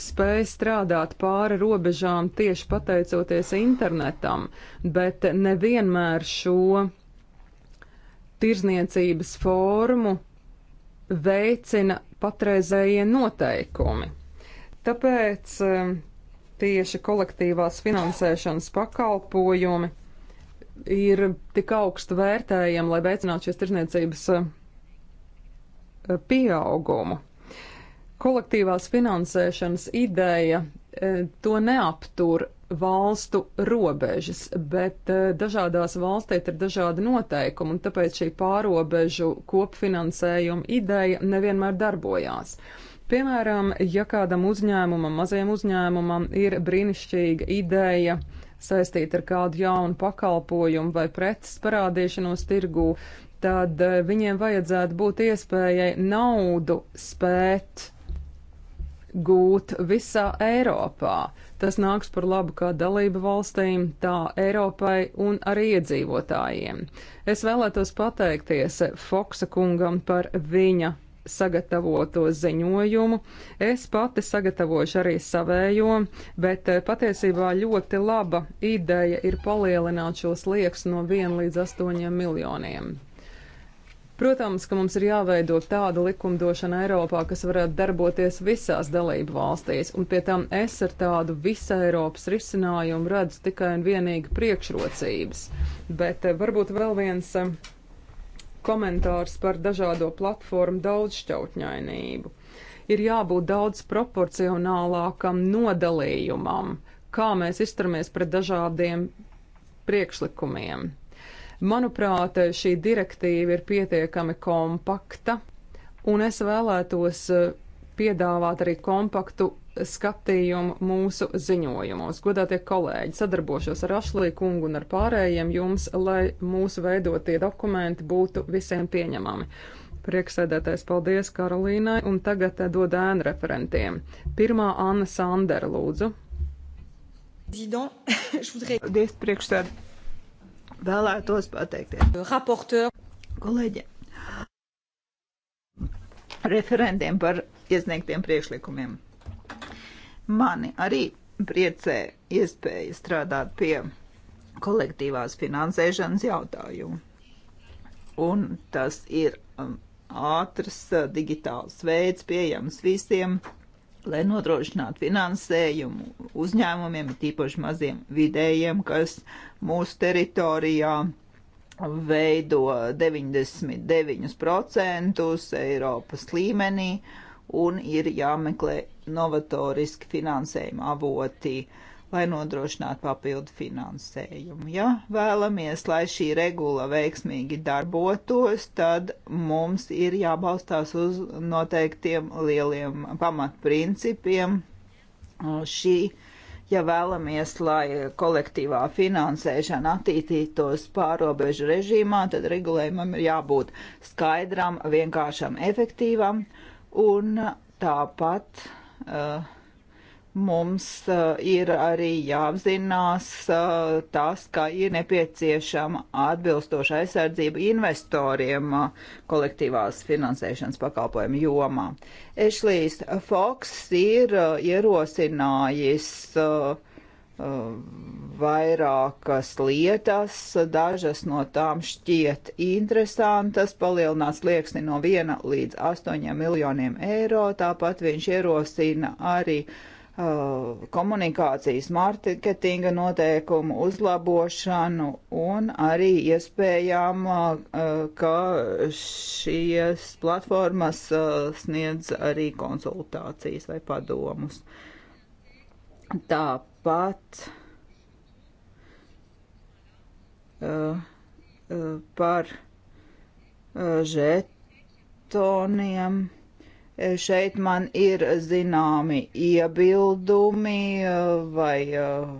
spēj strādāt pāri robežām tieši pateicoties internetam, bet nevienmēr šo tirzniecības formu veicina patreizējie noteikumi. Tāpēc um, tieši kolektīvās finansēšanas pakalpojumi ir tik augstu vērtējami, lai veicinātu šīs tirzniecības um, pieaugumu. Kolektīvās finansēšanas ideja e, to neaptur valstu robežas, bet e, dažādās valstīs ir dažādi noteikumi, un tāpēc šī pārobežu kopfinansējuma ideja nevienmēr darbojās. Piemēram, ja kādam uzņēmumam, mazajam uzņēmumam ir brīnišķīga ideja saistīta ar kādu jaunu pakalpojumu vai preces parādīšanos tirgū, tad eh, viņiem vajadzētu būt iespējai naudu spēt gūt visā Eiropā. Tas nāks par labu kā dalību valstīm, tā Eiropai un arī iedzīvotājiem. Es vēlētos pateikties Foksa kungam par viņa sagatavoto ziņojumu. Es pati sagatavošu arī savējo, bet eh, patiesībā ļoti laba ideja ir palielināt šos liekas no 1 līdz 8 miljoniem. Protams, ka mums ir jāveido tāda likumdošana Eiropā, kas varētu darboties visās dalību valstīs, un pie tam es ar tādu visu Eiropas risinājumu redzu tikai un vienīgi priekšrocības. Bet eh, varbūt vēl viens eh, komentārs par dažādo platformu daudzšķautņainību. Ir jābūt daudz proporcionālākam nodalījumam, kā mēs izturamies pret dažādiem priekšlikumiem. Manuprāt, šī direktīva ir pietiekami kompakta, un es vēlētos eh, piedāvāt arī kompaktu skatījumu mūsu ziņojumos. Godātie kolēģi, sadarbošos ar Ašlī kungu un ar pārējiem jums, lai mūsu veidotie dokumenti būtu visiem pieņemami. Prieksēdētais paldies Karolīnai un tagad eh, dod ēnu referentiem. Pirmā Anna Sandera lūdzu. *laughs* Paldies priekšsēdētājai vēlētos pateikties raportēru kolēģiem referentiem par iesniegtiem priekšlikumiem. Mani arī priecē iespēja strādāt pie kolektīvās finansēšanas jautājumu. Un tas ir um, ātrs digitāls veids pieejams visiem lai nodrošinātu finansējumu uzņēmumiem, tīpaši maziem vidējiem, kas mūsu teritorijā veido 99% Eiropas līmenī un ir jāmeklē novatoriski finansējuma avoti. Uh, lai nodrošinātu papildu finansējumu. Ja vēlamies, lai šī regula veiksmīgi darbotos, tad mums ir jābalstās uz noteiktiem lieliem pamatprincipiem. Šī, ja vēlamies, lai kolektīvā finansēšana attīstītos pārobežu režīmā, tad regulējumam ir jābūt skaidram, vienkāršam, efektīvam un tāpat uh, mums uh, ir arī jāapzinās uh, tas, ka ir nepieciešama atbilstoša aizsardzība investoriem uh, kolektīvās finansēšanas pakalpojumu jomā. Ešlijs Foks ir uh, ierosinājis uh, uh, vairākas lietas, dažas no tām šķiet interesantas, palielinās lieksni no 1 līdz 8 miljoniem eiro, tāpat viņš ierosina arī uh, Uh, komunikācijas mārketinga noteikumu uzlabošanu un arī iespējām, uh, uh, ka šīs platformas sniedz arī konsultācijas vai padomus. Tāpat par žetoniem. Uh, Šeit man ir zināmi iebildumi eh, vai eh,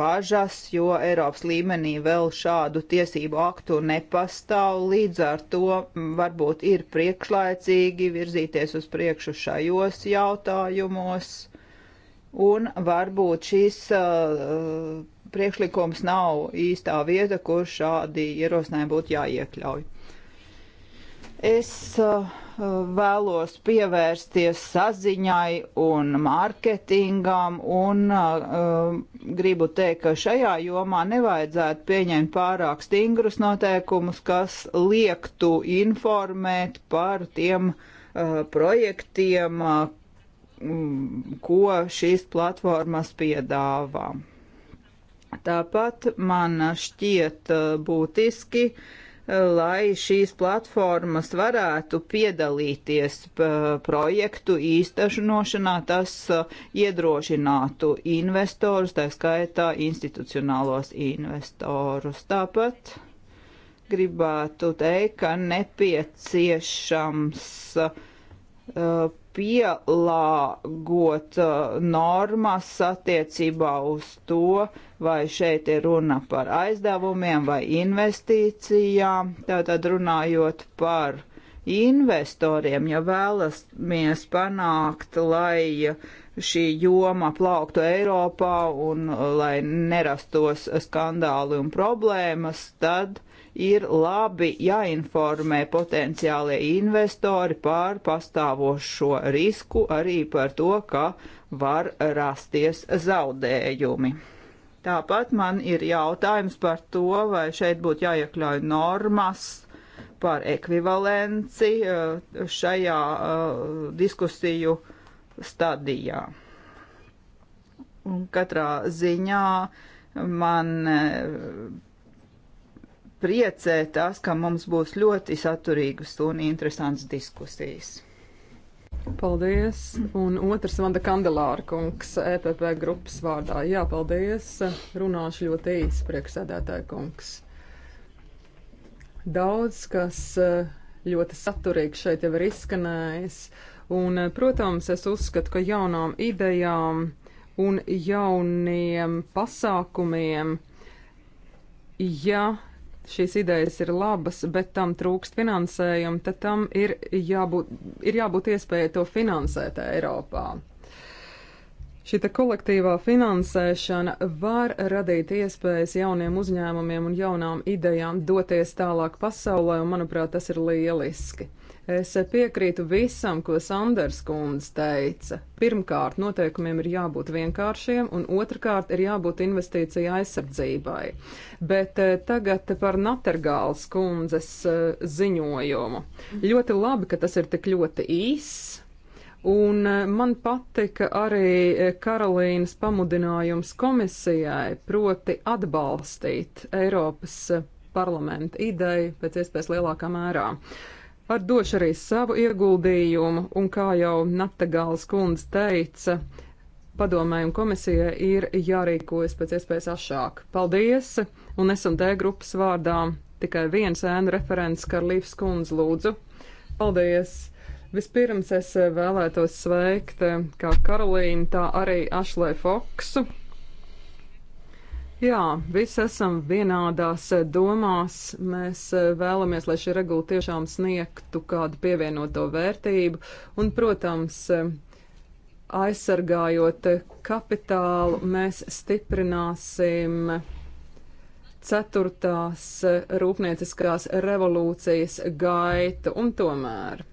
bažas, jo Eiropas līmenī vēl šādu tiesību aktu nepastāv, līdz ar to mm, varbūt ir priekšlaicīgi virzīties uz priekšu šajos jautājumos, un varbūt šis uh, priekšlikums nav īstā vieta, kur šādi ierosinājumi būtu jāiekļauj. Es uh, vēlos pievērsties saziņai un mārketingam un uh, gribu teikt, ka šajā jomā nevajadzētu pieņemt pārāk stingrus noteikumus, kas liektu informēt par tiem uh, projektiem, uh, mm, ko šīs platformas piedāvā. Tāpat man šķiet uh, būtiski, uh, lai šīs platformas varētu piedalīties projektu īstenošanā, tas uh, iedrošinātu investorus, tā skaitā institucionālos investorus. Tāpat gribētu teikt, ka nepieciešams uh, pielāgot uh, normas attiecībā uz to, vai šeit ir runa par aizdevumiem vai investīcijām. Tātad runājot par investoriem, ja vēlamies panākt, lai šī joma plauktu Eiropā un uh, lai nerastos skandāli un problēmas, tad ir labi jāinformē potenciālie investori par pastāvošo risku, arī par to, ka var rasties zaudējumi. Tāpat man ir jautājums par to, vai šeit būtu jāiekļauj normas par ekvivalenci eh, šajā eh, diskusiju stadijā. Un katrā ziņā man eh, priecē tas, ka mums būs ļoti saturīgas un interesantas diskusijas. Paldies. Un otrs Vanda Kandelāra kungs, EPP grupas vārdā. Jā, paldies. Runāšu ļoti īsi, prieksēdētāja kungs. Daudz, kas eh, ļoti saturīgs šeit jau ir izskanējis. Un, eh, protams, es uzskatu, ka jaunām idejām un jauniem pasākumiem, ja šīs idejas ir labas, bet tam trūkst finansējumu, tad tam ir jābūt, ir jābūt iespēja to finansēt Eiropā. Šī kolektīvā finansēšana var radīt iespējas jauniem uzņēmumiem un jaunām idejām doties tālāk pasaulē, un, manuprāt, tas ir lieliski. Es piekrītu visam, ko Sanders kundze teica. Pirmkārt, noteikumiem ir jābūt vienkāršiem, un otrkārt, ir jābūt investīcija aizsardzībai. Bet eh, tagad par Natergāls kundzes eh, ziņojumu. Ļoti labi, ka tas ir tik ļoti īss. Un eh, man patika arī Karolīnas pamudinājums komisijai, proti atbalstīt Eiropas parlamenta ideju pēc iespējas lielākā mērā. Uh, Ar došu arī savu ieguldījumu, un kā jau Natagāls kundze teica, padomēju komisijai ir jārīkojas pēc iespējas ašāk. Paldies, un SMD grupas vārdā tikai viens ēnu referents Karlīfs kundze lūdzu. Paldies! Vispirms es vēlētos sveikt eh, kā Karolīnu, tā arī Ašlē Foksu. Jā, visi esam vienādās domās. Mēs eh, vēlamies, lai šī regula tiešām sniegtu kādu pievienoto vērtību un, protams, eh, aizsargājot kapitālu, mēs stiprināsim ceturtās eh, rūpnieciskās revolūcijas gaitu un tomēr.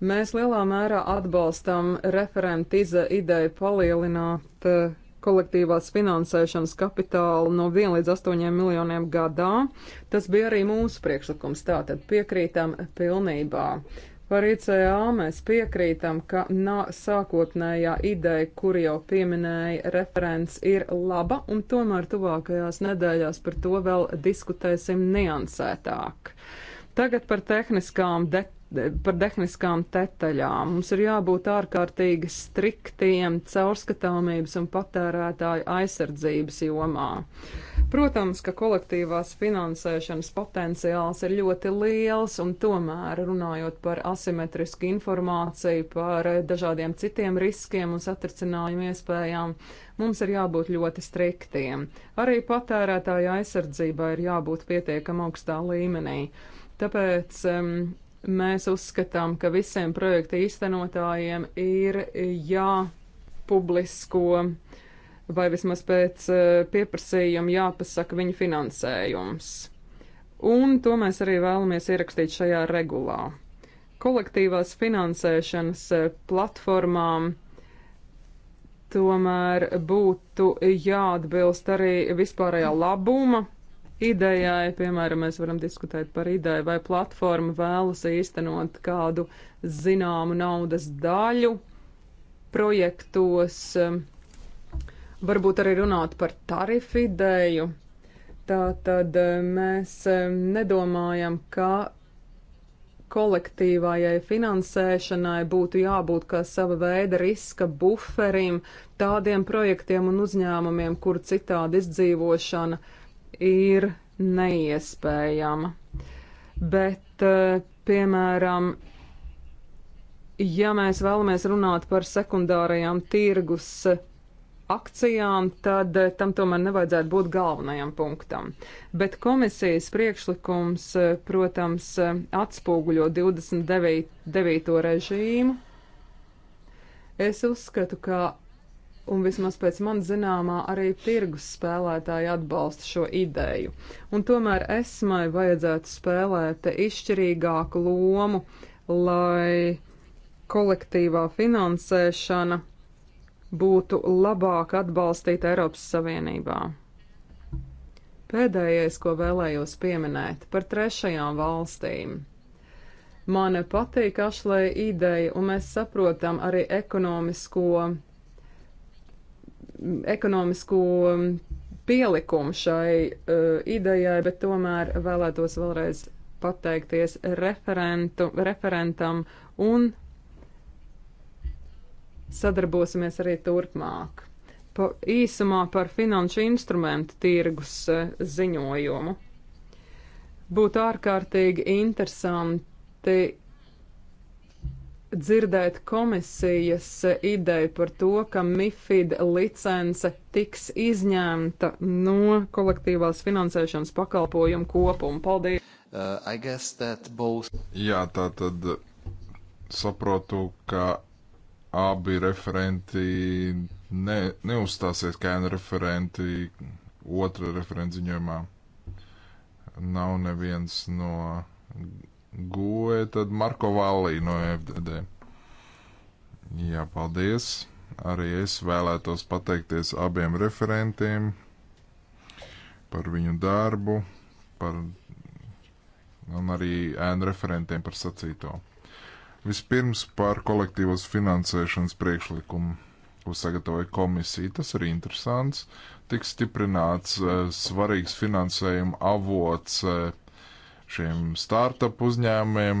Mēs lielā mērā atbalstam referenta ideju palielināt kolektīvās finansēšanas kapitālu no 1 līdz 8 miljoniem gadā. Tas bija arī mūsu priekšlikums, tātad piekrītam pilnībā. Par ICA mēs piekrītam, ka nā, sākotnējā ideja, kur jau pieminēja referents, ir laba, un tomēr tuvākajās nedēļās par to vēl diskutēsim niansētāk. Tagad par tehniskām detaļām par tehniskām detaļām. Mums ir jābūt ārkārtīgi striktiem caurskatāmības un patērētāju aizsardzības jomā. Protams, ka kolektīvās finansēšanas potenciāls ir ļoti liels, un tomēr runājot par asimetrisku informāciju, par dažādiem citiem riskiem un satricinājumu iespējām, mums ir jābūt ļoti striktiem. Arī patērētāja aizsardzībai ir jābūt pietiekam augstā līmenī. Tāpēc um, Mēs uzskatām, ka visiem projekta īstenotājiem ir jāpublisko vai vismaz pēc eh, pieprasījuma jāpasaka viņa finansējums. Un to mēs arī vēlamies ierakstīt šajā regulā. Kolektīvās finansēšanas eh, platformām tomēr būtu jāatbilst arī vispārējā labuma idejai. Piemēram, mēs varam diskutēt par ideju, vai platforma vēlas īstenot kādu zināmu naudas daļu projektos, um, varbūt arī runāt par tarifu ideju. Tā tad um, mēs um, nedomājam, ka kolektīvajai finansēšanai būtu jābūt kā sava veida riska buferim tādiem projektiem un uzņēmumiem, kur citādi izdzīvošana uh, ir neiespējama. Bet, eh, piemēram, ja mēs vēlamies runāt par sekundārajām tirgus akcijām, tad eh, tam tomēr nevajadzētu būt galvenajam punktam. Bet komisijas priekšlikums, eh, protams, atspoguļo 29. režīmu. Es uzskatu, ka un vismaz pēc man zināmā arī tirgus spēlētāji atbalsta šo ideju. Un tomēr esmai vajadzētu spēlēt izšķirīgāku lomu, lai kolektīvā finansēšana būtu labāk atbalstīta Eiropas Savienībā. Pēdējais, ko vēlējos pieminēt par trešajām valstīm. Man patīk ašlai ideja, un mēs saprotam arī ekonomisko ekonomisko um, pielikumu šai uh, idejai, bet tomēr vēlētos vēlreiz pateikties referentu, referentam un sadarbosimies arī turpmāk. Pa, īsumā par finanšu instrumentu tirgus uh, ziņojumu. Būtu ārkārtīgi interesanti dzirdēt komisijas ideju par to, ka MIFID licence tiks izņemta no kolektīvās finansēšanas pakalpojumu kopuma. Paldies! Uh, both... Jā, tā tad saprotu, ka abi referenti ne, neuzstāsies kā viena referenti otra referenta ziņojumā. Nav neviens no Goe, tad Marko Vallī no FDD. Jā, paldies. Arī es vēlētos pateikties abiem referentiem par viņu darbu, par, un arī ēnu referentiem par sacīto. Vispirms par kolektīvos finansēšanas priekšlikumu, ko sagatavoja komisija. Tas arī interesants. Tik stiprināts eh, svarīgs finansējuma avots eh, šiem startup uzņēmumiem,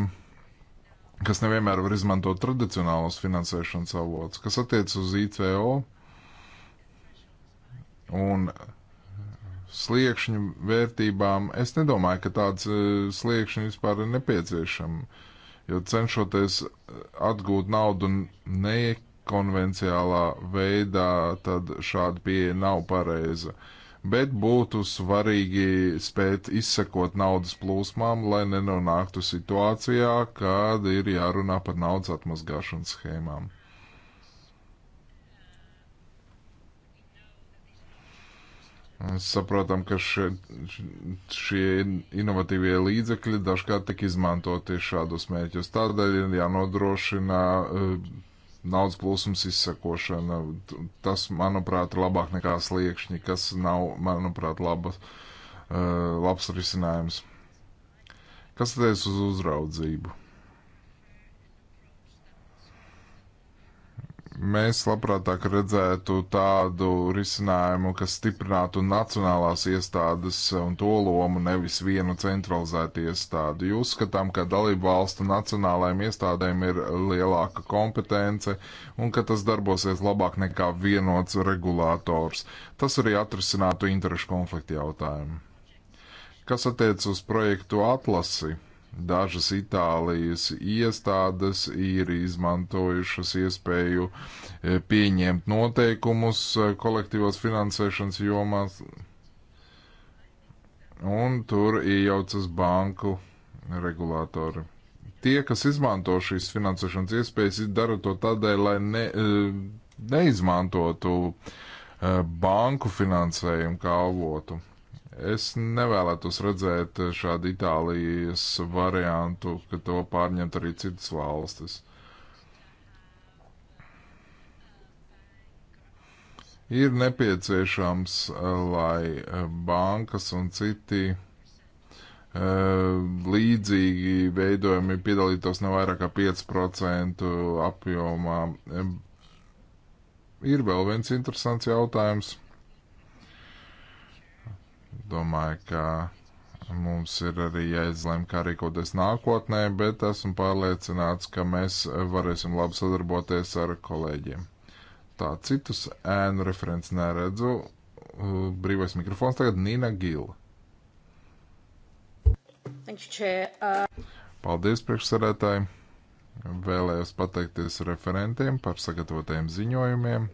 kas nevienmēr var izmantot tradicionālos finansēšanas avots, kas attiec uz ICO un sliekšņu vērtībām. Es nedomāju, ka tāds e, sliekšņi vispār ir nepieciešami, jo cenšoties atgūt naudu nekonvenciālā veidā, tad šāda pieeja nav pareiza. Uh, bet būtu svarīgi spēt izsekot naudas plūsmām, lai nenonāktu situācijā, kad ir jārunā par naudas atmazgāšanas schēmām. Saprotam, ka še, šie inovatīvie līdzekļi dažkārt tik izmantoti šādos mērķos. Tādēļ ir jānodrošina uh, naudas plūsmas izsakošana. Tas, manuprāt, ir labāk nekā sliekšņi, kas nav, manuprāt, laba, eh, labs risinājums. Kas tad ir uz uzraudzību? Mēs labprātāk redzētu tādu risinājumu, kas stiprinātu nacionālās iestādes un to lomu, nevis vienu centralizētu iestādi. Jūs skatām, ka dalību valstu nacionālajiem iestādēm ir lielāka kompetence un ka tas darbosies labāk nekā vienots regulators. Tas arī atrisinātu interešu konfliktu jautājumu. Kas attiec uz projektu atlasi? Dažas Itālijas iestādes ir izmantojušas iespēju e, pieņemt noteikumus e, kolektīvās finansēšanas jomās, un tur iejaucas banku regulātori. Tie, kas izmanto šīs finansēšanas iespējas, dara to tādēļ, lai ne, e, neizmantotu banku finansējumu kā avotu Es nevēlētos redzēt šādu Itālijas variantu, ka to pārņemt arī citas valstis. Ir nepieciešams, eh, lai eh, bankas un citi eh, līdzīgi veidojumi piedalītos ne vairāk kā 5% apjomā. Ir vēl viens interesants jautājums. Domāju, ka mums ir arī jāizlem, kā rīkoties nākotnē, bet esmu pārliecināts, ka mēs varēsim labi sadarboties ar kolēģiem. Tā citus ēnu referents neredzu. Brīvais mikrofons tagad Nina Gila. Uh, Paldies, priekšsarētāji! Vēlējos pateikties referentiem par sagatavotajiem ziņojumiem.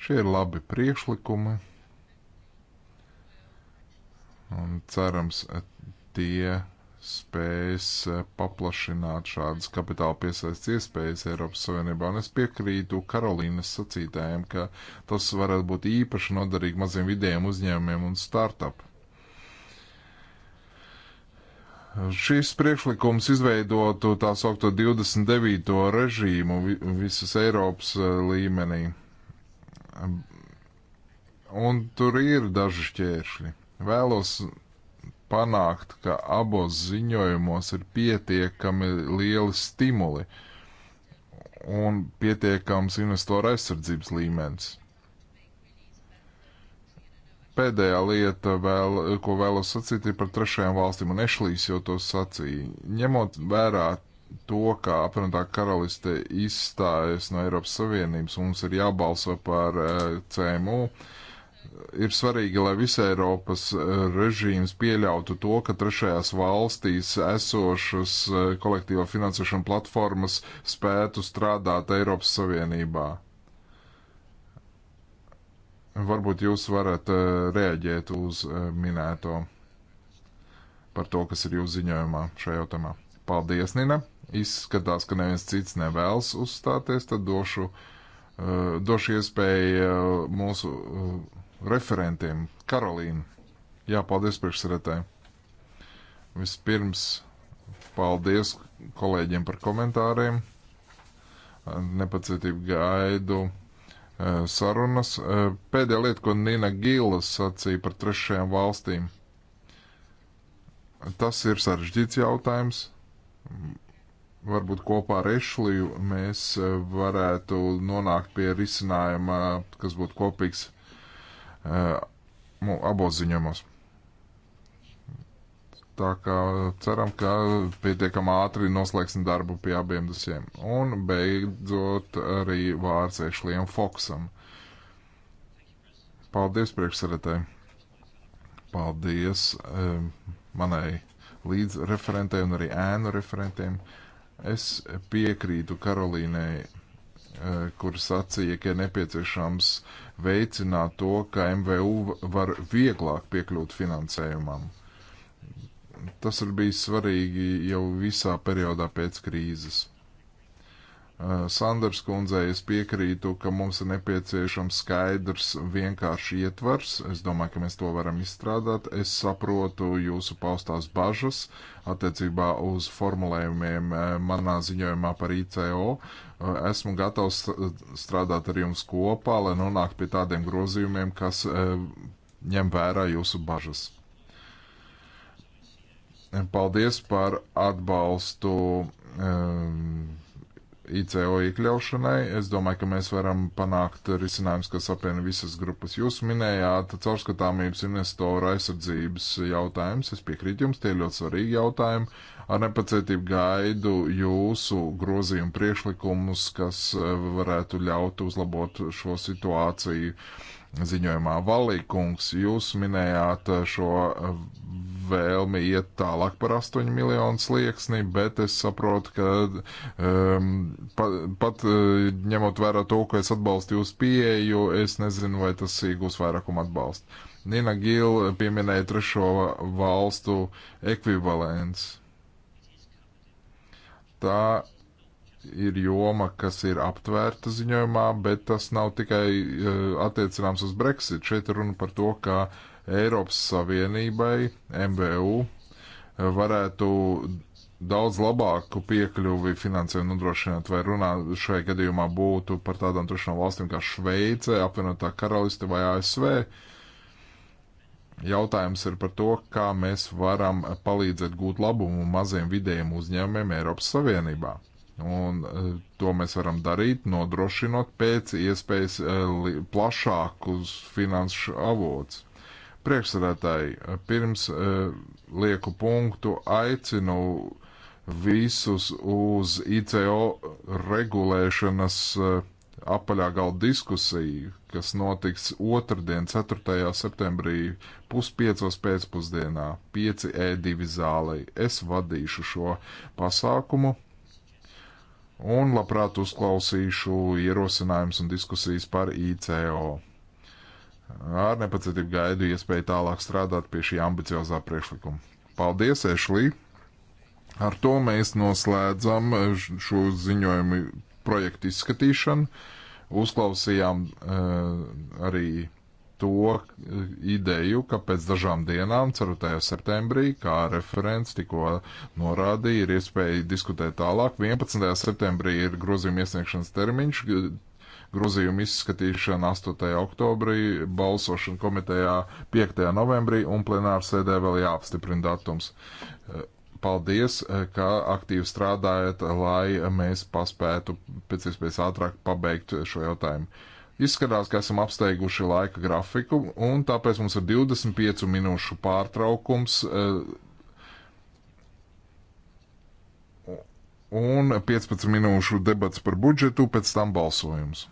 Šie ir labi priekšlikumi. Un cerams, tie spējas eh, paplašināt šādas kapitāla piesaistes iespējas Eiropas Savienībā. Un es piekrītu Karolīnas sacītājiem, ka tas varētu būt īpaši noderīgi maziem vidējiem uzņēmumiem un startup. Šis priekšlikums izveidotu tā saukto 29. režīmu visas Eiropas eh, līmenī. Un tur ir daži šķēršļi Vēlos panākt, ka abos ziņojumos ir pietiekami lieli stimuli un pietiekams investoru aizsardzības līmenis. Pēdējā lieta, vēl, ko vēlos sacīt, ir par trešajām valstīm, un Ešlīs jau to sacīja. Ņemot vērā to, ka apvienotā karaliste izstājas no Eiropas Savienības, mums ir jābalso par uh, eh, CMU. Uh, ir svarīgi, lai visa Eiropas eh, režīms pieļautu to, ka trešajās valstīs esošas eh, kolektīvo finansēšanu platformas spētu strādāt Eiropas Savienībā. Varbūt jūs varat eh, reaģēt uz minēto par to, kas ir jūsu ziņojumā šajā jautājumā. Paldies, Nina! Izskatās, ka neviens cits nevēlas uzstāties, tad došu, došu iespēju mūsu referentiem. Karolīna, jā, paldies priekšsarētāji. Vispirms paldies kolēģiem par komentāriem. Nepacietību gaidu e, sarunas. E, pēdējā lieta, ko Nina Gīlas sacīja par trešajām valstīm. Tas ir sarežģīts jautājums. Varbūt kopā ar Ešliju mēs e, varētu nonākt pie risinājuma, kas būtu kopīgs abos ziņojumos. Tā kā ceram, ka pietiekam ātri noslēgsim darbu pie abiem dosiem. Un beidzot arī vārds Ešlijam Foksam. Paldies priekšsarētāji. Paldies eh, manai līdzreferentei un arī ēnu referentiem. Es piekrītu Karolīnai, eh, kur sacīja, ka ir nepieciešams eh, veicināt to, ka MVU var vieglāk piekļūt finansējumam. Tas ir bijis svarīgi jau visā periodā pēc krīzes. Eh, Sanders kundzei es piekrītu, ka mums ir nepieciešams skaidrs, vienkārši ietvars. Es domāju, ka mēs to varam izstrādāt. Es saprotu jūsu paustās bažas attiecībā uz formulējumiem eh, manā ziņojumā par ICO. Eh, esmu gatavs strādāt ar jums kopā, lai nonāktu pie tādiem grozījumiem, kas ņem vērā jūsu bažas. Paldies par atbalstu. Um, ICO iekļaušanai. Es domāju, ka mēs varam panākt risinājums, kas apvieno visas grupas. Jūs minējāt caurskatāmības investoru aizsardzības jautājums. Es piekrītu jums, tie ir ļoti svarīgi jautājumi. Ar nepacietību gaidu jūsu grozījumu priekšlikumus, kas eh, varētu ļaut uzlabot šo situāciju ziņojumā. Valīkungs, jūs minējāt šo vēlmi iet tālāk par 8 miljonu slieksni, bet es saprotu, ka um, pat, pat uh, ņemot vērā to, ka es atbalstu jūsu pieeju, es nezinu, vai tas iegūs vairākumu atbalstu. Nina Gil pieminēja trešo valstu ekvivalents. Tā ir joma, kas ir aptvērta ziņojumā, bet tas nav tikai uh, attiecināms uz Brexit. Šeit runa par to, ka Eiropas Savienībai, MVU, e, varētu daudz labāku piekļuvi finansējumu nodrošināt, vai runā šajā gadījumā būtu par tādām trešām valstīm kā Šveice, apvienotā karaliste vai ASV. Jautājums ir par to, kā mēs varam palīdzēt gūt labumu maziem vidējiem uzņēmumiem Eiropas Savienībā. Un e, to mēs varam darīt, nodrošinot pēc iespējas e, plašākus finanšu avots. Priekšsēdētāji, e, pirms lieku punktu, aicinu visus uz ICO regulēšanas apaļā galda diskusiju, kas notiks otrdien, 4. septembrī, puspiecos pēcpusdienā, 5E2 zālē. Es vadīšu šo pasākumu un labprāt uzklausīšu ierosinājums un diskusijas par ICO. Ar nepacietību gaidu iespēju tālāk strādāt pie šī ambiciozā priekšlikuma. Paldies, Ešlī! Ar to mēs noslēdzam šo ziņojumu projektu izskatīšanu. Uzklausījām uh, arī to ideju, ka pēc dažām dienām, ceturtajā septembrī, kā referents tikko norādīja, ir iespēja diskutēt tālāk. 11. septembrī ir grozījuma iesniegšanas termiņš, grozījuma izskatīšana 8. oktobrī, balsošana komitejā 5. novembrī un plenāra sēdē vēl jāapstiprina datums. Paldies, ka aktīvi strādājat, lai mēs paspētu pēc iespējas ātrāk pabeigt šo jautājumu. Izskatās, ka esam apsteiguši laika grafiku, un tāpēc mums ir 25 minūšu pārtraukums eh, un 15 minūšu debats par budžetu, pēc tam balsojums.